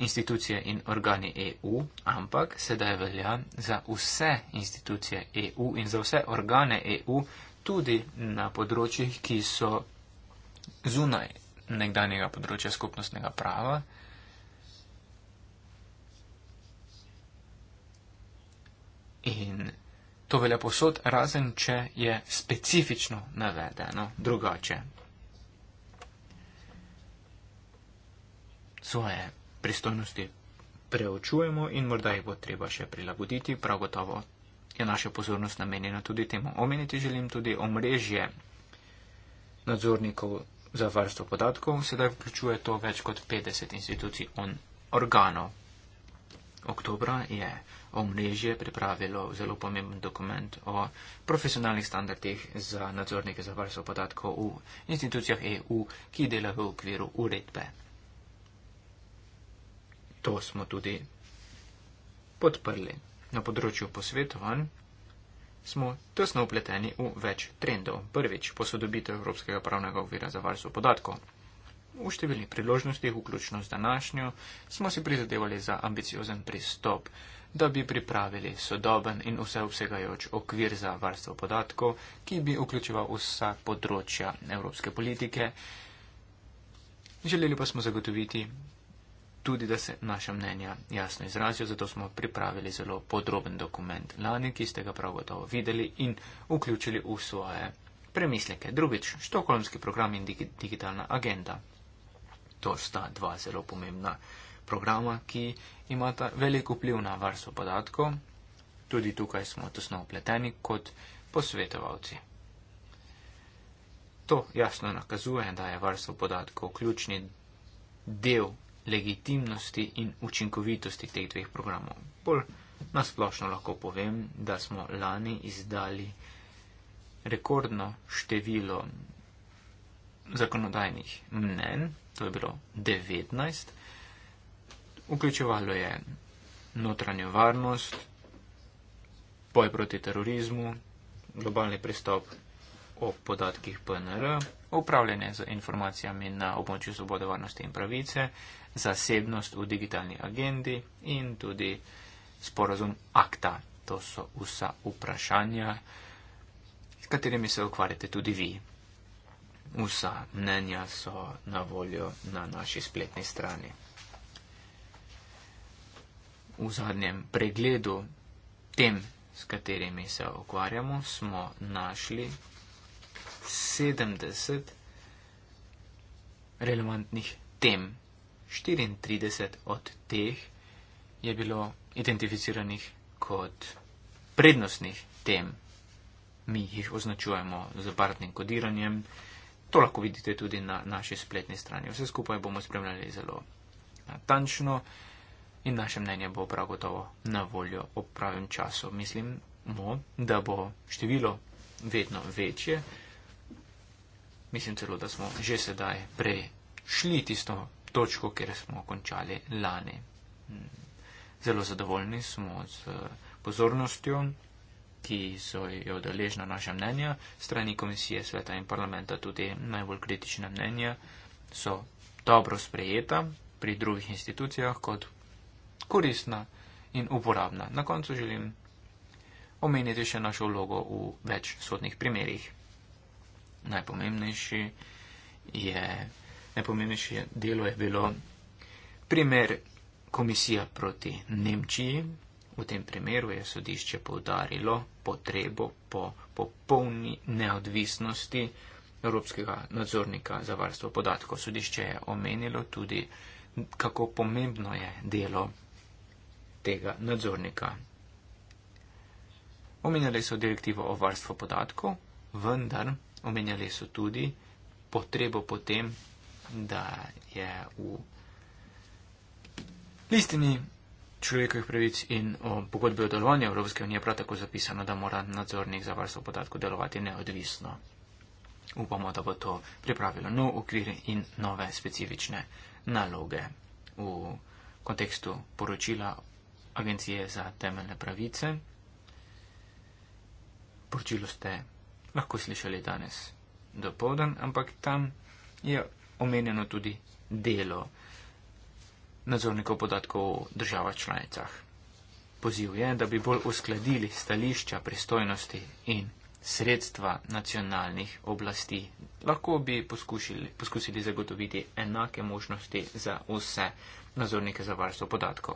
institucije in organi EU, ampak sedaj velja za vse institucije EU in za vse organe EU, tudi na področjih, ki so zunaj nekdanjega področja skupnostnega prava. In to velja posod, razen če je specifično navedeno drugače. Svoje pristojnosti preučujemo in morda jih bo treba še prilagoditi, prav gotovo je naša pozornost namenjena tudi temu. Omeniti želim tudi omrežje nadzornikov za varstvo podatkov, sedaj vključuje to več kot 50 institucij in organov. Oktobra je omrežje pripravilo zelo pomemben dokument o profesionalnih standardih za nadzornike za varstvo podatkov v institucijah EU, ki dela v okviru uredbe. To smo tudi podprli. Na področju posvetovanj smo tesno upleteni v več trendov. Prvič, posodobitev Evropskega pravnega uvira za varstvo podatkov. V številnih priložnostih, vključno z današnjo, smo si prizadevali za ambiciozen pristop, da bi pripravili sodoben in vseobsegajoč okvir za varstvo podatkov, ki bi vključeval vsa področja evropske politike. Želeli pa smo zagotoviti tudi, da se naša mnenja jasno izrazijo, zato smo pripravili zelo podroben dokument lani, ki ste ga prav gotovo videli in vključili v svoje premisleke. Drugič, Štokholmski program in digi digitalna agenda. To sta dva zelo pomembna programa, ki imata velik vpliv na varstvo podatkov. Tudi tukaj smo tesno upleteni kot posvetovalci. To jasno nakazuje, da je varstvo podatkov ključni del legitimnosti in učinkovitosti teh dveh programov. Bolj nasplošno lahko povem, da smo lani izdali rekordno število zakonodajnih mnen, to je bilo 19, vključevalo je notranjo varnost, boj proti terorizmu, globalni pristop o podatkih PNR, upravljanje z informacijami na območju svobode, varnosti in pravice, zasebnost v digitalni agendi in tudi sporozum akta. To so vsa vprašanja, s katerimi se ukvarjate tudi vi. Vsa mnenja so na voljo na naši spletni strani. V zadnjem pregledu tem, s katerimi se ukvarjamo, smo našli 70 relevantnih tem. 34 od teh je bilo identificiranih kot prednostnih tem. Mi jih označujemo z barvnim kodiranjem. To lahko vidite tudi na naši spletni strani. Vse skupaj bomo spremljali zelo natančno in naše mnenje bo prav gotovo na voljo ob pravem času. Mislimo, da bo število vedno večje mislim celo, da smo že sedaj prešli tisto točko, kjer smo končali lani. Hmm. Zelo zadovoljni smo z eh, pozornostjo, ki so jo deležna naša mnenja, strani komisije sveta in parlamenta tudi najbolj kritična mnenja so dobro sprejeta pri drugih institucijah kot koristna in uporabna. Na koncu želim omeniti še našo vlogo v več sodnih primerjih najpomembnejši, je, najpomembnejši delo je bilo primer komisija proti Nemčiji. V tem primeru je sodišče povdarilo potrebo po popolni neodvisnosti Evropskega nadzornika za varstvo podatkov. Sodišče je omenilo tudi, kako pomembno je delo tega nadzornika. Omenjali so direktivo o varstvu podatkov, vendar Omenjali so tudi potrebo potem, da je v listini človekovih pravic in o pogodbi o delovanju Evropske unije prav tako zapisano, da mora nadzornik za varstvo podatkov delovati neodvisno. Upamo, da bo to pripravilo nov okvir in nove specifične naloge v kontekstu poročila Agencije za temeljne pravice. Poročilo ste lahko slišali danes do povdan, ampak tam je omenjeno tudi delo nadzornikov podatkov v državah članicah. Poziv je, da bi bolj uskladili stališča, pristojnosti in sredstva nacionalnih oblasti. Lahko bi poskušili, poskusili zagotoviti enake možnosti za vse nadzornike za varstvo podatkov.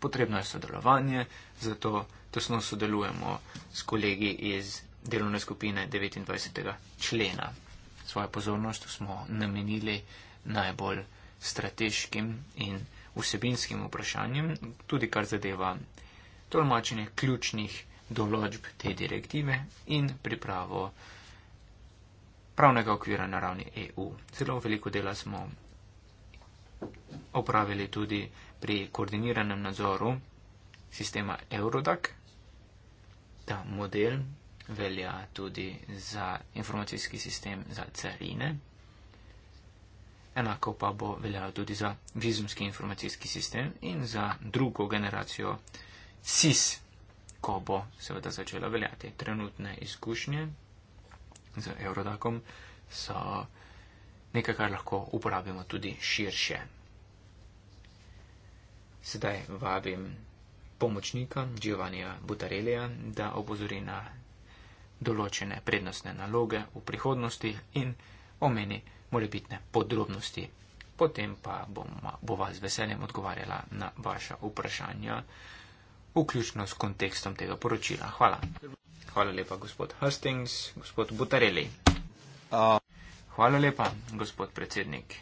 Potrebno je sodelovanje, zato tesno sodelujemo s kolegi iz delovne skupine 29. člena. Svojo pozornost smo namenili najbolj strateškim in vsebinskim vprašanjem, tudi kar zadeva tolmačenje ključnih določb te direktive in pripravo pravnega okvira na ravni EU. Celo veliko dela smo opravili tudi pri koordiniranem nadzoru sistema Eurodac, ta model velja tudi za informacijski sistem za carine. Enako pa bo veljal tudi za vizumski informacijski sistem in za drugo generacijo SIS, ko bo seveda začela veljati. Trenutne izkušnje z Eurodakom so nekaj, kar lahko uporabimo tudi širše. Sedaj vabim pomočnika Giovannija Butarelija, da opozori na določene prednostne naloge v prihodnosti in omeni morebitne podrobnosti. Potem pa bova bo z veseljem odgovarjala na vaša vprašanja, vključno s kontekstom tega poročila. Hvala. Hvala lepa, gospod Hastings, gospod Butareli. Hvala lepa, gospod predsednik.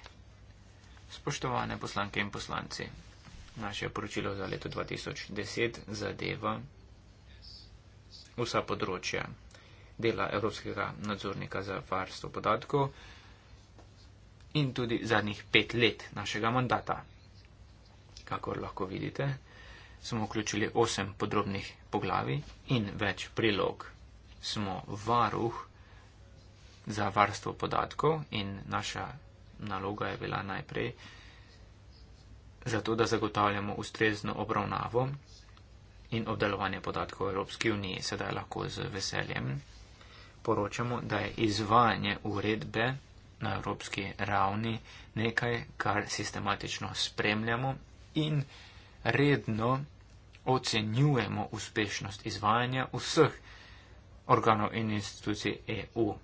Spoštovane poslanke in poslanci naše poročilo za leto 2010 zadeva vsa področja dela Evropskega nadzornika za varstvo podatkov in tudi zadnjih pet let našega mandata. Kakor lahko vidite, smo vključili osem podrobnih poglavi in več prilog. Smo varuh za varstvo podatkov in naša naloga je bila najprej zato da zagotavljamo ustrezno obravnavo in obdelovanje podatkov v Evropski uniji. Sedaj lahko z veseljem poročamo, da je izvajanje uredbe na evropski ravni nekaj, kar sistematično spremljamo in redno ocenjujemo uspešnost izvajanja vseh organov in institucij EU.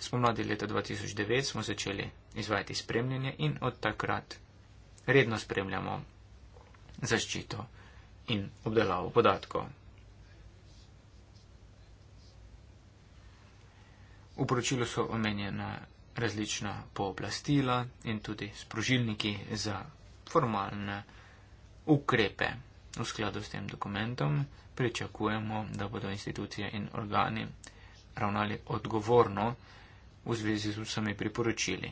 Spomladi leta 2009 smo začeli izvajati spremljanje in od takrat redno spremljamo zaščito in obdelavo podatkov. V poročilu so omenjena različna pooblastila in tudi sprožilniki za formalne ukrepe. V skladu s tem dokumentom pričakujemo, da bodo institucije in organi ravnali odgovorno v zvezi z vsemi priporočili.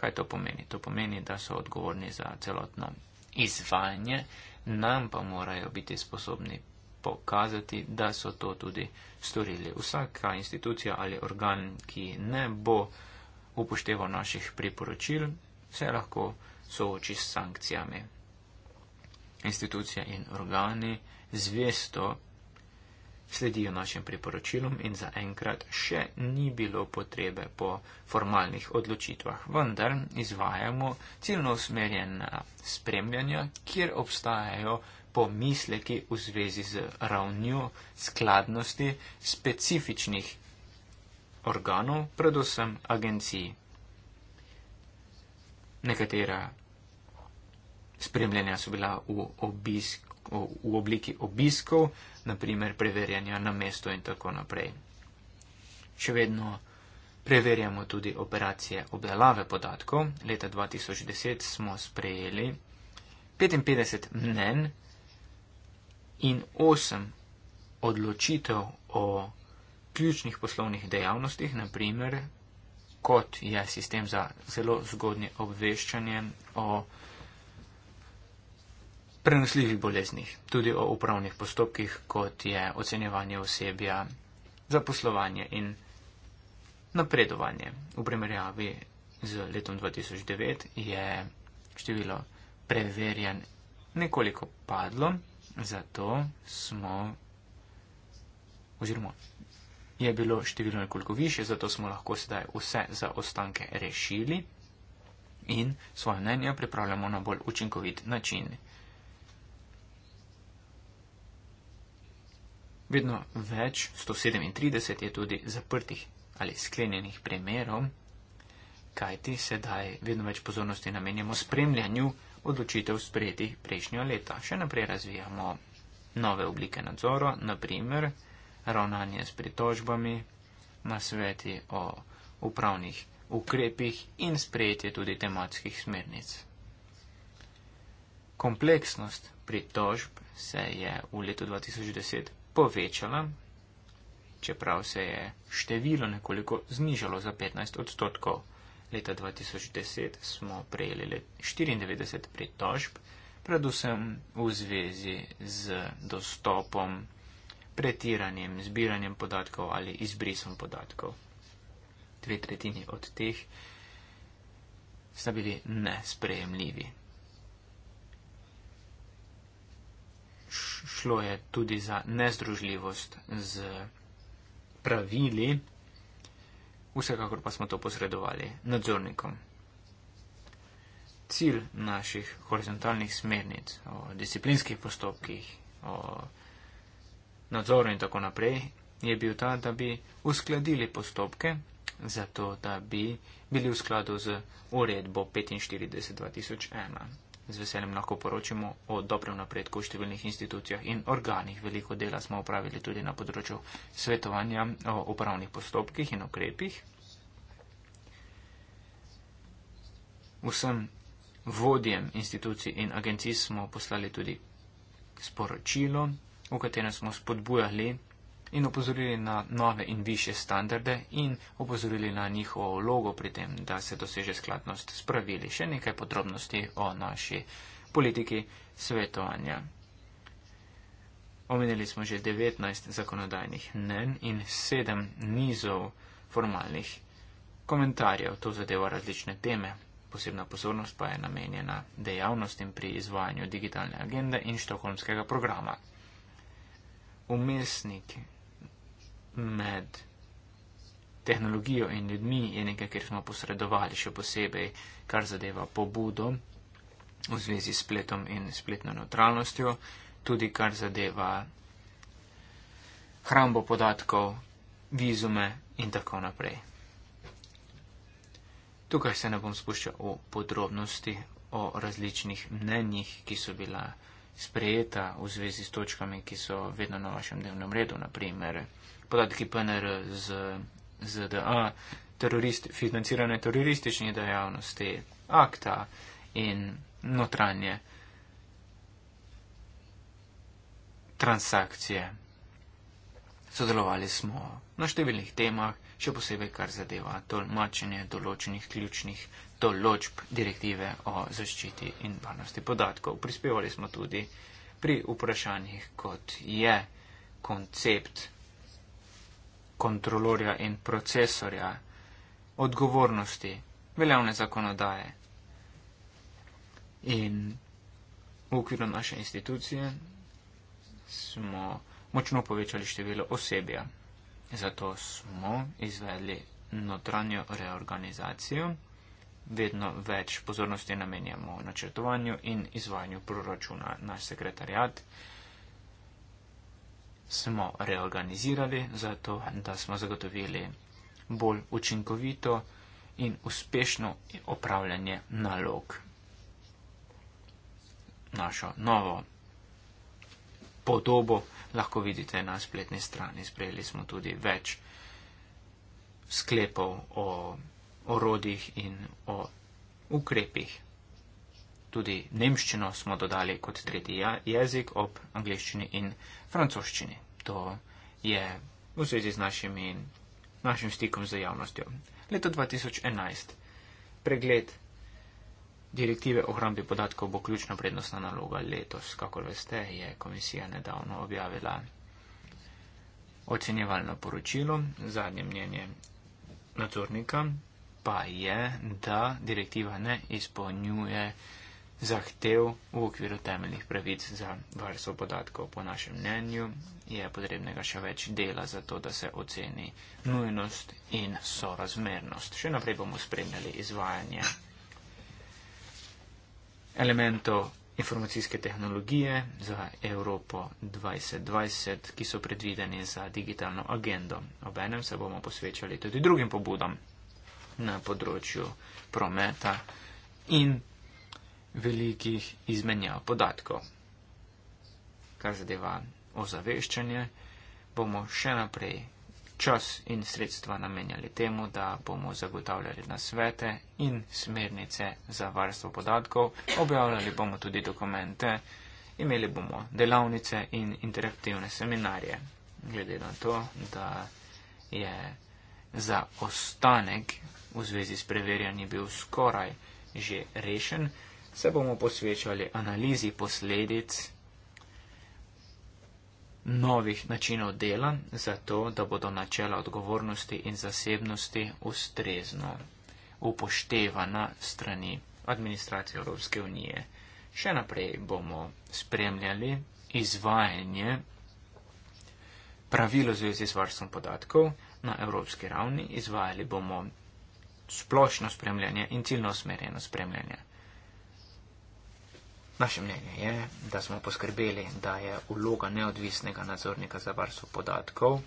Kaj to pomeni? To pomeni, da so odgovorni za celotno izvajanje, nam pa morajo biti sposobni pokazati, da so to tudi storili. Vsaka institucija ali organ, ki ne bo upošteval naših priporočil, se lahko sooči s sankcijami. Institucije in organi zvesto sledijo našim priporočilom in zaenkrat še ni bilo potrebe po formalnih odločitvah. Vendar izvajamo ciljno usmerjena spremljanja, kjer obstajajo pomisleki v zvezi z ravnjo skladnosti specifičnih organov, predvsem agencij. Nekatera spremljanja so bila v, obisk, v obliki obiskov, naprimer preverjanja na mestu in tako naprej. Še vedno preverjamo tudi operacije obdelave podatkov. Leta 2010 smo sprejeli 55 mnen in 8 odločitev o ključnih poslovnih dejavnostih, naprimer kot je sistem za zelo zgodnje obveščanje o prenosljivih boleznih, tudi o upravnih postopkih, kot je ocenjevanje osebja, zaposlovanje in napredovanje. V primerjavi z letom 2009 je število preverjanj nekoliko padlo, zato smo oziroma je bilo število nekoliko više, zato smo lahko sedaj vse zaostanke rešili in svoje mnenje pripravljamo na bolj učinkovit način. Vedno več, 137 je tudi zaprtih ali sklenjenih primerov, kajti sedaj vedno več pozornosti namenjamo spremljanju odločitev sprejetih prejšnjo leta. Še naprej razvijamo nove oblike nadzora, naprimer ravnanje s pritožbami, nasveti o upravnih ukrepih in sprejetje tudi tematskih smernic. Kompleksnost pritožb se je v letu 2010 povečala, čeprav se je število nekoliko znižalo za 15 odstotkov. Leta 2010 smo prejeli let 94 pritožb, predvsem v zvezi z dostopom, pretiranjem, zbiranjem podatkov ali izbrisom podatkov. Dve tretjini od teh sta bili nesprejemljivi. šlo je tudi za nezdružljivost z pravili, vsekakor pa smo to posredovali nadzornikom. Cilj naših horizontalnih smernic o disciplinskih postopkih, o nadzoru in tako naprej je bil ta, da bi uskladili postopke, zato da bi bili v skladu z uredbo 45.2001 z veseljem lahko poročimo o dobrem napredku v številnih institucijah in organih. Veliko dela smo upravili tudi na področju svetovanja o upravnih postopkih in ukrepih. Vsem vodjem institucij in agencij smo poslali tudi sporočilo, v katerem smo spodbujali in opozorili na nove in više standarde in opozorili na njihovo vlogo pri tem, da se doseže skladnost s pravili. Še nekaj podrobnosti o naši politiki svetovanja. Omenili smo že 19 zakonodajnih mnen in 7 nizov formalnih komentarjev. To zadeva različne teme. Posebna pozornost pa je namenjena dejavnostim pri izvajanju digitalne agende in štokholmskega programa. Umestniki med tehnologijo in ljudmi je nekaj, kjer smo posredovali še posebej, kar zadeva pobudo v zvezi s spletom in spletno neutralnostjo, tudi kar zadeva hrambo podatkov, vizume in tako naprej. Tukaj se ne bom spuščal v podrobnosti o različnih mnenjih, ki so bila sprejeta v zvezi s točkami, ki so vedno na vašem dnevnem redu, naprimer podatki PNR z ZDA, terorist, financirane teroristične dejavnosti, akta in notranje transakcije. Sodelovali smo na številnih temah, še posebej kar zadeva tolmačenje določenih ključnih določb direktive o zaščiti in varnosti podatkov. Prispevali smo tudi pri vprašanjih, kot je koncept kontrolorja in procesorja, odgovornosti, veljavne zakonodaje. In v okviru naše institucije smo močno povečali število osebja. Zato smo izvedli notranjo reorganizacijo. Vedno več pozornosti namenjamo načrtovanju in izvajanju proračuna naš sekretarjat. Uh, smo reorganizirali, zato da smo zagotovili bolj učinkovito in uspešno opravljanje nalog. Našo novo podobo lahko vidite na spletni strani. Sprejeli smo tudi več sklepov o orodjih in o ukrepih tudi nemščino smo dodali kot tretji ja-, jezik ob angliščini in francoščini. To je v zvezi z našimi, našim stikom z javnostjo. Leto 2011. Pregled direktive o hrambi podatkov bo ključna prednostna naloga letos. Kakor veste, je komisija nedavno objavila ocenjevalno poročilo. Zadnje mnenje nadzornika pa je, da direktiva ne izpolnjuje zahtev v okviru temeljnih pravic za varstvo podatkov. Po našem mnenju je potrebnega še več dela za to, da se oceni nujnost in sorazmernost. Še naprej bomo spremljali izvajanje elementov informacijske tehnologije za Evropo 2020, ki so predvideni za digitalno agendo. Obenem se bomo posvečali tudi drugim pobudam na področju prometa in velikih izmenjav podatkov. Kar zadeva ozaveščanje, bomo še naprej čas in sredstva namenjali temu, da bomo zagotavljali nasvete in smernice za varstvo podatkov, objavljali bomo tudi dokumente, imeli bomo delavnice in interaktivne seminarje. Glede na to, da je za ostanek v zvezi s preverjanjem bil skoraj že rešen, se bomo posvečali analizi posledic novih načinov dela, zato da bodo načela odgovornosti in zasebnosti ustrezno upoštevana strani administracije Evropske unije. Še naprej bomo spremljali izvajanje pravil v zvezi z varstvom podatkov na evropski ravni. Izvajali bomo splošno spremljanje in ciljno usmerjeno spremljanje. Naše mnenje je, da smo poskrbeli, da je vloga neodvisnega nadzornika za varstvo podatkov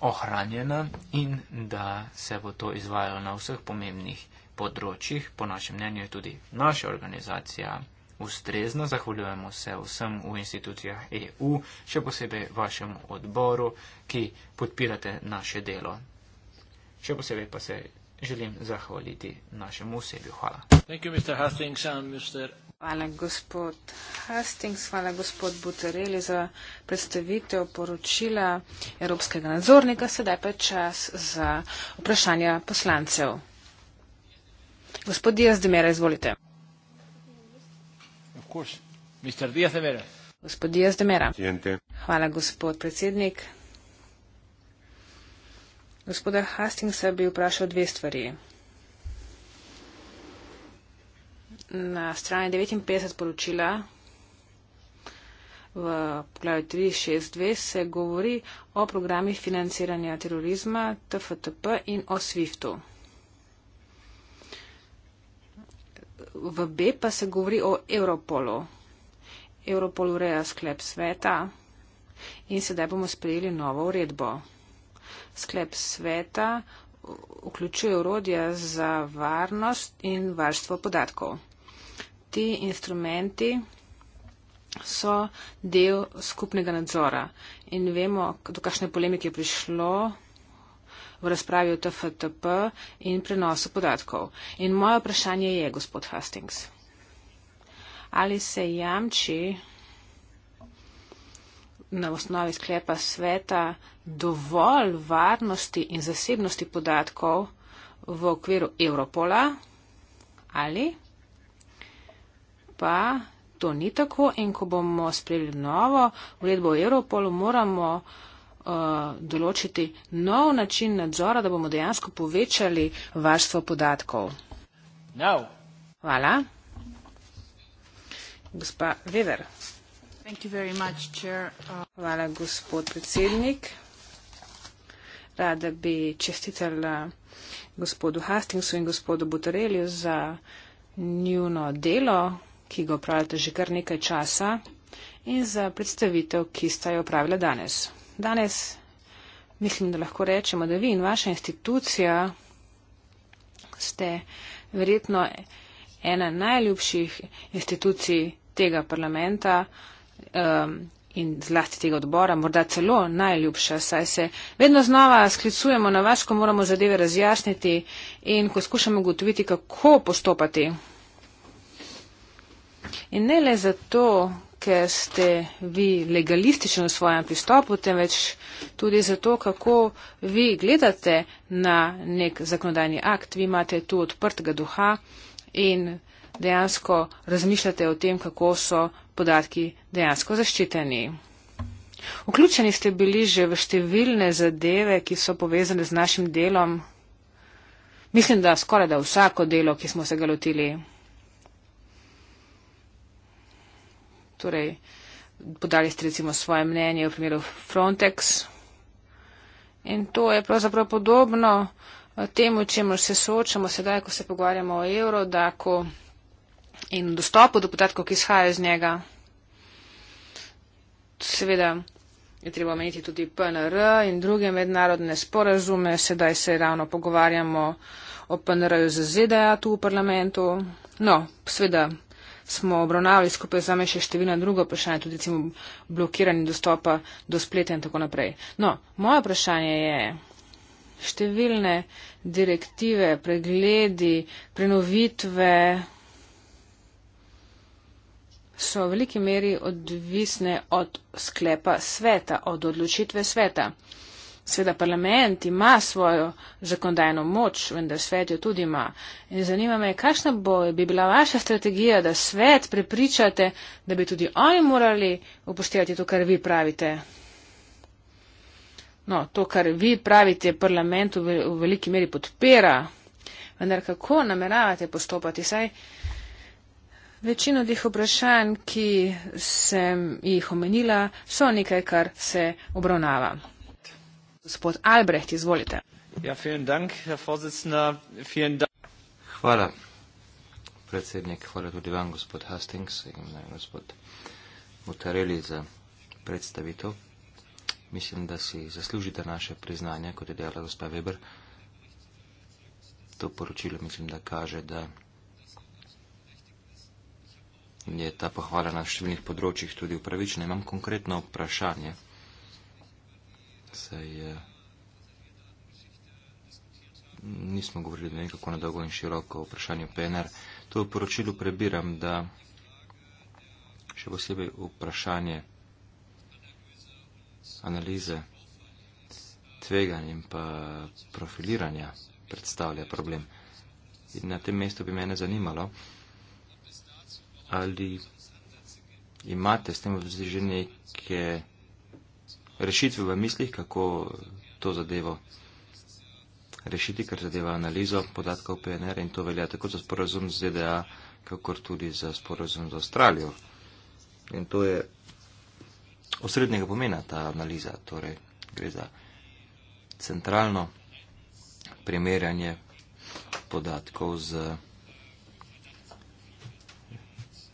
ohranjena in da se bo to izvajalo na vseh pomembnih področjih. Po našem mnenju je tudi naša organizacija ustrezna. Zahvaljujemo se vsem v institucijah EU, še posebej vašemu odboru, ki podpirate naše delo. Še posebej pa se želim zahvaliti našemu osebju. Hvala. Thank you, Mr. Hastings, and Mr. Hvala, gospod Hastings, hvala, gospod Butereli, za predstavitev poročila Evropskega nadzornika. Sedaj pa je čas za vprašanja poslancev. Gospod Diaz de Mera, izvolite. Gospod Diaz de Mera. Hvala, gospod predsednik. Gospoda Hastingsa bi vprašal dve stvari. na strani 59 poročila v poglavju 362 se govori o programih financiranja terorizma TFTP in o SWIFT-u. V B pa se govori o Europolu. Europol ureja sklep sveta in sedaj bomo sprejeli novo uredbo. Sklep sveta vključuje urodja za varnost in varstvo podatkov ti instrumenti so del skupnega nadzora. In vemo, do kakšne polemike je prišlo v razpravi o TFTP in prenosu podatkov. In moje vprašanje je, gospod Hastings, ali se jamči na osnovi sklepa sveta dovolj varnosti in zasebnosti podatkov v okviru Europola ali pa to ni tako in ko bomo sprejeli novo uredbo v Europolu, moramo uh, določiti nov način nadzora, da bomo dejansko povečali varstvo podatkov. No. Hvala. Gospa Weber. Much, uh, Hvala, gospod predsednik. Rada bi čestitala gospodu Hastingsu in gospodu Butarelju za njuno delo, ki ga upravljate že kar nekaj časa in za predstavitev, ki ste jo upravila danes. Danes mislim, da lahko rečemo, da vi in vaša institucija ste verjetno ena najljubših institucij tega parlamenta um, in zlasti tega odbora, morda celo najljubša, saj se vedno znova sklicujemo na vas, ko moramo zadeve razjasniti in ko skušamo ugotoviti, kako postopati. In ne le zato, ker ste vi legalistični v svojem pristopu, temveč tudi zato, kako vi gledate na nek zakonodajni akt. Vi imate tu odprtega duha in dejansko razmišljate o tem, kako so podatki dejansko zaščiteni. Vključeni ste bili že v številne zadeve, ki so povezane z našim delom. Mislim, da skoraj da vsako delo, ki smo se ga lotili. torej podali ste recimo svoje mnenje v primeru Frontex. In to je pravzaprav podobno eh, temu, čemu se soočamo sedaj, ko se pogovarjamo o evro, da ko in dostopu do podatkov, ki izhajajo iz njega. Seveda je treba omeniti tudi PNR in druge mednarodne sporazume. Sedaj se ravno pogovarjamo o PNR-ju za ZDA tu v parlamentu. No, seveda smo obravnavali skupaj z vami še številna druga vprašanja, tudi recimo blokiranje dostopa do spleta in tako naprej. No, moje vprašanje je, številne direktive, pregledi, prenovitve so v veliki meri odvisne od sklepa sveta, od odločitve sveta. Sveda parlament ima svojo zakondajno moč, vendar svet jo tudi ima. In zanima me, kakšna bo, bi bila vaša strategija, da svet prepričate, da bi tudi oni morali upoštevati to, kar vi pravite? No, to, kar vi pravite, parlament v, v veliki meri podpira, vendar kako nameravate postopati? Saj večino teh vprašanj, ki sem jih omenila, so nekaj, kar se obravnava. Gospod Albrecht, izvolite. Ja, dank, dank. Hvala, predsednik. Hvala tudi vam, gospod Hastings in eh, gospod Mutareli za predstavitev. Mislim, da si zaslužite naše priznanje, kot je dejala gospa Weber. To poročilo mislim, da kaže, da je ta pohvala na številnih področjih tudi upravičena. Imam konkretno vprašanje saj nismo govorili nekako na dolgo in široko o vprašanju PNR. To v poročilu prebiram, da še posebej vprašanje analize tvegan in pa profiliranja predstavlja problem. In na tem mestu bi mene zanimalo, ali imate s tem v zdi že neke rešitve v mislih, kako to zadevo rešiti, kar zadeva analizo podatkov PNR in to velja tako za sporozum z ZDA, kakor tudi za sporozum z Avstralijo. In to je osrednjega pomena ta analiza, torej gre za centralno primerjanje podatkov z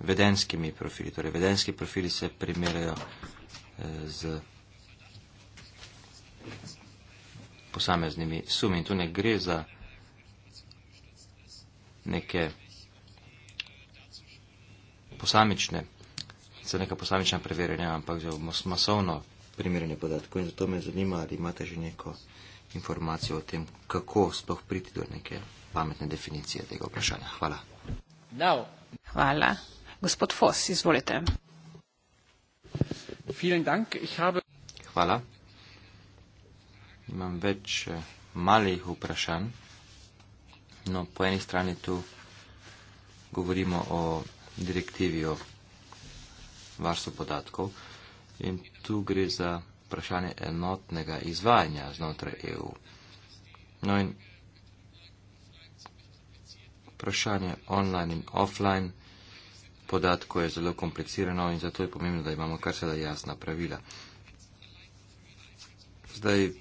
vedenskimi profili. Torej, vedenski profili se primerjajo eh, z. posameznimi sumi. In tu ne gre za neke posamične, za neka posamična preverjanja, ampak za masovno primerjanje podatkov. In zato me zanima, ali imate že neko informacijo o tem, kako sploh priti do neke pametne definicije tega vprašanja. Hvala. No. Hvala. Gospod Fos, izvolite. Hvala imam več eh, malih vprašanj. No, po eni strani tu govorimo o direktivi o varstvu podatkov in tu gre za vprašanje enotnega izvajanja znotraj EU. No in vprašanje online in offline podatkov je zelo komplicirano in zato je pomembno, da imamo kar se da jasna pravila. Zdaj,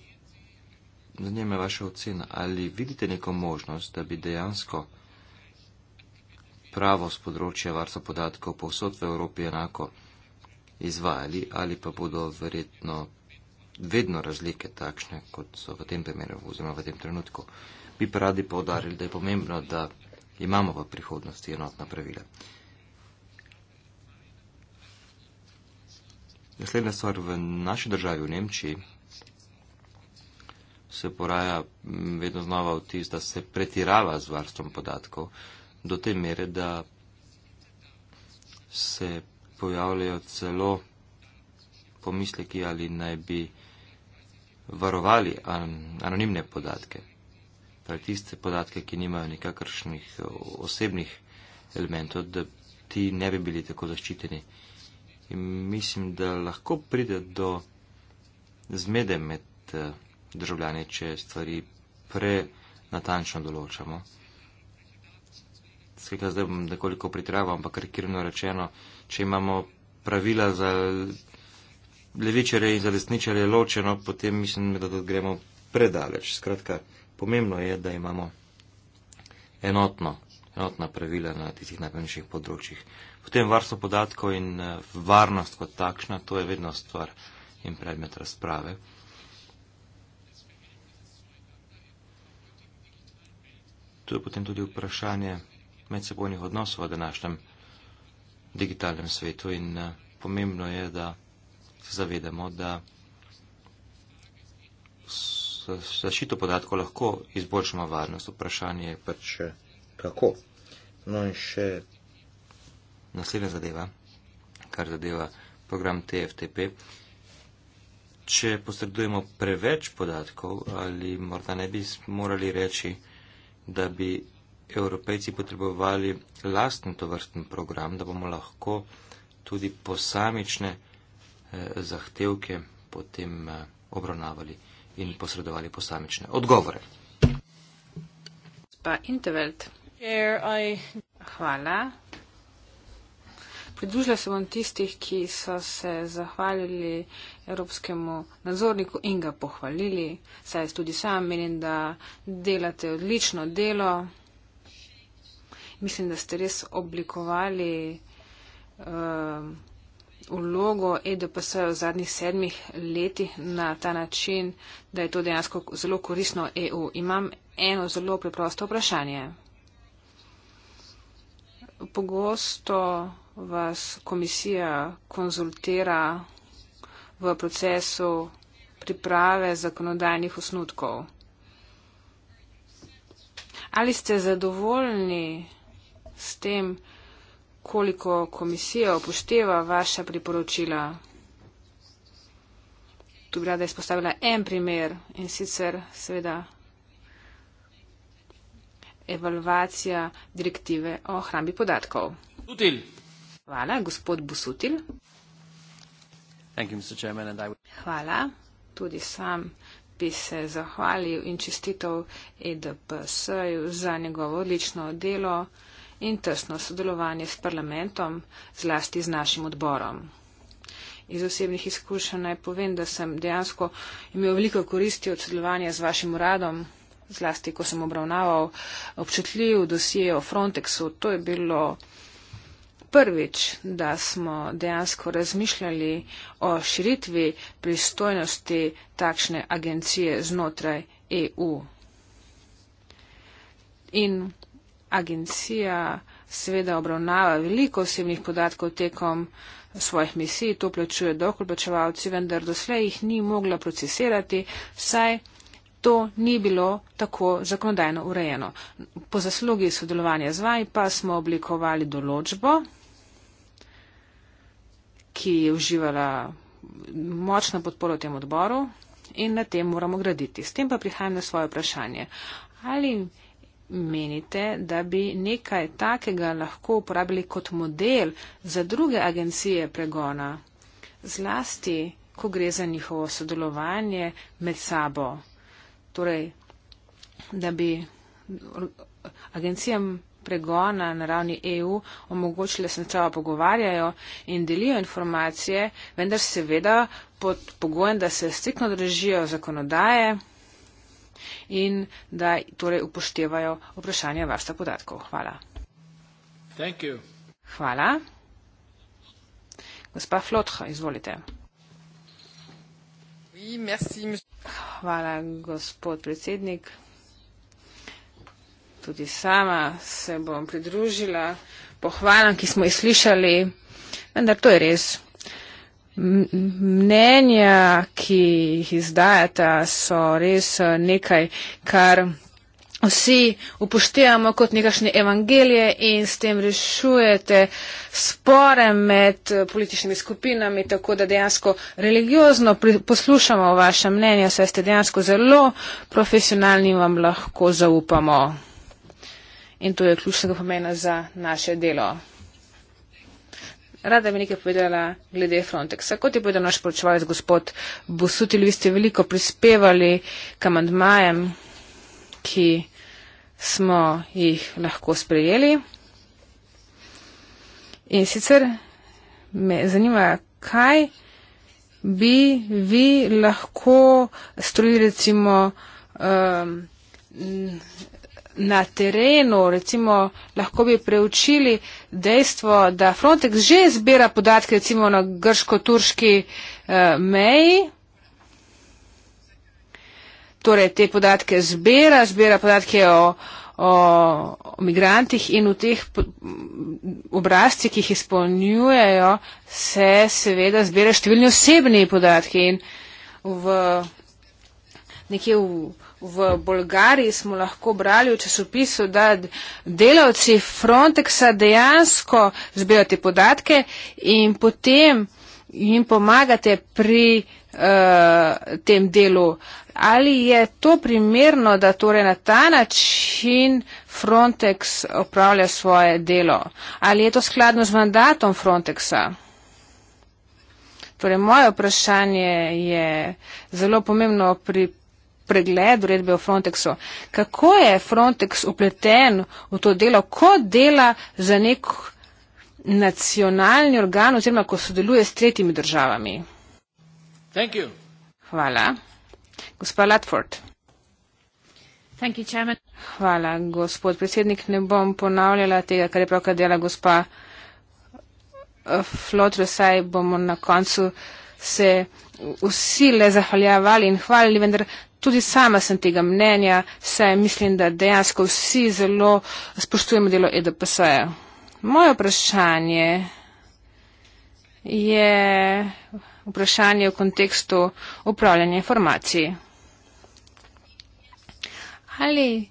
zanima vaša ocena, ali vidite neko možnost, da bi dejansko pravo z področja varstva podatkov povsod v Evropi enako izvajali, ali pa bodo verjetno vedno razlike takšne, kot so v tem primeru oziroma v tem trenutku. Bi pa radi povdarili, da je pomembno, da imamo v prihodnosti enotna pravila. Naslednja stvar v naši državi v Nemčiji se poraja mm, vedno znova vtis, da se pretirava z varstvom podatkov do te mere, da se pojavljajo celo pomisleki ali naj bi varovali anonimne podatke. Torej tiste podatke, ki nimajo nikakršnih osebnih elementov, da ti ne bi bili tako zaščiteni. In mislim, da lahko pride do zmede med uh, državljani, če stvari prenatančno določamo. Skratka, zdaj bom nekoliko pritraval, ampak karikirno rečeno, če imamo pravila za levičare in za desničare ločeno, potem mislim, da tudi gremo predaleč. Skratka, pomembno je, da imamo enotno, enotna pravila na tistih najpomembnejših področjih. Potem varstvo podatkov in eh, varnost kot takšna, to je vedno stvar in predmet razprave. je potem tudi vprašanje medsebojnih odnosov v današnjem digitalnem svetu in eh, pomembno je, da se zavedamo, da zašito podatkov lahko izboljšamo varnost. Vprašanje je pač eh, kako. No in še naslednja zadeva, kar zadeva program TFTP. Če posredujemo preveč podatkov ali morda ne bi morali reči, da bi evropejci potrebovali lasten tovrsten program, da bomo lahko tudi posamične eh, zahtevke potem eh, obravnavali in posredovali posamične odgovore. Pa Intervelt. Hvala. Pridružila se bom tistih, ki so se zahvalili evropskemu nadzorniku in ga pohvalili. Saj tudi sam menim, da delate odlično delo. Mislim, da ste res oblikovali uh, vlogo EDPS v zadnjih sedmih letih na ta način, da je to dejansko zelo korisno EU. Imam eno zelo preprosto vprašanje. Pogosto vas komisija konzultira v procesu priprave zakonodajnih osnutkov. Ali ste zadovoljni s tem, koliko komisija upošteva vaša priporočila? Tu bi rada izpostavila en primer in sicer seveda evalvacija direktive o hrambi podatkov. Tudi. Hvala, gospod Busutil. Hvala, tudi sam bi se zahvalil in čestitev EDPS-ju za njegovo odlično delo in tesno sodelovanje s parlamentom, zlasti z našim odborom. Iz osebnih izkušenj naj povem, da sem dejansko imel veliko koristi od sodelovanja z vašim uradom, zlasti ko sem obravnaval občutljiv dosije o Frontexu. To je bilo prvič, da smo dejansko razmišljali o širitvi pristojnosti takšne agencije znotraj EU. In agencija seveda obravnava veliko osebnih podatkov tekom svojih misij, to plačuje dokolplačevalci, vendar doslej jih ni mogla procesirati, saj to ni bilo tako zakonodajno urejeno. Po zaslugi sodelovanja z vami pa smo oblikovali določbo ki je uživala močno podporo v tem odboru in na tem moramo graditi. S tem pa prihajam na svoje vprašanje. Ali menite, da bi nekaj takega lahko uporabili kot model za druge agencije pregona, zlasti, ko gre za njihovo sodelovanje med sabo? Torej, da bi agencijam pregona na ravni EU omogočile, da se načela pogovarjajo in delijo informacije, vendar seveda pod pogojem, da se striktno držijo zakonodaje in da torej upoštevajo vprašanje varstva podatkov. Hvala. Hvala. Gospa Flotha, izvolite. Hvala, gospod predsednik tudi sama se bom pridružila pohvalam, ki smo jih slišali, vendar to je res. Mnenja, ki jih izdajata, so res eh, nekaj, kar vsi upoštevamo kot nekašne evangelije in s tem rešujete spore med eh, političnimi skupinami, tako da dejansko religiozno poslušamo vaše mnenja, saj ste dejansko zelo profesionalni in vam lahko zaupamo in to je ključnega pomena za naše delo. Rada bi nekaj povedala glede Frontexa. Kot je povedal naš poročevalec gospod Busutil, vi ste veliko prispevali k amandmajem, ki smo jih lahko sprejeli. In sicer me zanima, kaj bi vi lahko strojili recimo um, na terenu recimo lahko bi preučili dejstvo, da Frontex že zbira podatke recimo na grško-turški eh, meji. Torej te podatke zbira, zbira podatke o, o, o migrantih in v teh obrazcih, ki jih izpolnjujejo, se seveda zbira številni osebni podatki. In v, nekje v, v Bolgariji smo lahko brali v časopisu, da delavci Frontexa dejansko zbirajo te podatke in potem jim pomagate pri uh, tem delu. Ali je to primerno, da torej na ta način Frontex opravlja svoje delo? Ali je to skladno z mandatom Frontexa? Torej, moje vprašanje je zelo pomembno pri pregled uredbe o Frontexu. Kako je Frontex upleten v to delo, ko dela za nek nacionalni organ oziroma ko sodeluje s tretjimi državami? Thank you. Hvala. Gospa Latford. Thank you, chairman. Hvala, gospod predsednik. Ne bom ponavljala tega, kar je pravkar dela gospa eh, Flotro, saj bomo na koncu se vsi le zahvaljavali in hvalili, vendar tudi sama sem tega mnenja, saj mislim, da dejansko vsi zelo spoštujemo delo EDPS-ja. Moje vprašanje je vprašanje v kontekstu upravljanja informacij. Ali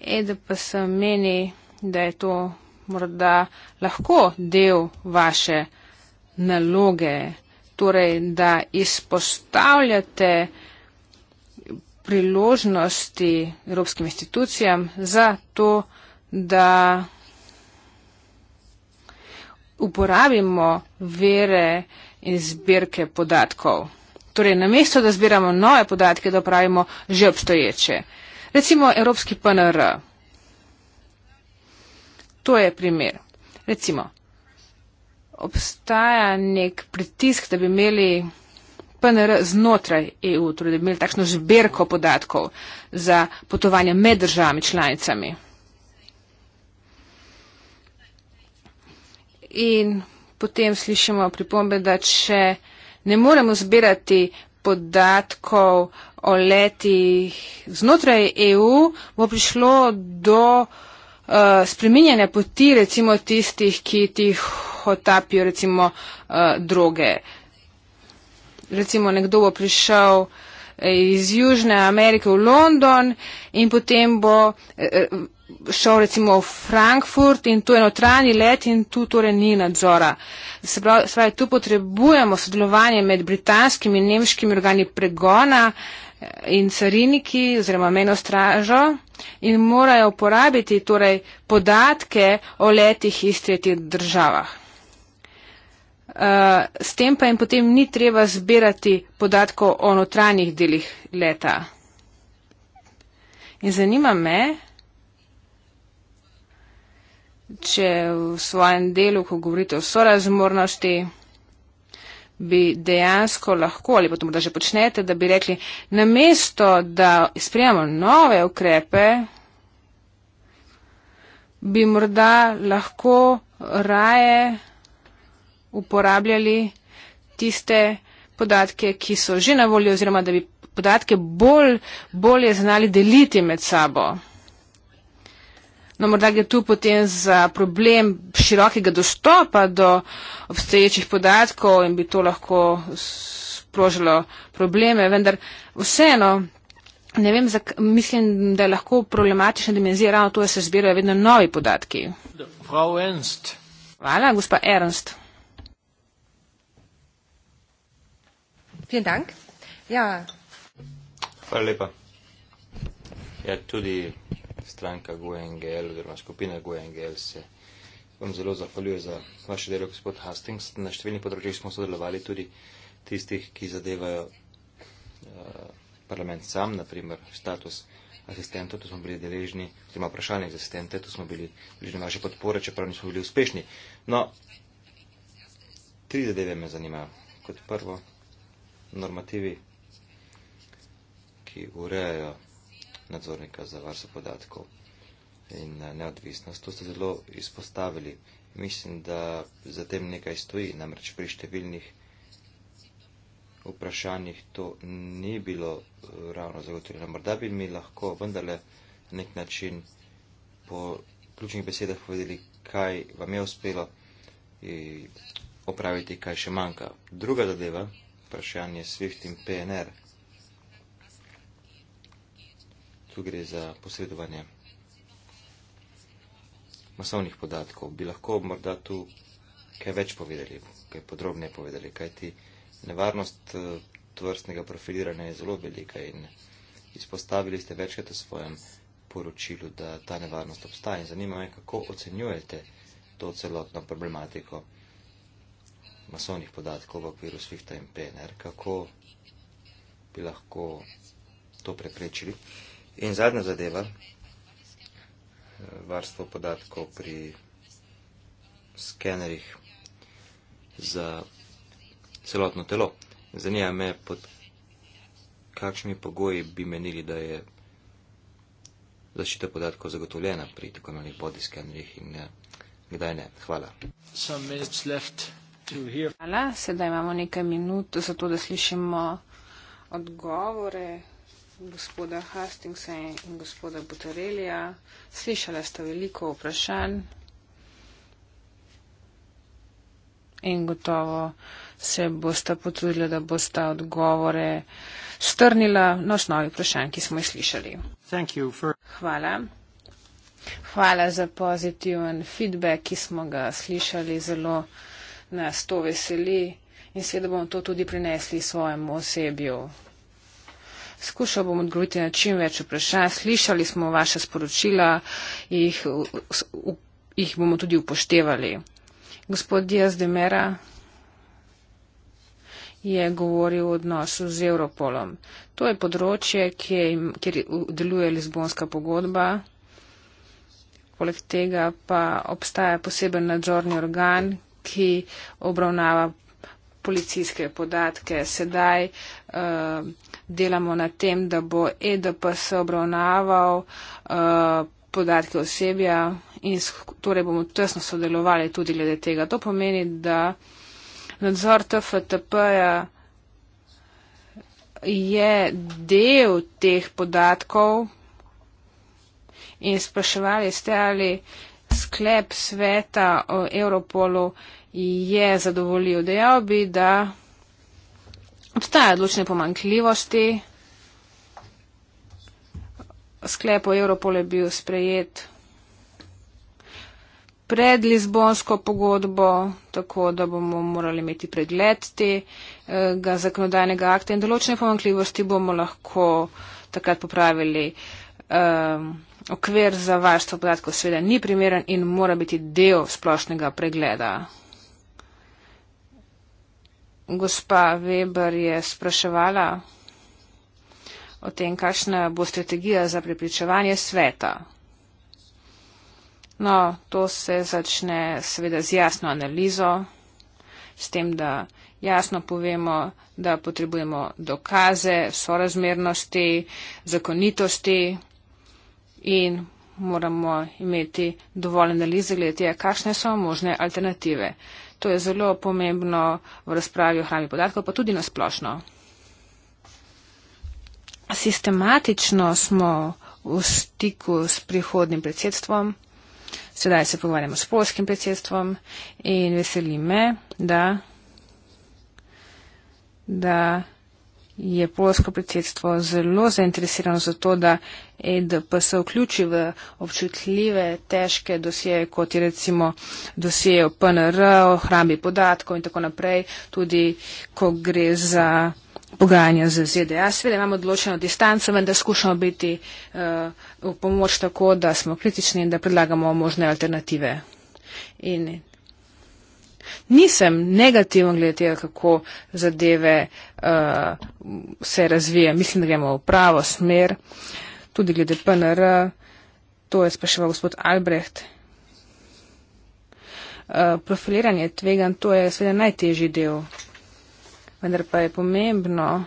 EDPS meni, da je to morda lahko del vaše naloge torej, da izpostavljate priložnosti evropskim institucijam za to, da uporabimo vere in zbirke podatkov. Torej, namesto, da zbiramo nove podatke, da upravimo že obstoječe. Recimo Evropski PNR. To je primer. Recimo, obstaja nek pritisk, da bi imeli PNR znotraj EU, torej da bi imeli takšno zbirko podatkov za potovanje med državami članicami. In potem slišimo pripombe, da če ne moremo zbirati podatkov o letih znotraj EU, bo prišlo do uh, spreminjanja poti recimo tistih, ki tih tihotapijo recimo eh, droge. Recimo nekdo bo prišel eh, iz Južne Amerike v London in potem bo eh, šel recimo v Frankfurt in tu je notranji let in tu torej ni nadzora. Se pravi, se pravi, tu potrebujemo sodelovanje med britanskimi in nemškimi organi pregona in cariniki oziroma meno stražo in morajo uporabiti torej podatke o letih iz tretjih državah. Eh, s tem pa jim potem ni treba zbirati podatkov o notranjih delih leta. In zanima me, če v svojem delu, ko govorite o sorazmornosti, bi dejansko lahko, ali pa to morda že počnete, da bi rekli, namesto da sprejemamo nove ukrepe, bi morda lahko raje uporabljali tiste podatke, ki so že na voljo oziroma da bi podatke bolj, bolje znali deliti med sabo. No, morda gre tu potem za problem širokega dostopa do obstoječih podatkov in bi to lahko sprožilo probleme, vendar vseeno ne vem, zak, mislim, da je lahko problematična dimenzija ravno to, da se zbirajo vedno novi podatki. Hvala, gospa Ernst. Vielen Dank. Ja. Hvala lepa. Ja, tudi stranka GUE-NGL oziroma skupina GUE-NGL se vam zelo zahvaljuje za vaše delo, gospod Hastings. Na številnih področjih smo sodelovali tudi tistih, ki zadevajo uh, parlament sam, naprimer status asistentov, tu smo bili deležni, oziroma vprašanje za asistente, tu smo bili deležni vaše podpore, čeprav nismo bili uspešni. No, tri zadeve me zanimajo. Kot prvo, normativi, ki urejajo nadzornika za varstvo podatkov in eh, neodvisnost. To ste zelo izpostavili. Mislim, da za tem nekaj stoji, namreč pri številnih vprašanjih to ni bilo eh, ravno zagotovljeno. Morda bi mi lahko vendarle na nek način po ključnih besedah povedali, kaj vam je uspelo opraviti, kaj še manjka. Druga zadeva vprašanje SWIFT in PNR. Tu gre za posredovanje masovnih podatkov. Bi lahko morda tu kaj več povedali, kaj podrobneje povedali, kaj ti nevarnost eh, tvrstnega profiliranja je zelo velika in izpostavili ste večkrat v svojem poročilu, da ta nevarnost obstaja in zanima me, kako ocenjujete to celotno problematiko masovnih podatkov v okviru Swifta in PNR, kako bi lahko to preprečili. In zadnja zadeva, eh, varstvo podatkov pri skenerjih za celotno telo. Zanima me, pod kakšnimi pogoji bi menili, da je zaščita podatkov zagotovljena pri tako imenih body skenerjih in ne, eh, kdaj ne. Hvala. Some minutes left. Hvala. Sedaj imamo nekaj minut za to, da slišimo odgovore gospoda Hastingsa in gospoda Butarelija. Slišala ste veliko vprašanj in gotovo se boste potrudili, da boste odgovore strnila na osnovi vprašanj, ki smo jih slišali. Hvala. Hvala za pozitiven feedback, ki smo ga slišali zelo nas to veseli in seveda bomo to tudi prinesli svojemu osebju. Skušal bom odgovoriti na čim več vprašanj. Slišali smo vaše sporočila, jih, jih bomo tudi upoštevali. Gospod Diaz de Mera je govoril o odnosu z Europolom. To je področje, kjer deluje Lizbonska pogodba. Poleg tega pa obstaja poseben nadzorni organ, ki obravnava policijske podatke. Sedaj uh, delamo na tem, da bo EDPS obravnaval uh, podatke osebja in torej bomo tesno sodelovali tudi glede tega. To pomeni, da nadzor TFTP-ja je del teh podatkov in spraševali ste, ali uh, sklep sveta o Europolu je zadovoljil. Dejal bi, da obstajajo odločne pomankljivosti. Sklep o Europolu je bil sprejet pred Lizbonsko pogodbo, tako da bomo morali imeti pregled tega eh, zakonodajnega akta in določene pomankljivosti bomo lahko takrat popravili. Um, okvir za varstvo podatkov seveda ni primeren in mora biti del splošnega pregleda. Gospa Weber je spraševala o tem, kakšna bo strategija za prepričevanje sveta. No, to se začne seveda z jasno analizo, s tem, da jasno povemo, da potrebujemo dokaze, sorazmernosti, zakonitosti in moramo imeti dovolj analize glede, kakšne so možne alternative. To je zelo pomembno v razpravi o hrani podatkov, pa tudi nasplošno. Sistematično smo v stiku s prihodnim predsedstvom. Sedaj se pogovarjamo s polskim predsedstvom in veseli me, da, da je polsko predsedstvo zelo zainteresirano za to, da EDP se vključi v občutljive, težke dosije, kot je recimo dosije o PNR, o hrambi podatkov in tako naprej, tudi ko gre za pogajanja z ZDA. Seveda imamo odločeno distanco, vendar skušamo biti uh, v pomoč tako, da smo kritični in da predlagamo možne alternative. In nisem negativen glede tega, kako zadeve uh, se razvije. Mislim, da gremo v pravo smer, tudi glede PNR. To je spraševal gospod Albrecht. Eh, profiliranje tvegan, to je sveda najtežji del, vendar pa je pomembno,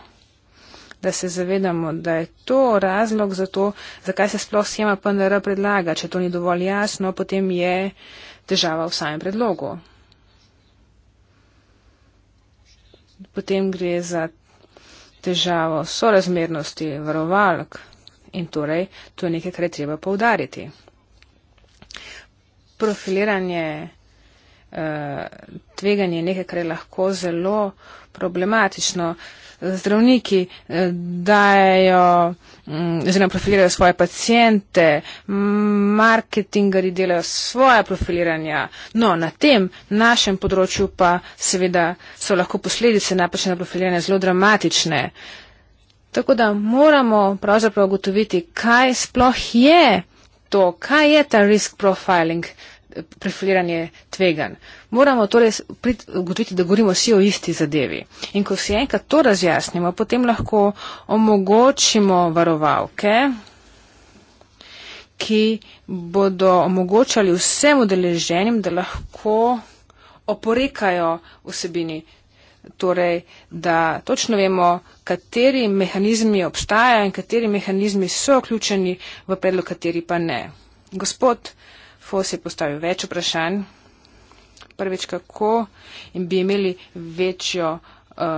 da se zavedamo, da je to razlog za to, zakaj se sploh schema PNR predlaga. Če to ni dovolj jasno, potem je težava v samem predlogu. potem gre za težavo sorazmernosti varovalk in torej to je nekaj, kar je treba poudariti. Profiliranje, eh, tveganje je nekaj, kar je lahko zelo problematično. Zdravniki eh, dajo Mm, oziroma profilirajo svoje pacijente, marketingari delajo svoje profiliranja. No, na tem našem področju pa seveda so lahko posledice napačnega profiliranja zelo dramatične. Tako da moramo pravzaprav ugotoviti, kaj sploh je to, kaj je ta risk profiling profiliranje tvegan. Moramo torej ugotoviti, da govorimo vsi o isti zadevi. In ko si enkrat to razjasnimo, potem lahko omogočimo varovalke, ki bodo omogočali vsem udeleženim, da lahko oporekajo vsebini. Torej, da točno vemo, kateri mehanizmi obstajajo in kateri mehanizmi so vključeni v predlog, kateri pa ne. Gospod, Fos je postavil več vprašanj. Prvič, kako in bi imeli večjo uh,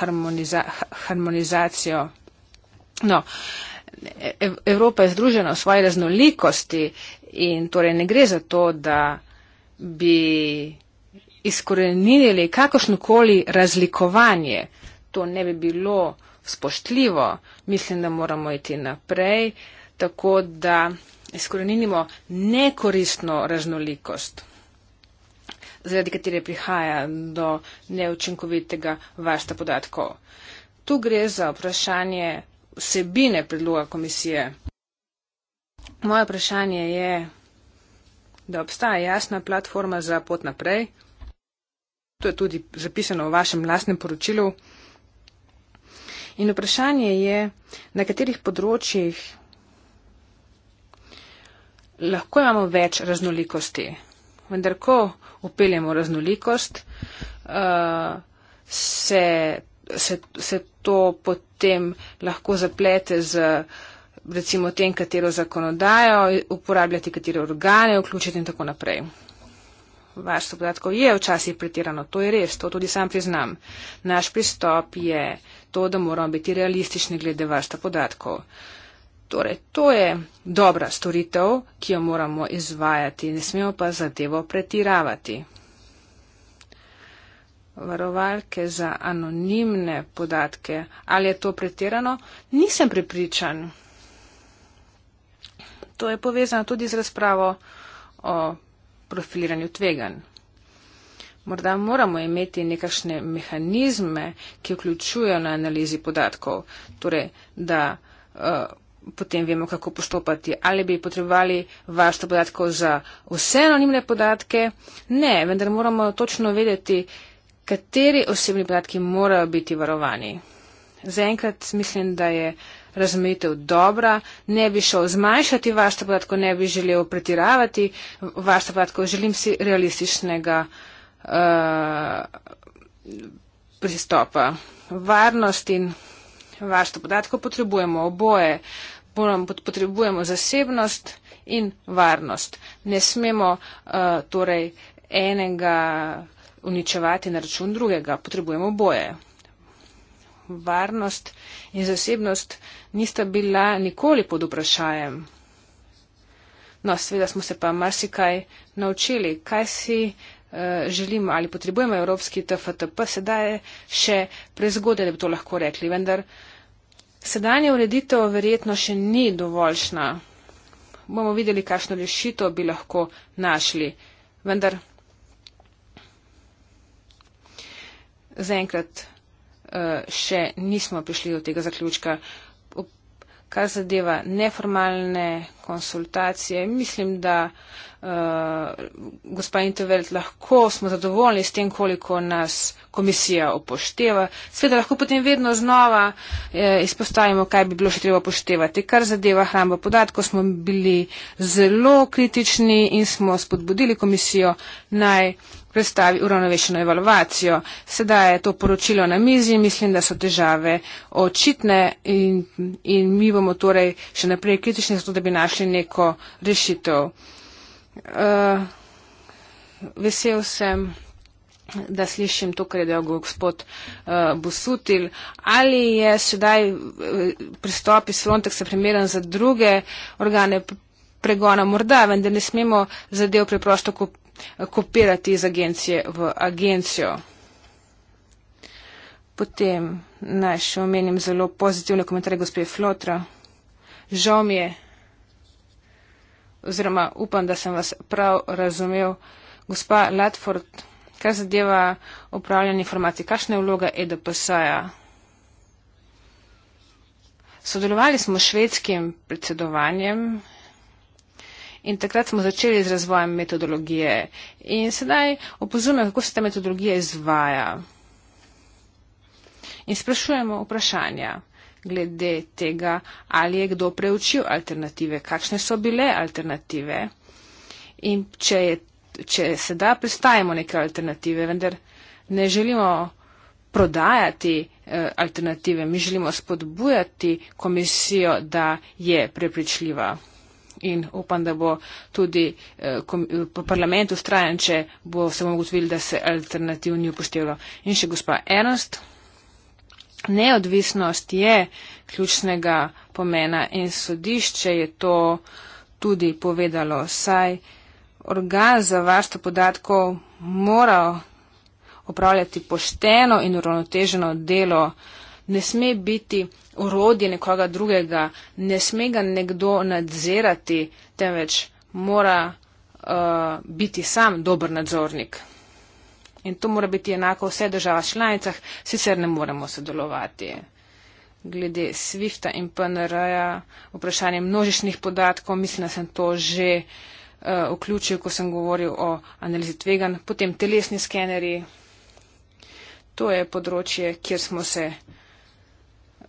harmoniza harmonizacijo. No, e-, e-, Evropa je združena v svoji raznolikosti in torej ne gre za to, da bi izkoreninili kakršnokoli razlikovanje. To ne bi bilo spoštljivo. Mislim, da moramo iti naprej, tako da izkoreninimo nekoristno raznolikost, zaradi katere prihaja do neučinkovitega varstva podatkov. Tu gre za vprašanje vsebine predloga komisije. Moje vprašanje je, da obstaja jasna platforma za pot naprej. To je tudi zapisano v vašem lastnem poročilu. In vprašanje je, na katerih področjih lahko imamo več raznolikosti. Vendar, ko upeljemo raznolikost, eh, se, se, se to potem lahko zaplete z recimo tem, katero zakonodajo, uporabljati katere organe, vključiti in tako naprej. Varstvo podatkov je včasih pretirano, to je res, to tudi sam priznam. Naš pristop je to, da moramo biti realistični glede varstva podatkov. Uh, Torej, to je dobra storitev, ki jo moramo izvajati, ne smemo pa zadevo pretiravati. Varovalke za anonimne podatke. Ali je to pretirano? Nisem pripričan. To je povezano tudi z razpravo o profiliranju tvegan. Morda moramo imeti nekakšne mehanizme, ki vključujejo na analizi podatkov. Torej, da uh, potem vemo, kako postopati. Ali bi potrebovali varstvo podatkov za vse anonimne podatke? Ne, vendar moramo točno vedeti, kateri osebni podatki morajo biti varovani. Zaenkrat mislim, da je razmejitev dobra, ne bi šel zmanjšati varstvo podatkov, ne bi želel pretiravati varstvo podatkov, želim si realističnega uh, pristopa. Varnost in varstvo podatkov potrebujemo oboje. Uh, potrebujemo zasebnost in varnost. Ne smemo uh, torej enega uničevati na račun drugega, potrebujemo boje. Varnost in zasebnost nista bila nikoli pod vprašajem. No, seveda smo se pa marsikaj naučili, kaj si uh, želimo ali potrebujemo evropski TFTP, sedaj je še prezgodaj, da bi to lahko rekli, vendar. Uh, Sedanje ureditev verjetno še ni dovoljšna. Bomo videli, kakšno rešitev bi lahko našli. Vendar zaenkrat eh, še nismo prišli do tega zaključka. Kar zadeva neformalne konsultacije. Mislim, da uh, gospa Intervelt lahko smo zadovoljni s tem, koliko nas komisija upošteva. Sveda lahko potem vedno znova eh, izpostavimo, kaj bi bilo še treba upoštevati. Kar zadeva hrambo podatkov, smo bili zelo kritični in smo spodbudili komisijo naj predstavi uravnovešeno evalvacijo. Sedaj je to poročilo na mizi, mislim, da so težave očitne in, in mi bomo torej še naprej kritični, zato da bi našli našli neko rešitev. Uh, vesel sem, da slišim to, kar je dejal gospod uh, Busutil. Ali je sedaj eh, pristop iz Fronteksa primeren za druge organe pregona? Morda, vendar ne smemo zadev preprosto kop kopirati iz agencije v agencijo. Potem naj še omenim zelo pozitivne komentarje gospe Flotra. Žal mi je, oziroma upam, da sem vas prav razumel. Gospa Latford, kaj zadeva upravljanje informacij? Kakšna je vloga EDPS-a? Sodelovali smo s švedskim predsedovanjem in takrat smo začeli z razvojem metodologije. In sedaj opozumem, kako se ta metodologija izvaja. In sprašujemo vprašanja glede tega, ali je kdo preučil alternative, kakšne so bile alternative. In če, je, če se da, pristajamo neke alternative, vendar ne želimo prodajati eh, alternative, mi želimo spodbujati komisijo, da je prepričljiva. In upam, da bo tudi eh, po eh, parlamentu strajan, če bo se mogo zvili, da se alternativ ni upoštevalo. In še gospa Ernst. Neodvisnost je ključnega pomena in sodišče je to tudi povedalo, saj organ za varstvo podatkov mora opravljati pošteno in uravnoteženo delo, ne sme biti orodje nekoga drugega, ne sme ga nekdo nadzirati, temveč mora uh, biti sam dober nadzornik in to mora biti enako v vseh državah članicah, sicer ne moremo sodelovati. Glede SWIFT-a in PNR-ja, vprašanje množičnih podatkov, mislim, da sem to že uh, vključil, ko sem govoril o analizi tvegan, potem telesni skeneri. To je področje, kjer smo se,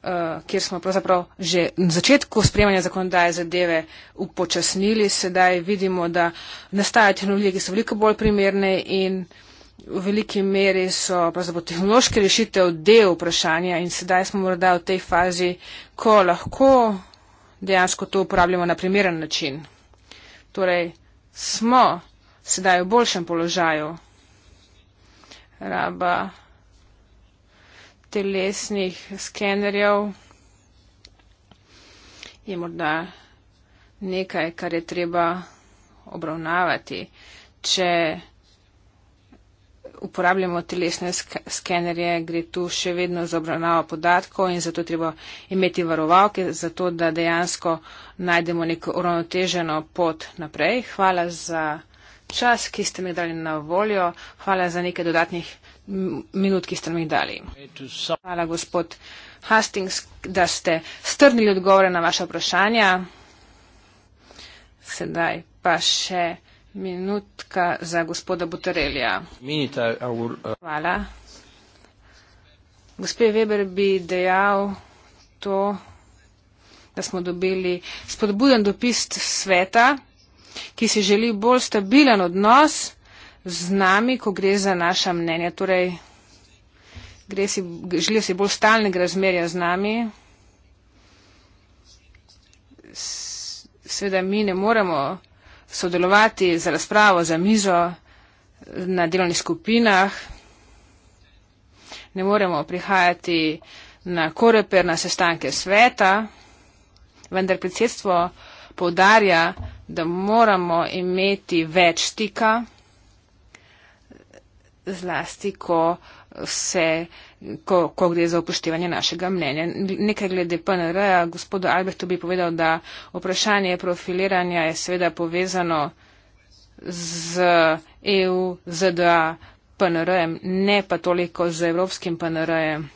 uh, kjer smo pravzaprav že na začetku spremanja zakonodaje zadeve upočasnili, sedaj vidimo, da nastajajo tehnologije, ki so veliko bolj primerne in v veliki meri so tehnološke rešitev del vprašanja in sedaj smo morda v tej fazi, ko lahko dejansko to uporabljamo na primeren način. Torej, smo sedaj v boljšem položaju raba telesnih skenerjev je morda nekaj, kar je treba obravnavati. Če uporabljamo telesne sk skenerje, gre tu še vedno za obravnavo podatkov in zato treba imeti varovalke, zato da dejansko najdemo neko uravnoteženo pot naprej. Hvala za čas, ki ste mi dali na voljo. Hvala za nekaj dodatnih minut, ki ste mi dali. Hvala, gospod Hastings, da ste strnili odgovore na vaše vprašanja. Sedaj pa še. Minutka za gospoda Buterelja. Minita, augur. Hvala. Gospe Weber bi dejal to, da smo dobili spodbuden dopis sveta, ki si želi bolj stabilen odnos z nami, ko gre za naša mnenja. Torej, si, želijo si bolj stalnega razmerja z nami. Seveda mi ne moremo sodelovati za razpravo, za mizo, na delovnih skupinah. Ne moremo prihajati na koreper, na sestanke sveta, vendar predsedstvo povdarja, da moramo imeti več stika, zlasti, ko se ko, ko gre za upoštevanje našega mnenja. Nekaj glede PNR-ja, gospodu Albertu bi povedal, da vprašanje profiliranja je seveda povezano z EU, ZDA, PNR-jem, ne pa toliko z evropskim PNR-jem.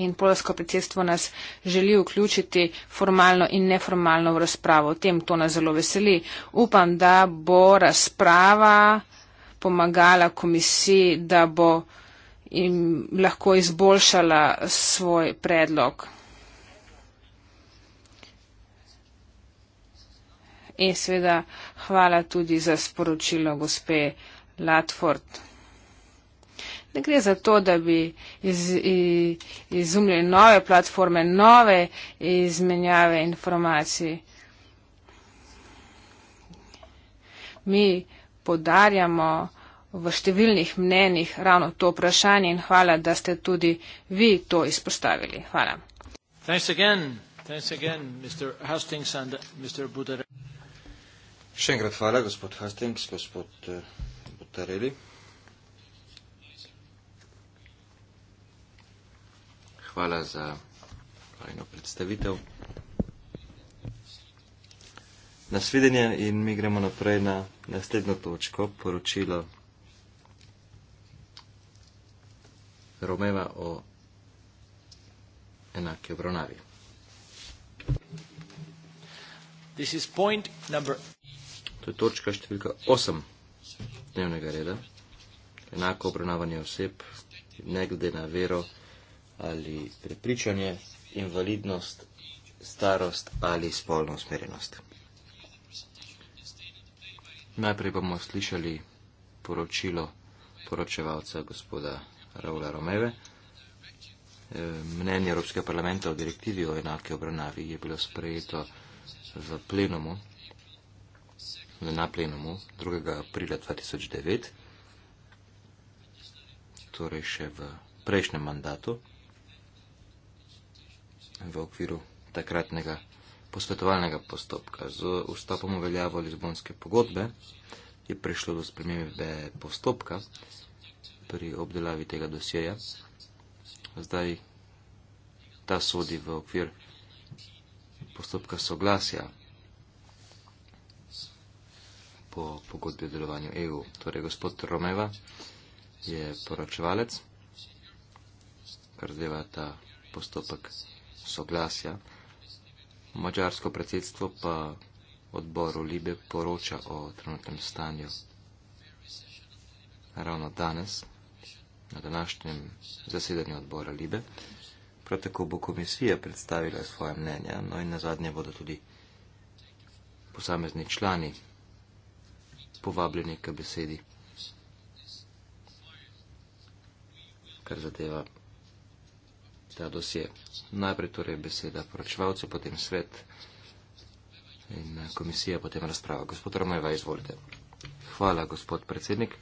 In polsko predsedstvo nas želi vključiti formalno in neformalno v razpravo. O tem to nas zelo veseli. Upam, da bo razprava pomagala komisiji, da bo in lahko izboljšala svoj predlog. In seveda hvala tudi za sporočilo gospe Latford. Ne gre za to, da bi iz, iz, izumljali nove platforme, nove izmenjave informacij. Mi podarjamo v številnih mnenjih ravno to vprašanje in hvala, da ste tudi vi to izpostavili. Hvala. Še enkrat hvala, gospod Hastings, gospod eh, Butareli. Hvala za fajno predstavitev. Nasvidenje in mi gremo naprej na naslednjo točko, poročilo romeva o enake obravnavi. This is point number... To je točka številka 8 dnevnega reda. Enako obravnavanje oseb, ne glede na vero ali prepričanje, invalidnost, starost ali spolno usmerjenost. Najprej bomo slišali poročilo poročevalca gospoda Raula Romeve. Mnenje Evropskega parlamenta o direktivi o enake obravnavi je bilo sprejeto v plenumu, na plenumu 2. aprila 2009, torej še v prejšnjem mandatu, v okviru takratnega posvetovalnega postopka. Z vstopom v veljavo Lizbonske pogodbe je prišlo do spremembe postopka pri obdelavi tega dosjeja. Zdaj ta sodi v okvir postopka soglasja po pogodbi o delovanju EU. Torej, gospod Romeva je poročevalec, kar zdaj ta postopek soglasja. Mačarsko predsedstvo pa odboru Libe poroča o trenutnem stanju ravno danes na današnjem zasedanju odbora Libe. Prav tako bo komisija predstavila svoje mnenja, no in na zadnje bodo tudi posamezni člani povabljeni k besedi, kar zadeva ta dosje. Najprej torej beseda poročevalcev, potem svet in eh, komisija, potem razprava. Gospod Romajva, izvolite. Hvala, gospod predsednik.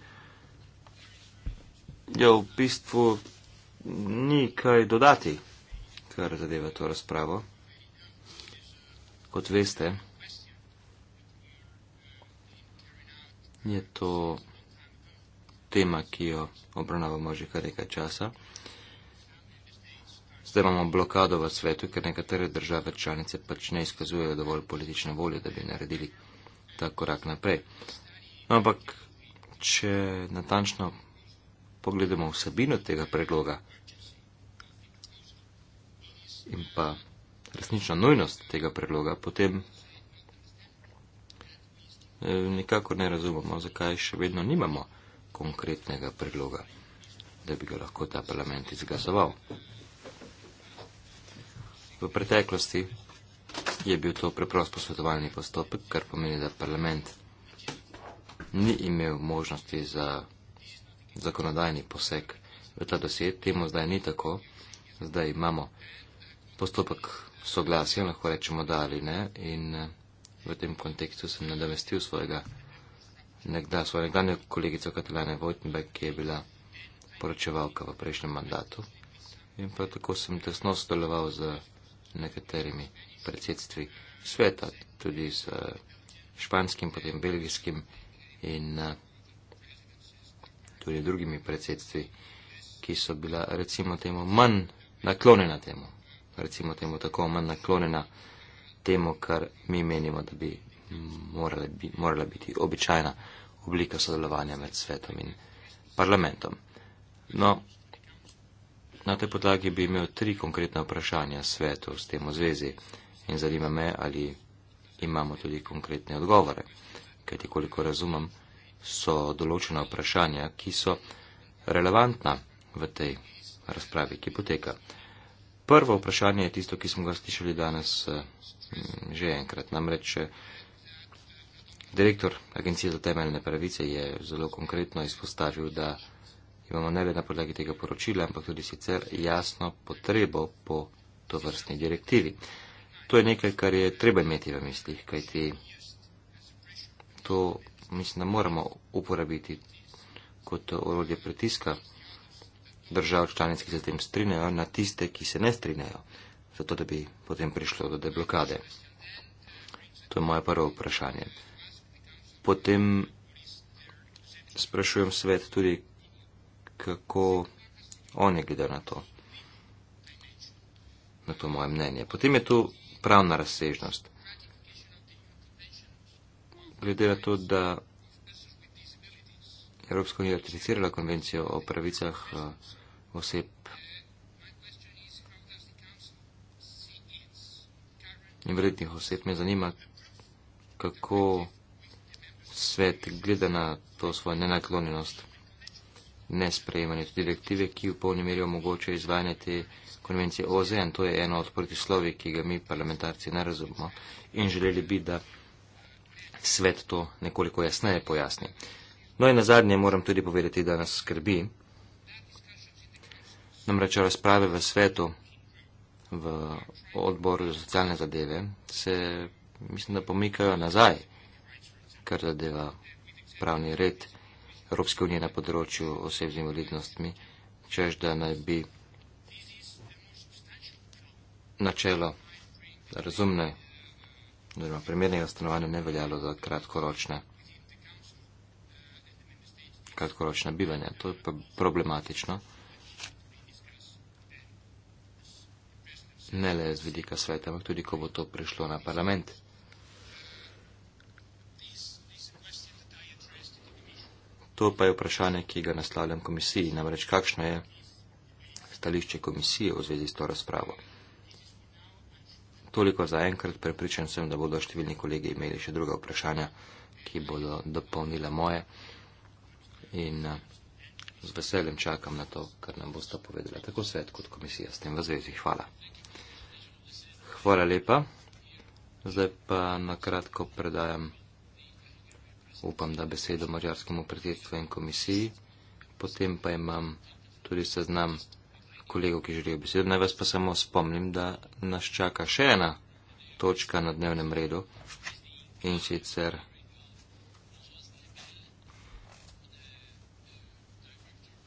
Ja, v bistvu ni kaj dodati, kar zadeva to razpravo. Kot veste, je to tema, ki jo obravnavamo že kar nekaj časa. Zdaj imamo blokado v svetu, ker nekatere države članice pač ne izkazujejo dovolj politične volje, da bi naredili ta korak naprej. Ampak, če natančno pogledamo vsebino tega predloga in pa resnično nujnost tega predloga, potem eh, nikako ne razumemo, zakaj še vedno nimamo konkretnega predloga, da bi ga lahko ta parlament izglasoval. V preteklosti je bil to preprost posvetovalni postopek, kar pomeni, da parlament ni imel možnosti za zakonodajni poseg v ta deset, temu zdaj ni tako, zdaj imamo postopek soglasja, lahko rečemo da ali ne, in eh, v tem kontekstu sem nadomestil svojega nekda, svoje nekdanje kolegico Katalane Vojtenbeck, ki je bila poročevalka v prejšnjem mandatu. In prav tako sem tesno sodeloval z nekaterimi predsedstvi sveta, tudi z eh, španskim, potem belgijskim in uh, tudi drugimi predsedstvi, ki so bila recimo temu manj naklonjena temu, recimo temu tako manj naklonjena temu, kar mi menimo, da bi morala, bi morala biti običajna oblika sodelovanja med svetom in parlamentom. No, na tej podlagi bi imel tri konkretna vprašanja svetu s tem v zvezi in zanima me, ali imamo tudi konkretne odgovore, kajti koliko razumem, so določena vprašanja, ki so relevantna v tej razpravi, ki poteka. Prvo vprašanje je tisto, ki smo ga slišali danes eh, že enkrat. Namreč eh, direktor Agencije za temeljne pravice je zelo konkretno izpostavil, da imamo ne le na podlagi tega poročila, ampak tudi sicer jasno potrebo po to vrstni direktivi. To je nekaj, kar je treba imeti v mislih, kajti to mislim, da moramo uporabiti kot orodje pritiska držav članic, ki se s tem strinjajo, na tiste, ki se ne strinjajo, zato da bi potem prišlo do deblokade. To je moje prvo vprašanje. Potem sprašujem svet tudi, kako oni gledajo na to, na to moje mnenje. Potem je tu pravna razsežnost glede na to, da Evropska unija ratificirala konvencijo o pravicah eh, oseb. In vrednih oseb me zanima, kako svet gleda na to svojo nenaklonjenost, nesprejemanje direktive, ki v polni meri omogoča izvajanje te konvencije OZN. To je eno od protislovi, ki ga mi parlamentarci ne razumemo in želeli bi, da svet to nekoliko jasneje pojasni. No in na zadnje moram tudi povedati, da nas skrbi, namreč razprave v svetu, v odboru za socialne zadeve, se mislim, da pomikajo nazaj, kar zadeva pravni red Evropske unije na področju oseb z invalidnostmi, čež da naj bi načelo razumne oziroma primernega stanovanja ne veljalo za kratkoročne, kratkoročne bivanje. To je pa problematično. Ne le z vidika sveta, ampak tudi, ko bo to prišlo na parlament. To pa je vprašanje, ki ga naslavljam komisiji, namreč kakšno je stališče komisije v zvezi s to razpravo. Toliko za enkrat, prepričan sem, da bodo številni kolegi imeli še druga vprašanja, ki bodo dopolnile moje. In eh, z veseljem čakam na to, kar nam boste povedali, tako svet kot komisija s tem v zvezi. Hvala. Hvala lepa. Zdaj pa na kratko predajam, upam, da besedo mađarskemu predsedstvu in komisiji. Potem pa imam tudi seznam kolegov, ki želijo besedo. Naj vas pa samo spomnim, da nas čaka še ena točka na dnevnem redu in sicer.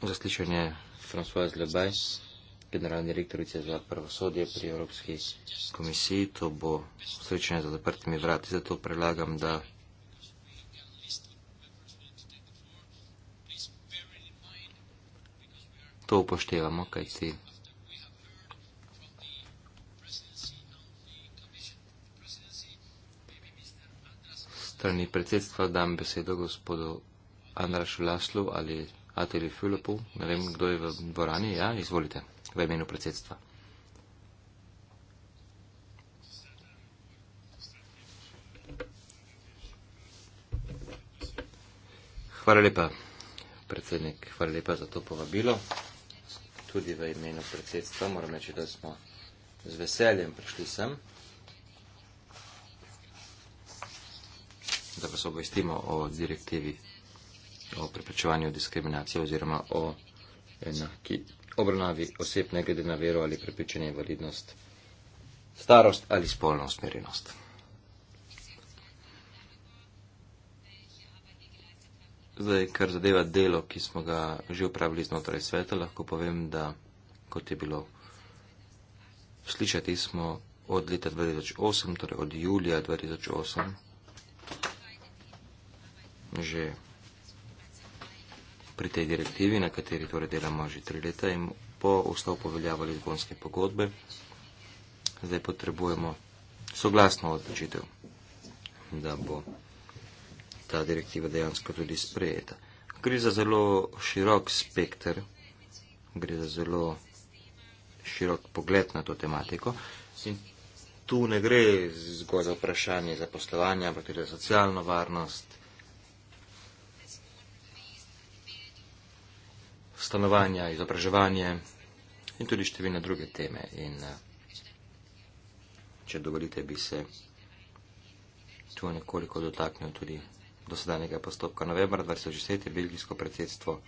Zaslišanje François Lebaj, generalni direktorice za pravosodje pri Evropski komisiji, to bo srečanje za zaprtimi vrati, zato predlagam, da to upoštevamo, kaj si. Strani predsedstva dam besedo gospodu Andrašu Laslu ali Ateli Filipu, ne vem, kdo je v dvorani, ja, izvolite, v imenu predsedstva. Hvala lepa, predsednik, hvala lepa za to povabilo tudi v imenu predsedstva. Moram reči, da smo z veseljem prišli sem, da vas obvestimo o direktivi o preprečevanju diskriminacije oziroma o enaki obravnavi oseb, ne glede na vero ali prepričanje, invalidnost, starost ali spolno usmerjenost. Zdaj, kar zadeva delo, ki smo ga že upravili znotraj sveta, lahko povem, da kot je bilo slišati, smo od leta 2008, torej od julija 2008, že pri tej direktivi, na kateri torej delamo že tri leta in po vstopu veljavo Lizbonske pogodbe, zdaj potrebujemo soglasno odločitev, da bo ta direktiva dejansko tudi sprejeta. Gre za zelo širok spekter, gre za zelo širok pogled na to tematiko. In tu ne gre zgolj za vprašanje zaposlovanja, ampak tudi za socialno varnost, stanovanja, izobraževanje in tudi številne druge teme. In eh, če dovolite, bi se tu nekoliko dotaknil tudi dosedanjega postopka. Novembra 2010 je belgijsko predsedstvo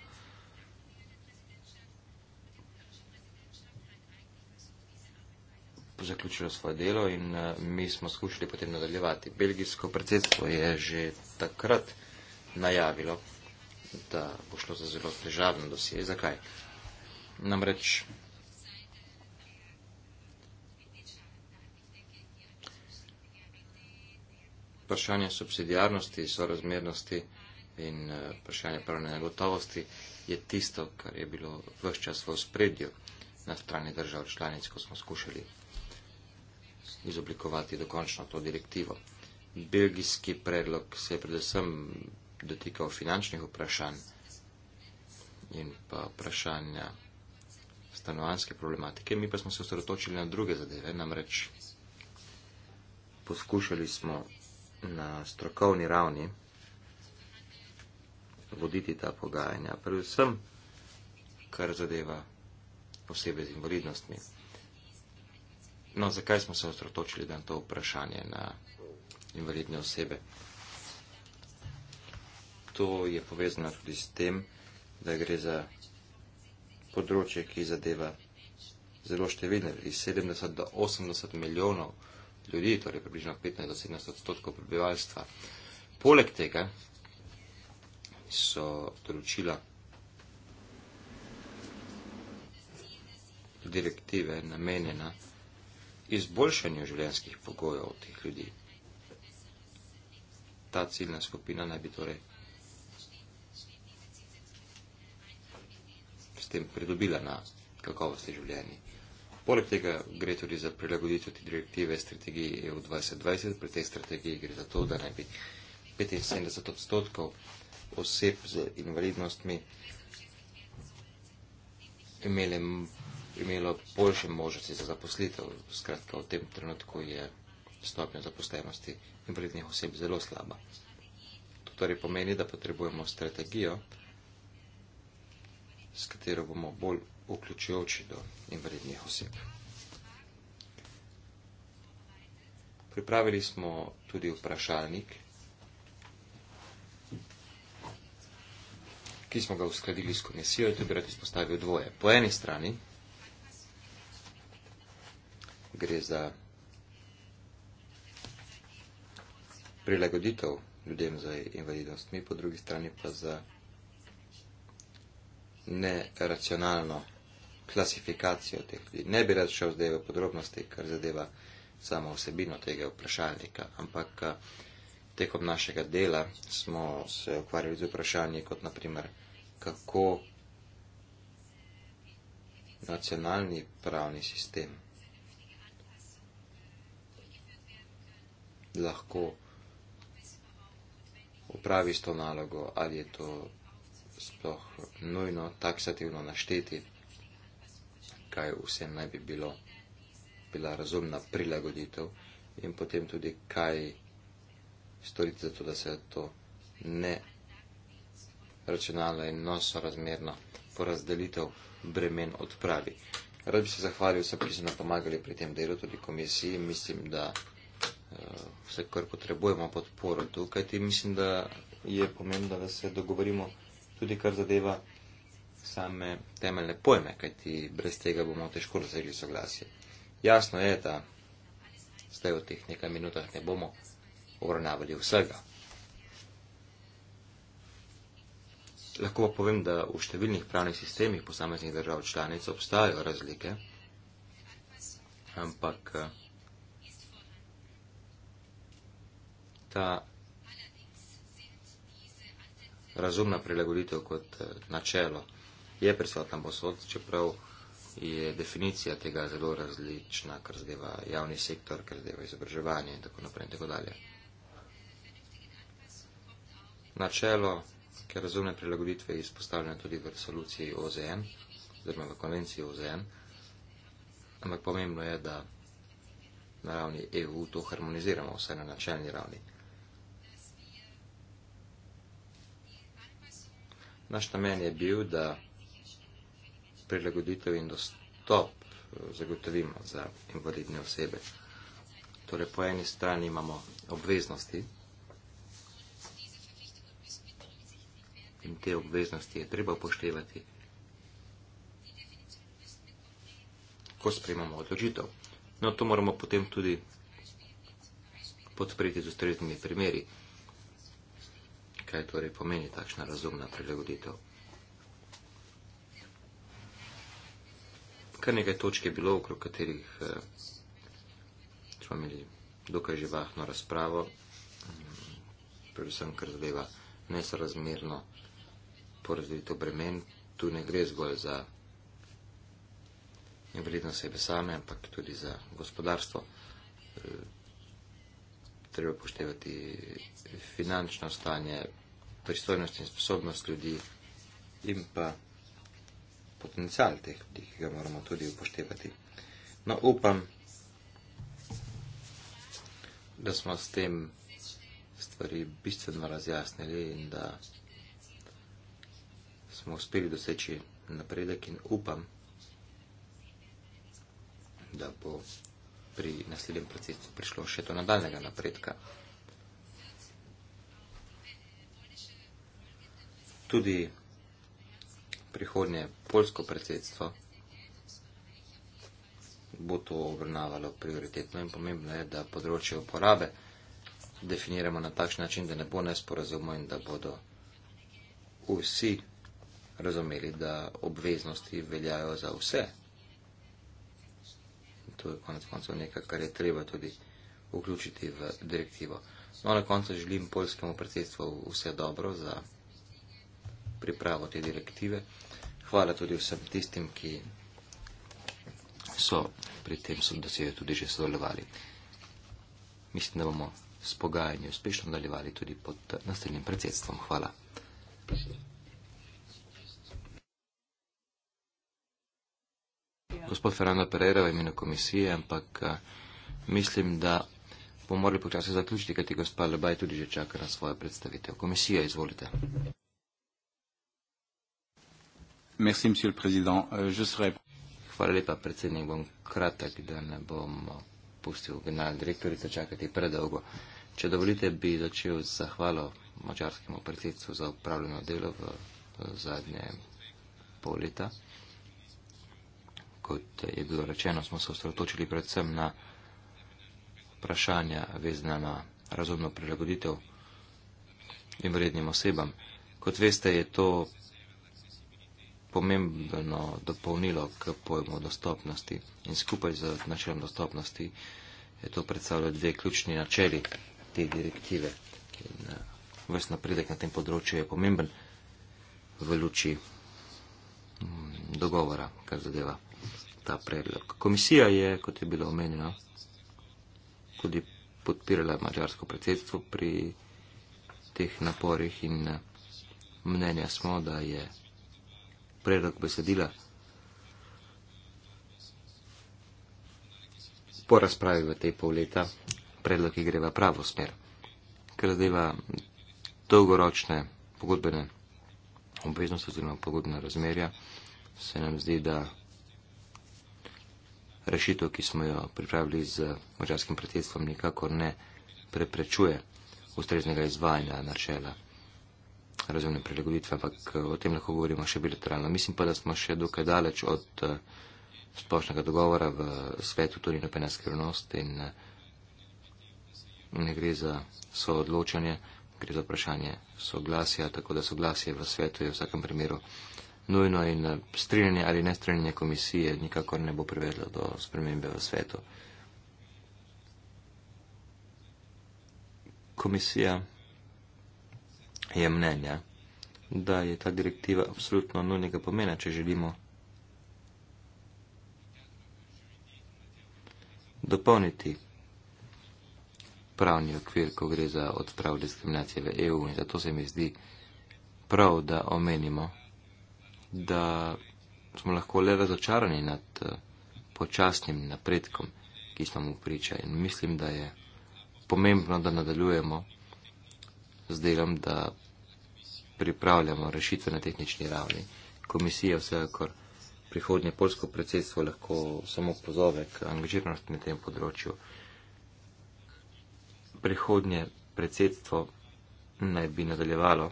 zaključilo svoje delo in eh, mi smo skušali potem nadaljevati. Belgijsko predsedstvo je že takrat najavilo, da bo šlo za zelo težavno dosje. Zakaj? Namreč vprašanje subsidijarnosti, sorazmernosti in eh, vprašanje pravne negotovosti je tisto, kar je bilo vse čas v spredju na strani držav članic, ko smo skušali izoblikovati dokončno to direktivo. Belgijski predlog se je predvsem dotikal finančnih vprašanj in pa vprašanja stanovanske problematike. Mi pa smo se osredotočili na druge zadeve, namreč poskušali smo na strokovni ravni voditi ta pogajanja, predvsem kar zadeva osebe z invalidnostmi. No, zakaj smo se osredotočili na to vprašanje na invalidne osebe? To je povezano tudi s tem, da gre za področje, ki zadeva zelo številne, iz 70 do 80 milijonov ljudi, torej približno 15 do 17 odstotkov prebivalstva. Poleg tega so določila direktive namenjena izboljšanju življenjskih pogojev teh ljudi. Ta ciljna skupina naj bi torej s tem pridobila na kakovosti življenja. Poleg tega gre tudi za prilagoditev te direktive strategiji EU 2020. Pri tej strategiji gre za to, da naj bi 75 odstotkov oseb z invalidnostmi imele, imelo boljše možnosti za zaposlitev. Skratka, v tem trenutku je stopnja zaposlenosti invalidnih oseb zelo slaba. To torej pomeni, da potrebujemo strategijo, s katero bomo bolj vključujoči do invalidnih oseb. Pripravili smo tudi vprašalnik, ki smo ga uskladili s komisijo in tudi rad izpostavil dvoje. Po eni strani gre za prilagoditev ljudem za invalidnostmi, po drugi strani pa za neracionalno klasifikacijo teh ljudi. Ne bi rad šel zdaj v podrobnosti, kar zadeva samo vsebino tega vprašalnika, ampak eh, tekom našega dela smo se ukvarjali z vprašanji, kot naprimer, kako nacionalni pravni sistem lahko upravi s to nalogo, ali je to sploh nujno taksativno našteti kaj vse naj bi bilo, bila razumna prilagoditev in potem tudi, kaj storiti za to, da se to ne računalo in noso razmerno porazdelitev bremen odpravi. Rad bi se zahvalil vsem, ki so nam pomagali pri tem delu, tudi komisiji. Mislim, da uh, vse, kar potrebujemo podporo tukaj, ti mislim, da je pomembno, da se dogovorimo tudi kar zadeva same temeljne pojme, kajti brez tega bomo težko razvili soglasje. Jasno je, da zdaj v teh nekaj minutah ne bomo obravnavali vsega. Lahko pa povem, da v številnih pravnih sistemih posameznih držav članic obstajajo razlike, ampak ta razumna prilagoditev kot eh, načelo je prisotna posod, čeprav je definicija tega zelo različna, kar zadeva javni sektor, kar zadeva izobraževanje in tako naprej in tako dalje. Načelo, ki je razumne prilagoditve izpostavljeno tudi v resoluciji OZN, oziroma v konvenciji OZN, ampak pomembno je, da na ravni EU to harmoniziramo, vsaj na načelni ravni. Naš namen je bil, da prilagoditev in dostop eh, zagotovimo za invalidne osebe. Torej, po eni strani imamo obveznosti in te obveznosti je treba upoštevati, ko sprejemamo odločitev. No, to moramo potem tudi podpreti z ustreznimi primeri, kaj torej pomeni takšna razumna prilagoditev. kar nekaj točk je bilo, okrog katerih eh, smo imeli dokaj živahno razpravo, mm, predvsem kar zadeva nesrazmerno porazdelitev bremen. Tu ne gre zgolj za invalidno sebe same, ampak tudi za gospodarstvo. E, treba poštevati finančno stanje, pristojnost in sposobnost ljudi in pa potencial teh ljudi, ki ga moramo tudi upoštevati. No, upam, da smo s tem stvari bistveno razjasnili in da smo uspeli doseči napredek in upam, da bo pri naslednjem procesu prišlo še do nadaljnega napredka. Tudi prihodnje polsko predsedstvo bo to obrnavalo prioritetno in pomembno je, da področje uporabe definiramo na takšen način, da ne bo nesporazumov in da bodo vsi razumeli, da obveznosti veljajo za vse. To je konec koncev nekaj, kar je treba tudi vključiti v direktivo. No, na koncu želim polskemu predsedstvu vse dobro za pripravo te direktive. Hvala tudi vsem tistim, ki so pri tem, da se je tudi že sodelovali. Mislim, da bomo s pogajanji uspešno nadaljevali tudi pod naslednjim predsedstvom. Hvala. Gospod Ferrando Pereira v imenu komisije, ampak eh, mislim, da bomo morali počasi zaključiti, kajti gospod Lebaj tudi že čaka na svojo predstavitev. Komisija, izvolite. Merci, monsieur le président. Euh, je serai. Hvala lepa, predsednik. Bom kratek, da ne bom pustil generalne direktorice čakati predolgo. Če dovolite, bi začel z zahvalo mačarskemu predsedstvu za upravljeno delo v zadnje pol leta. Kot je bilo rečeno, smo se osredotočili predvsem na vprašanja vezana na razumno prilagoditev invalidnim osebam. Kot veste, je to pomembno dopolnilo k pojmu dostopnosti in skupaj z načelom dostopnosti je eh, to predstavljalo dve ključni načeli te direktive. In eh, ves napredek na tem področju je pomemben v luči mm, dogovora, kar zadeva ta predlog. Komisija je, kot je bilo omenjeno, tudi podpirala mađarsko predsedstvo pri teh naporih in eh, mnenja smo, da je predlog besedila. Po razpravi v tej pol leta predlog gre v pravo smer, ker zadeva dolgoročne pogodbene obveznosti oziroma pogodbene razmerja, se nam zdi, da rešitev, ki smo jo pripravili z mačarskim predsedstvom, nikakor ne preprečuje ustreznega izvajanja načela razumne prilagoditve, ampak eh, o tem lahko govorimo še bilateralno. Mislim pa, da smo še dokaj daleč od eh, splošnega dogovora v svetu, tudi na pena skrivnost in eh, ne gre za soodločanje, gre za vprašanje soglasja, tako da soglasje v svetu je v vsakem primeru nujno in strinjanje ali nestrinjanje komisije nikakor ne bo privedlo do spremembe v svetu. Komisija je mnenja, da je ta direktiva absolutno nujnega pomena, če želimo dopolniti pravni okvir, ko gre za odprav diskriminacije v EU. In zato se mi zdi prav, da omenimo, da smo lahko le razočarani nad eh, počasnim napredkom, ki smo mu priča. In mislim, da je pomembno, da nadaljujemo z delom, da pripravljamo rešitve na tehnični ravni. Komisija vsekakor prihodnje polsko predsedstvo lahko samo pozove k angažiranosti na tem področju. Prihodnje predsedstvo naj bi nadaljevalo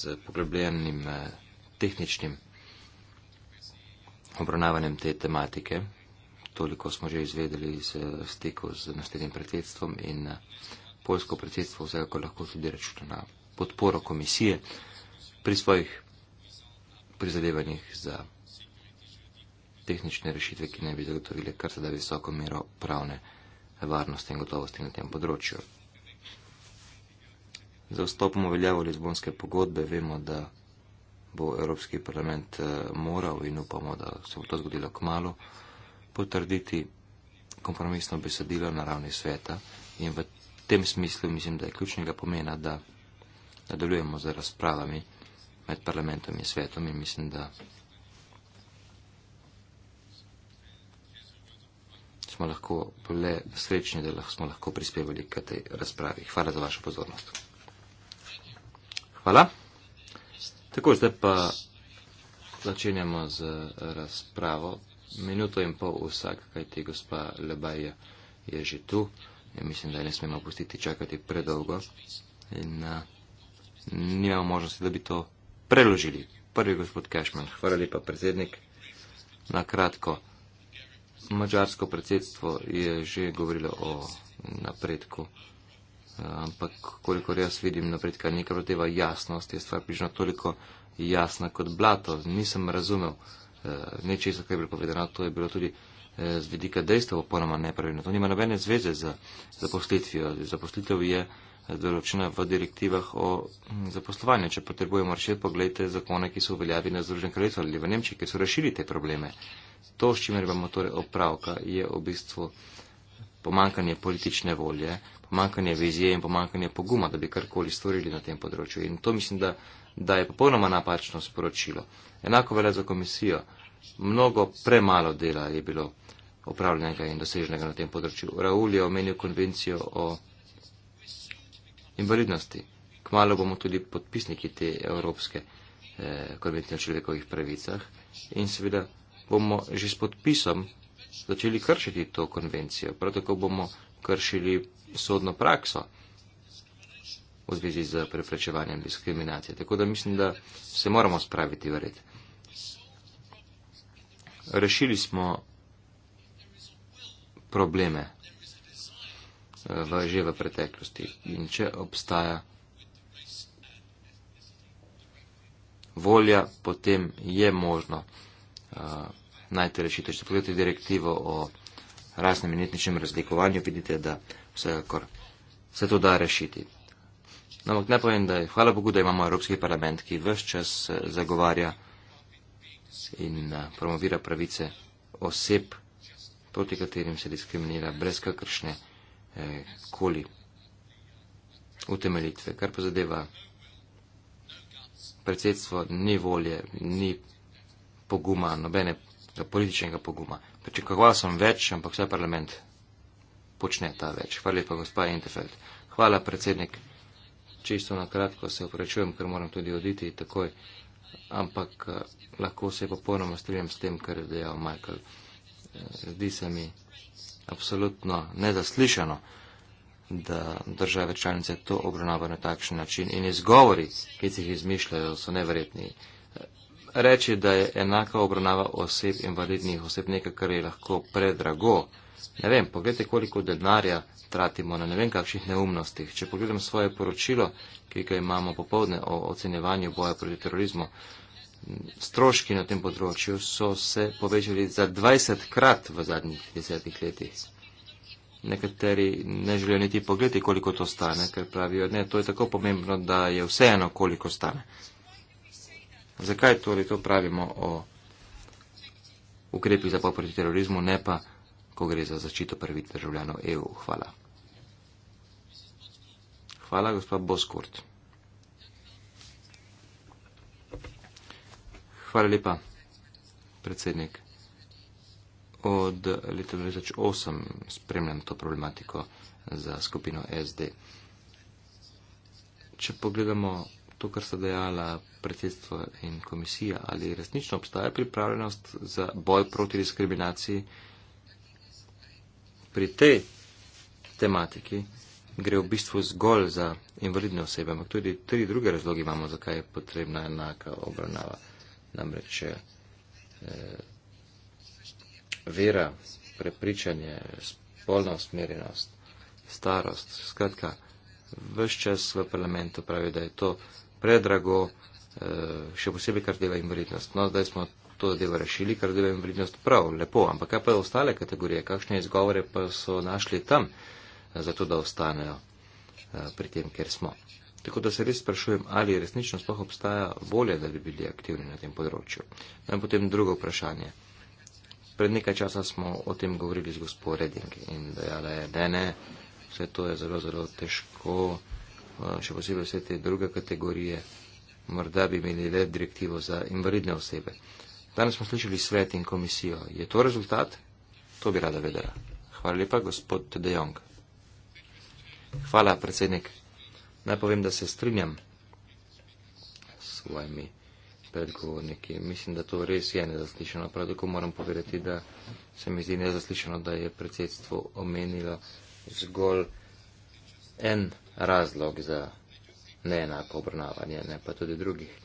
z poglobljenim eh, tehničnim obravnavanjem te tematike. Toliko smo že izvedeli iz stikov z naslednjim predsedstvom in uh, polsko predsedstvo vse, kako lahko tudi računa na podporo komisije pri svojih prizadevanjih za tehnične rešitve, ki ne bi zagotovile kar sedaj visoko mero pravne varnosti in gotovosti na tem področju. Za vstopom uveljavo Lizbonske pogodbe vemo, da bo Evropski parlament eh, moral in upamo, da se bo to zgodilo k malu, potrditi kompromisno besedilo na ravni sveta, In v tem smislu mislim, da je ključnega pomena, da nadaljujemo z razpravami med parlamentom in svetom in mislim, da smo lahko le srečni, da smo lahko prispevali k tej razpravi. Hvala za vašo pozornost. Hvala. Tako, zdaj pa začenjamo z razpravo. Minuto in pol vsak, kaj ti gospa Lebaj je, je že tu. Ja mislim, da je ne smemo pustiti čakati predolgo in uh, nimamo možnosti, da bi to preložili. Prvi gospod Kešman, hvala lepa predsednik. Na kratko, mačarsko predsedstvo je že govorilo o napredku, eh, ampak kolikor jaz vidim napredka, nekaj proteva jasnost, je stvar prižno toliko jasna kot blato. Nisem razumel uh, nečesa, kaj je bilo povedano, to je bilo tudi. Eh, z vidika dejstva popolnoma nepravilno. To nima nobene zveze z zaposlitvijo. Zaposlitev je eh, določena v direktivah o hm, zaposlovanju. Če potrebujemo rešitev, pogledajte zakone, ki so uveljavi na Združenem kraljestvu ali v Nemčiji, ki so rešili te probleme. To, s čimer imamo torej opravka, je v bistvu pomankanje politične volje, pomankanje vizije in pomankanje poguma, da bi karkoli storili na tem področju. In to mislim, da, da je popolnoma napačno sporočilo. Enako velja za komisijo mnogo premalo dela je bilo opravljenega in doseženega na tem področju. Raul je omenil konvencijo o invalidnosti. Kmalo bomo tudi podpisniki te Evropske eh, konvencije o človekovih pravicah in seveda bomo že s podpisom začeli kršiti to konvencijo. Prav tako bomo kršili sodno prakso v zvezi z preprečevanjem diskriminacije. Tako da mislim, da se moramo spraviti v red. Eh, rešili smo probleme eh, v, že v preteklosti. In če obstaja volja, potem je možno uh, najti rešitev. Če pogledate direktivo o rasnem in etničnem razlikovanju, vidite, da vsekakor se to da rešiti. No, ampak no, naj povem, da je hvala Bogu, da imamo Evropski parlament, ki vse čas eh, zagovarja in eh, promovira pravice oseb, proti katerim se diskriminira brez kakršne eh, koli utemeljitve. Kar pa zadeva predsedstvo, ni volje, ni poguma, nobene političnega poguma. Pričakovala sem več, ampak vse parlament počne ta več. Hvala lepa, gospa Interfeld. Hvala, predsednik. Čisto na kratko se opravičujem, ker moram tudi oditi takoj ampak eh, lahko se popolnoma strinjam s tem, kar je dejal Michael. Eh, zdi se mi absolutno nezaslišano, da države članice to obravnavajo na takšen način in izgovori, ki si jih izmišljajo, so neverjetni. Eh, reči, da je enaka obravnava oseb invalidnih oseb nekaj, kar je lahko predrago, Ne vem, pogledajte, koliko denarja tratimo na ne vem kakšnih neumnostih. Če pogledam svoje poročilo, ki ga imamo popovdne o ocenjevanju boja proti terorizmu, stroški na tem področju so se povečali za 20 krat v zadnjih desetih letih. Nekateri ne želijo niti pogledati, koliko to stane, ker pravijo, ne, to je tako pomembno, da je vseeno, koliko stane. Zakaj torej to pravimo o ukrepih za boj proti terorizmu, ne pa ko gre za zaščito prvih državljanov EU. Hvala. Hvala, gospod Boskurt. Hvala lepa, predsednik. Od leta 2008 spremljam to problematiko za skupino SD. Če pogledamo to, kar sta dejala predsedstvo in komisija, ali resnično obstaja pripravljenost za boj proti diskriminaciji, pri tej tematiki gre v bistvu zgolj za invalidne osebe, ampak tudi tri druge razloge imamo, zakaj je potrebna enaka obravnava. Namreč eh, vera, prepričanje, spolna usmerjenost, starost, skratka, vse čas v parlamentu pravi, da je to predrago, eh, še posebej kar dela invalidnost. No, zdaj smo to zadevo rešili, kar zadeva invalidnost prav, lepo. Ampak kaj pa ostale kategorije, kakšne izgovore pa so našli tam, eh, zato da ostanejo eh, pri tem, kjer smo. Tako da se res sprašujem, ali resnično sploh obstaja volja, da bi bili aktivni na tem področju. No, in potem drugo vprašanje. Pred nekaj časa smo o tem govorili z gospod Reding in dejala je, da ne, vse to je zelo, zelo težko, eh, še posebej vse te druge kategorije. Morda bi imeli le direktivo za invalidne osebe. Danes smo slišali svet in komisijo. Je to rezultat? To bi rada vedela. Hvala lepa, gospod Tedejong. Hvala, predsednik. Naj povem, da se strinjam s svojimi predgovorniki. Mislim, da to res je nezaslišano. Prav tako moram povedati, da se mi zdi nezaslišano, da je predsedstvo omenilo zgolj en razlog za neenako obravnavanje, ne pa tudi drugih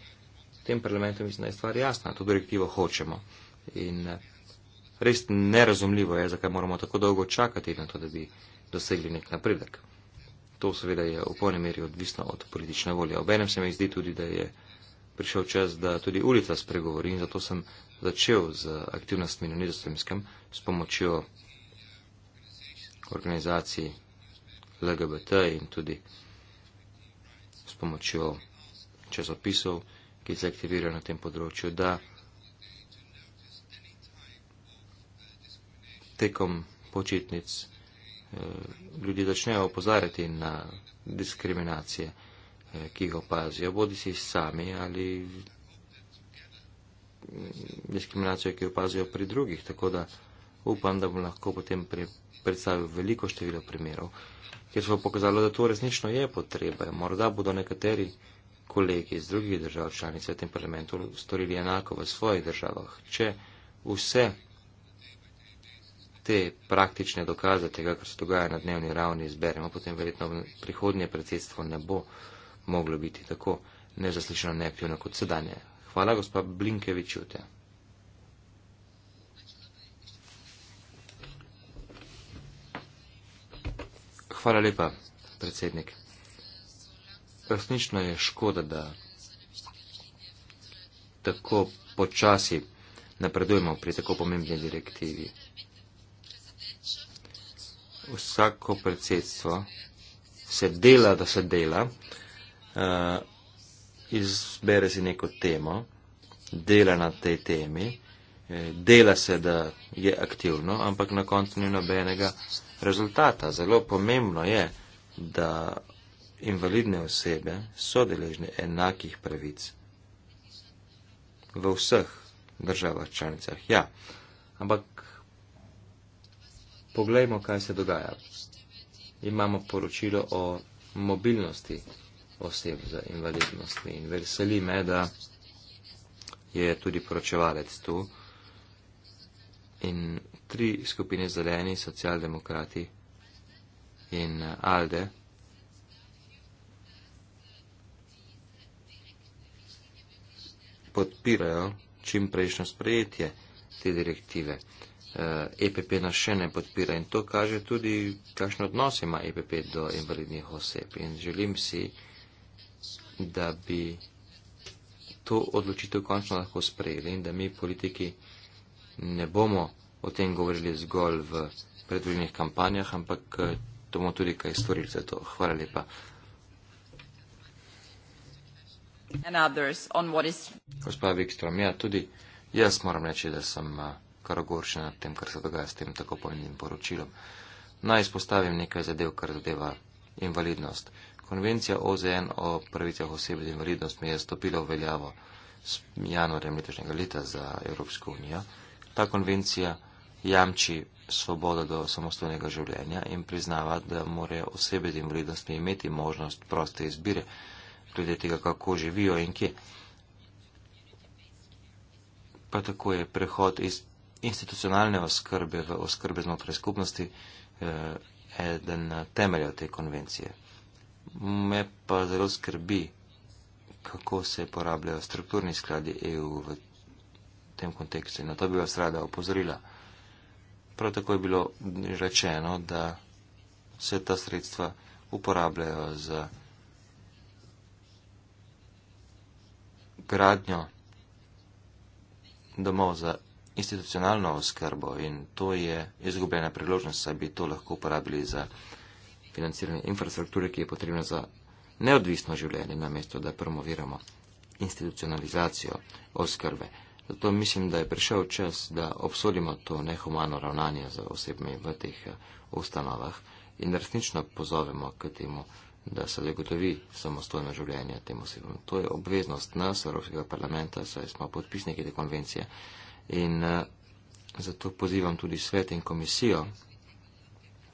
tem parlamentu mislim, da je stvar jasna, to direktivo hočemo. In eh, res nerazumljivo je, zakaj moramo tako dolgo čakati na to, da bi dosegli nek napredek. To seveda je v polni meri odvisno od politične volje. Obenem se mi zdi tudi, da je prišel čas, da tudi ulica spregovori in zato sem začel z aktivnostmi na nizozemskem s pomočjo organizacij LGBT in tudi s pomočjo časopisov ki se aktivira na tem področju, da tekom počitnic eh, ljudi začnejo opozarjati na diskriminacije, eh, ki jih opazijo, bodi si sami ali diskriminacijo, ki jo opazijo pri drugih. Tako da upam, da bom lahko potem predstavil veliko število primerov, kjer so pokazali, da to resnično je potreba. Morda bodo nekateri kolegi iz drugih držav članic svetem parlamentu storili enako v svojih državah. Če vse te praktične dokaze tega, kar se dogaja na dnevni ravni, izberemo, potem verjetno prihodnje predsedstvo ne bo moglo biti tako nezaslišano neaktivno kot sedanje. Hvala, gospa Blinkevič, jutja. Hvala lepa, predsednik. Resnično je škoda, da tako počasi napredujemo pri tako pomembni direktivi. Vsako predsedstvo se dela, da se dela, eh, izbere si neko temo, dela na tej temi, eh, dela se, da je aktivno, ampak na koncu ni nobenega rezultata. Zelo pomembno je, da invalidne osebe so deležne enakih pravic v vseh državah članicah. Ja, ampak poglejmo, kaj se dogaja. Imamo poročilo o mobilnosti oseb za invalidnost in veseli me, da je tudi poročevalec tu. In tri skupine zeleni, socialdemokrati in ALDE podpirajo čim prejšnjo sprejetje te direktive. EPP eh, e nas še ne podpira in to kaže tudi, kakšen odnos ima EPP do invalidnih oseb. In želim si, da bi to odločitev končno lahko sprejeli in da mi politiki ne bomo o tem govorili zgolj v predvoljenih kampanjah, ampak eh, bomo tudi kaj storili za to. Hvala lepa. Gospa Vikstrom, ja, tudi jaz moram reči, da sem eh, kar ogorčen nad tem, kar se dogaja s tem tako pomembnim poročilom. Naj izpostavim nekaj zadev, kar zadeva invalidnost. Konvencija OZN o pravicah osebe z invalidnostmi je stopila v veljavo s januarjem letošnjega leta za Evropsko unijo. Ta konvencija jamči svobodo do samostojnega življenja in priznava, da morajo osebe z invalidnostmi imeti možnost proste izbire glede tega, kako živijo in kje. Pa tako je prehod iz institucionalne oskrbe v oskrbe znotraj skupnosti eh, eden temelja te konvencije. Me pa zelo skrbi, kako se porabljajo strukturni skladi EU v tem kontekstu. Na to bi vas rada opozorila. Prav tako je bilo rečeno, da se ta sredstva uporabljajo za. gradnjo domov za institucionalno oskrbo in to je izgubljena priložnost, saj bi to lahko uporabili za financiranje infrastrukture, ki je potrebna za neodvisno življenje, namesto da promoviramo institucionalizacijo oskrbe. Zato mislim, da je prišel čas, da obsodimo to nehumano ravnanje z osebami v teh ustanovah in resnično pozovemo k temu da se zagotovi samostojno življenje tem osebam. To je obveznost nas, Evropskega parlamenta, saj smo podpisniki te konvencije. In eh, zato pozivam tudi svet in komisijo,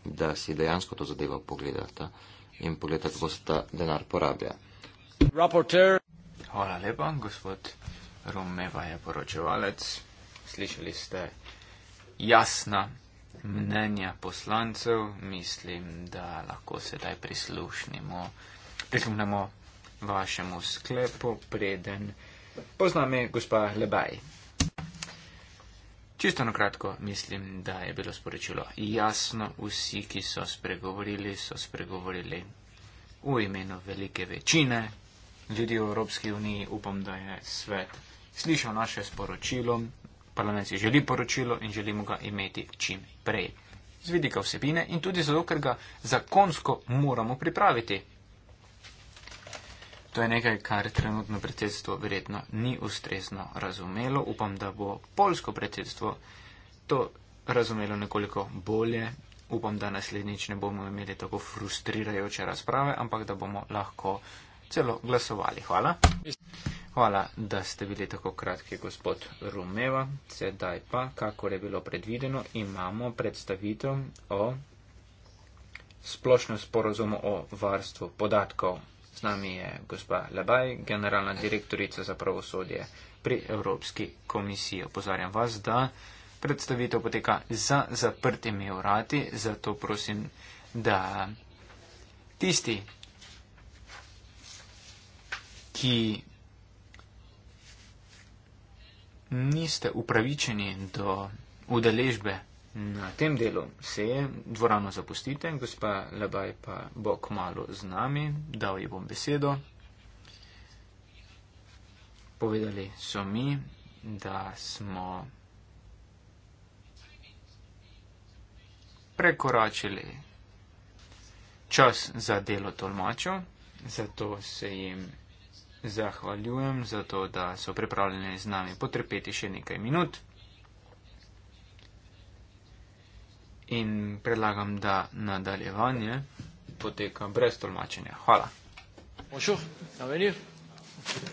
da si dejansko to zadevo pogledata in pogledata, kako se ta denar porablja. Raporter. Hvala lepa, gospod Romeva je poročevalec. Slišali ste jasna mnenja poslancev, mislim, da lahko sedaj prisluhnemo, prisluhnemo vašemu sklepu, preden poznam je gospa Lebaj. Čisto na kratko, mislim, da je bilo sporočilo jasno, vsi, ki so spregovorili, so spregovorili v imenu velike večine ljudi v Evropski uniji, upam, da je svet slišal naše sporočilo parlament si želi poročilo in želimo ga imeti čim prej. Z vidika vsebine in tudi zato, ker ga zakonsko moramo pripraviti. To je nekaj, kar trenutno predsedstvo verjetno ni ustrezno razumelo. Upam, da bo polsko predsedstvo to razumelo nekoliko bolje. Upam, da naslednjič ne bomo imeli tako frustrirajoče razprave, ampak da bomo lahko celo glasovali. Hvala. Mislim. Hvala, da ste bili tako kratki, gospod Rumeva. Sedaj pa, kakor je bilo predvideno, imamo predstavitev o splošnem sporozumu o varstvu podatkov. Z nami je gospa Lebaj, generalna direktorica za pravosodje pri Evropski komisiji. Opozarjam vas, da predstavitev poteka za zaprtimi urati, zato prosim, da tisti, ki niste upravičeni do udeležbe na tem delu seje, dvorano zapustite, gospa Lebaj pa bo kmalo z nami, dal ji bom besedo. Povedali so mi, da smo prekoračili čas za delo tolmačev, zato se jim zahvaljujem za to, da so pripravljeni z nami potrpeti še nekaj minut. In predlagam, da nadaljevanje poteka brez tolmačenja. Hvala.